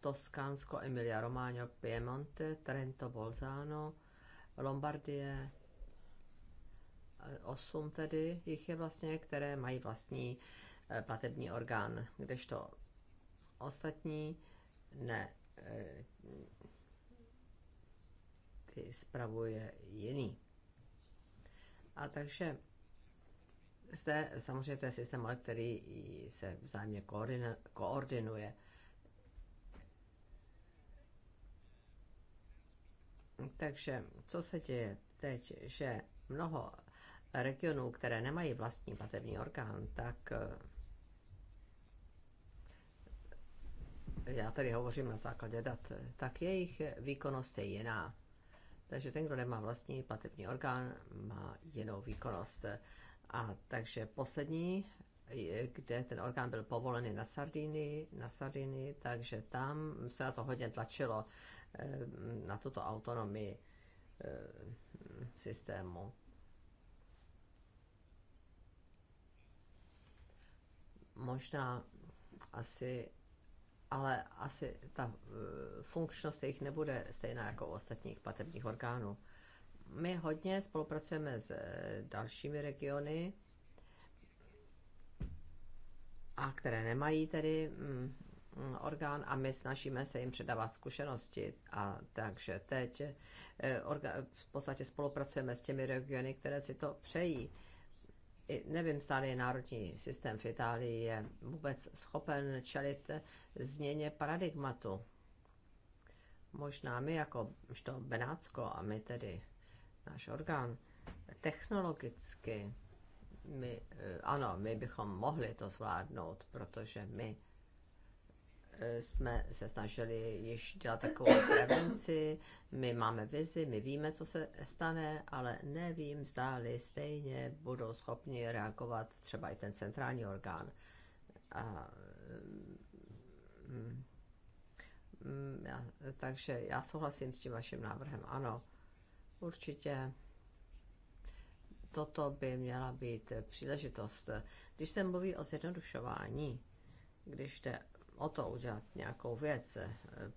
Toskánsko, Emilia Romagna, Piemonte, Trento, Bolzano, Lombardie, eh, osm tedy jich je vlastně, které mají vlastní eh, platební orgán, kdežto ostatní ne, eh, ty spravuje jiný. A takže zde samozřejmě to je systém, ale který se vzájemně koordinuje. Takže co se děje teď, že mnoho regionů, které nemají vlastní platební orgán, tak eh, já tady hovořím na základě dat, tak jejich výkonnost je jiná. Takže ten, kdo nemá vlastní platební orgán, má jinou výkonnost. A takže poslední, eh, kde ten orgán byl povolený na Sardíny, na Sardiny, takže tam se na to hodně tlačilo. Eh, na tuto autonomii eh, systému. Možná asi, ale asi ta eh, funkčnost jejich nebude stejná jako u ostatních platebních orgánů. My hodně spolupracujeme s dalšími regiony, a které nemají tedy mm, orgán a my snažíme se jim předávat zkušenosti. A takže teď eh, v podstatě spolupracujeme s těmi regiony, které si to přejí. I nevím, stále je národní systém v Itálii je vůbec schopen čelit změně paradigmatu. Možná my jako to Benátsko a my tedy náš orgán technologicky my, eh, ano, my bychom mohli to zvládnout, protože my Eh, jsme se snažili již dělat takovou prevenci, my máme vizi, my víme, co se stane, ale nevím, zdáli stejně budou schopni reagovat třeba i ten centrální orgán. A, mm, mm, mm, já, takže já souhlasím s tím vaším návrhem, ano, určitě toto by měla být příležitost. Když se mluví o zjednodušování, když jde o to udělat nějakou věc, eh,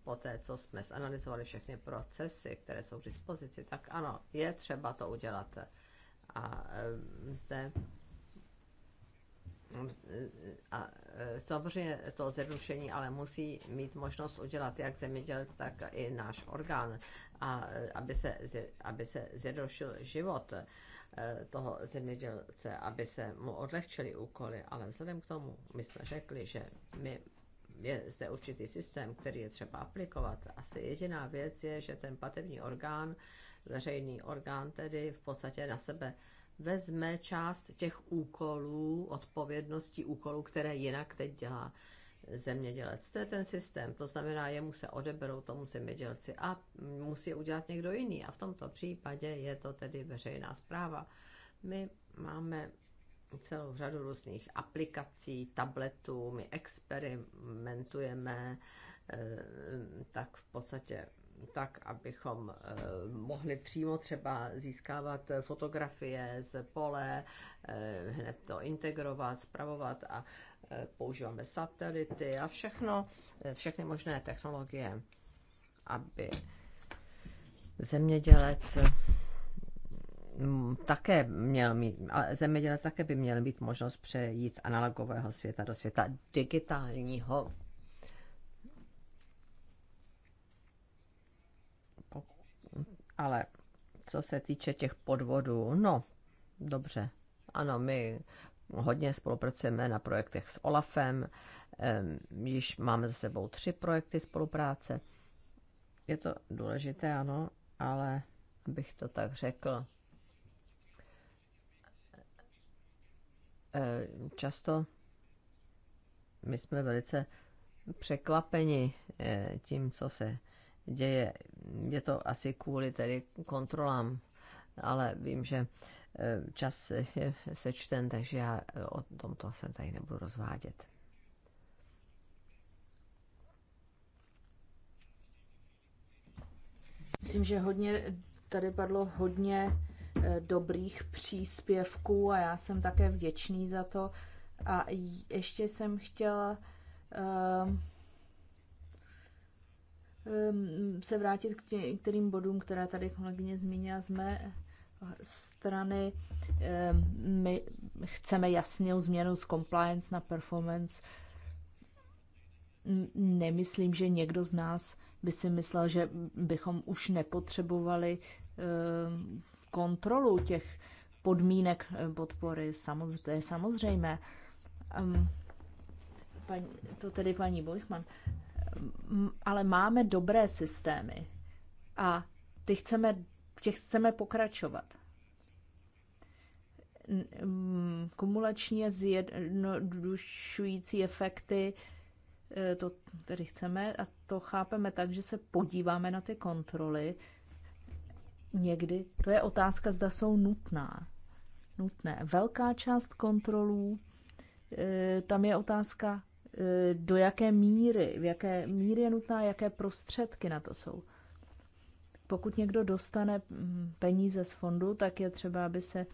po té, co jsme zanalizovali všechny procesy, které jsou k dispozici, tak ano, je třeba to udělat. A eh, zde eh, a samozřejmě to zjednodušení ale musí mít možnost udělat jak zemědělec, tak i náš orgán, a aby se, aby se zjednodušil život toho zemědělce, aby se mu odlehčily úkoly, ale vzhledem k tomu my jsme řekli, že my je zde určitý systém, který je třeba aplikovat. Asi jediná věc je, že ten platební orgán, veřejný orgán tedy v podstatě na sebe vezme část těch úkolů, odpovědností úkolů, které jinak teď dělá zemědělec. To je ten systém, to znamená, jemu se odeberou tomu zemědělci a musí udělat někdo jiný. A v tomto případě je to tedy veřejná zpráva. My máme celou řadu různých aplikací, tabletů, my experimentujeme eh, tak v podstatě tak, abychom eh, mohli přímo třeba získávat fotografie z pole, eh, hned to integrovat, zpravovat a používáme satelity a všechno, všechny možné technologie, aby zemědělec také měl mít, a zemědělec také by měl mít možnost přejít z analogového světa do světa digitálního. Ale co se týče těch podvodů, no, dobře. Ano, my hodně spolupracujeme na projektech s OLAFem, již máme za sebou tři projekty spolupráce. Je to důležité, ano, ale bych to tak řekl, Eh, často my jsme velice překvapeni eh, tím, co se děje. Je to asi kvůli tedy kontrolám, ale vím, že eh, čas je sečten, takže já o tomto se tady nebudu rozvádět. Myslím, že hodně tady padlo hodně Eh, dobrých příspěvků a já jsem také vděčný za to. A ještě jsem chtěla ehm, ehm, se vrátit k některým bodům, které tady kolegyně zmínila z mé eh, strany. Ehm, my chceme jasnou změnu z compliance na performance. Nemyslím, že někdo z nás by si myslel, že bychom už nepotřebovali kontrolu těch podmínek eh, podpory, samozřejmě, to je samozřejmé. Ehm, paní, to tedy paní Bojchman. Ehm, ale máme dobré systémy a ty chceme, těch chceme pokračovat. Ehm, kumulačně zjednodušující efekty, eh, to tedy chceme a to chápeme tak, že se podíváme na ty kontroly, Někdy to je otázka, zda jsou nutná. Nutné. Velká část kontrolů, eh, tam je otázka, eh, do jaké míry, v jaké míry je nutná, jaké prostředky na to jsou. Pokud někdo dostane mm, peníze z fondu, tak je třeba, aby se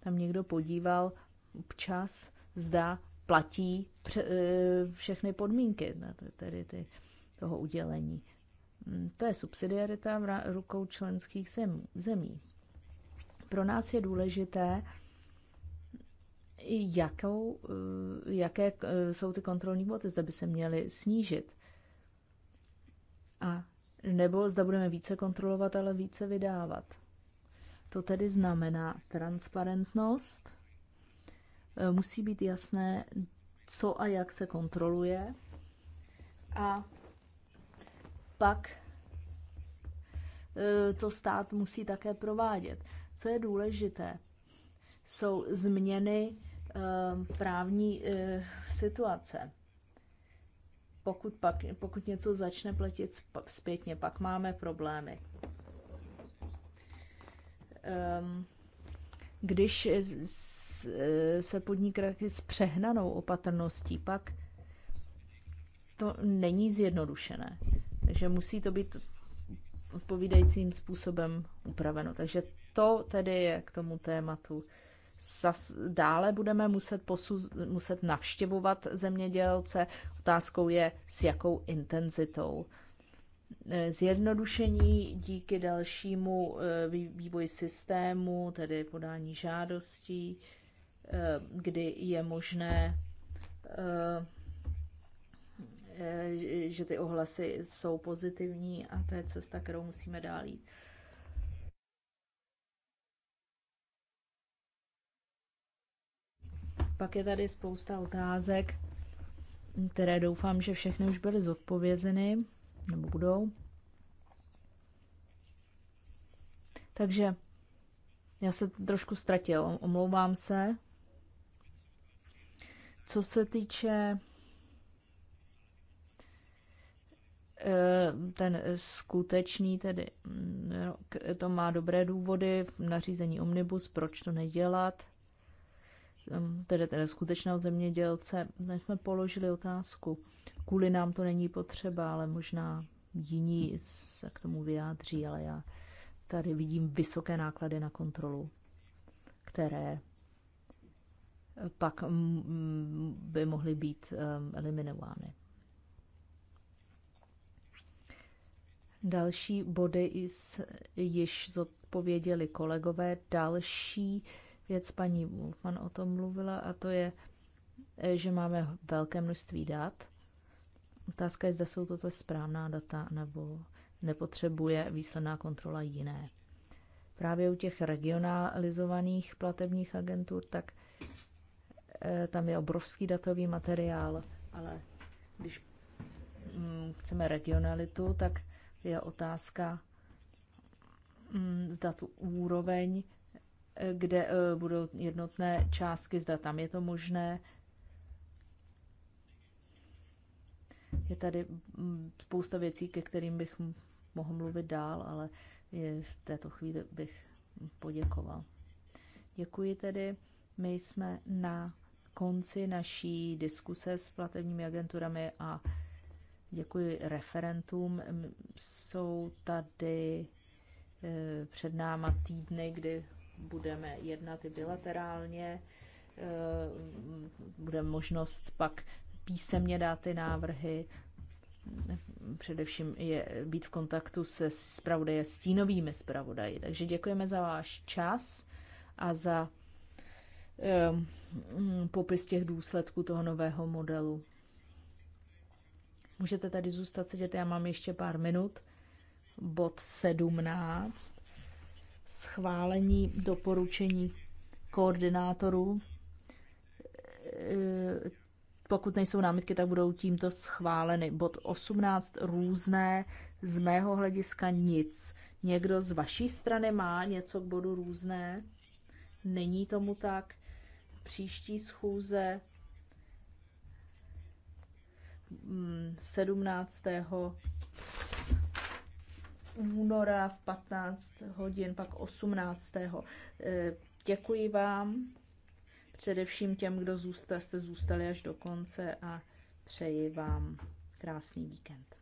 tam někdo podíval občas, zda platí eh, všechny podmínky, tedy ty, toho udělení. Mm, to je subsidiarita v rukou členských zemí. Pro nás je důležité, jakou, eh, jaké eh, jsou ty kontrolní boty, zda by se měly snížit. A nebo zda budeme více kontrolovat, ale více vydávat. To tedy znamená transparentnost. Eh, musí být jasné, co a jak se kontroluje. A pak eh, to stát musí také provádět. Co je důležité, jsou změny eh, právní eh, situace. Pokud, pak, pokud něco začne platit zpětně, pak máme problémy. Ehm, když se podnik s přehnanou opatrností, pak to není zjednodušené že musí to být odpovídajícím způsobem upraveno. Takže to tedy je k tomu tématu. Zas, dále budeme muset, posuz, muset navštěvovat zemědělce. Otázkou je, s jakou intenzitou. E, zjednodušení díky dalšímu e, vývoji systému, tedy podání žádostí, e, kdy je možné Eh, že ty ohlasy jsou pozitivní a to je cesta, kterou musíme dál jít. Pak je tady spousta otázek, které doufám, že všechny už byly zodpovězeny nebo budou. Takže já se trošku ztratil, omlouvám se. Co se týče Eh, ten skutečný tedy, mm, to má dobré důvody, v nařízení Omnibus, proč to nedělat, ehm, tedy, tedy skutečného zemědělce, než jsme položili otázku. Kvůli nám to není potřeba, ale možná jiní se k tomu vyjádří, ale já tady vidím vysoké náklady na kontrolu, které pak mm, mm, by mohly být ehm, eliminovány. Další body již zodpověděli kolegové. Další věc paní Wolfman o tom mluvila a to je, eh, že máme velké množství dat. Otázka je, zda jsou toto správná data nebo nepotřebuje výsledná kontrola jiné. Právě u těch regionalizovaných platebních agentur, tak eh, tam je obrovský datový materiál, ale když mm, chceme regionalitu, tak je otázka, mm, zda tu úroveň, eh, kde eh, budou jednotné částky, zda tam je to možné. Je tady mm, spousta věcí, ke kterým bych mohl mluvit dál, ale v této chvíli bych poděkoval. Děkuji tedy. My jsme na konci naší diskuse s platebními agenturami a Děkuji referentům. Jsou tady e, před náma týdny, kdy budeme jednat i bilaterálně. E, bude možnost pak písemně dát ty návrhy. Především je být v kontaktu se spravodaje, stínovými spravodaji. Takže děkujeme za váš čas a za e, popis těch důsledků toho nového modelu. Můžete tady zůstat sedět, já mám ještě pár minut. Bod 17. Schválení doporučení koordinátorů. E, pokud nejsou námitky, tak budou tímto schváleny. Bod 18. Různé. Z mého hlediska nic. Někdo z vaší strany má něco k bodu různé? Není tomu tak. Příští schůze 17. února v 15 hodin, pak 18. Eh, děkuji vám, především těm, kdo zůsta, jste zůstali až do konce a přeji vám krásný víkend.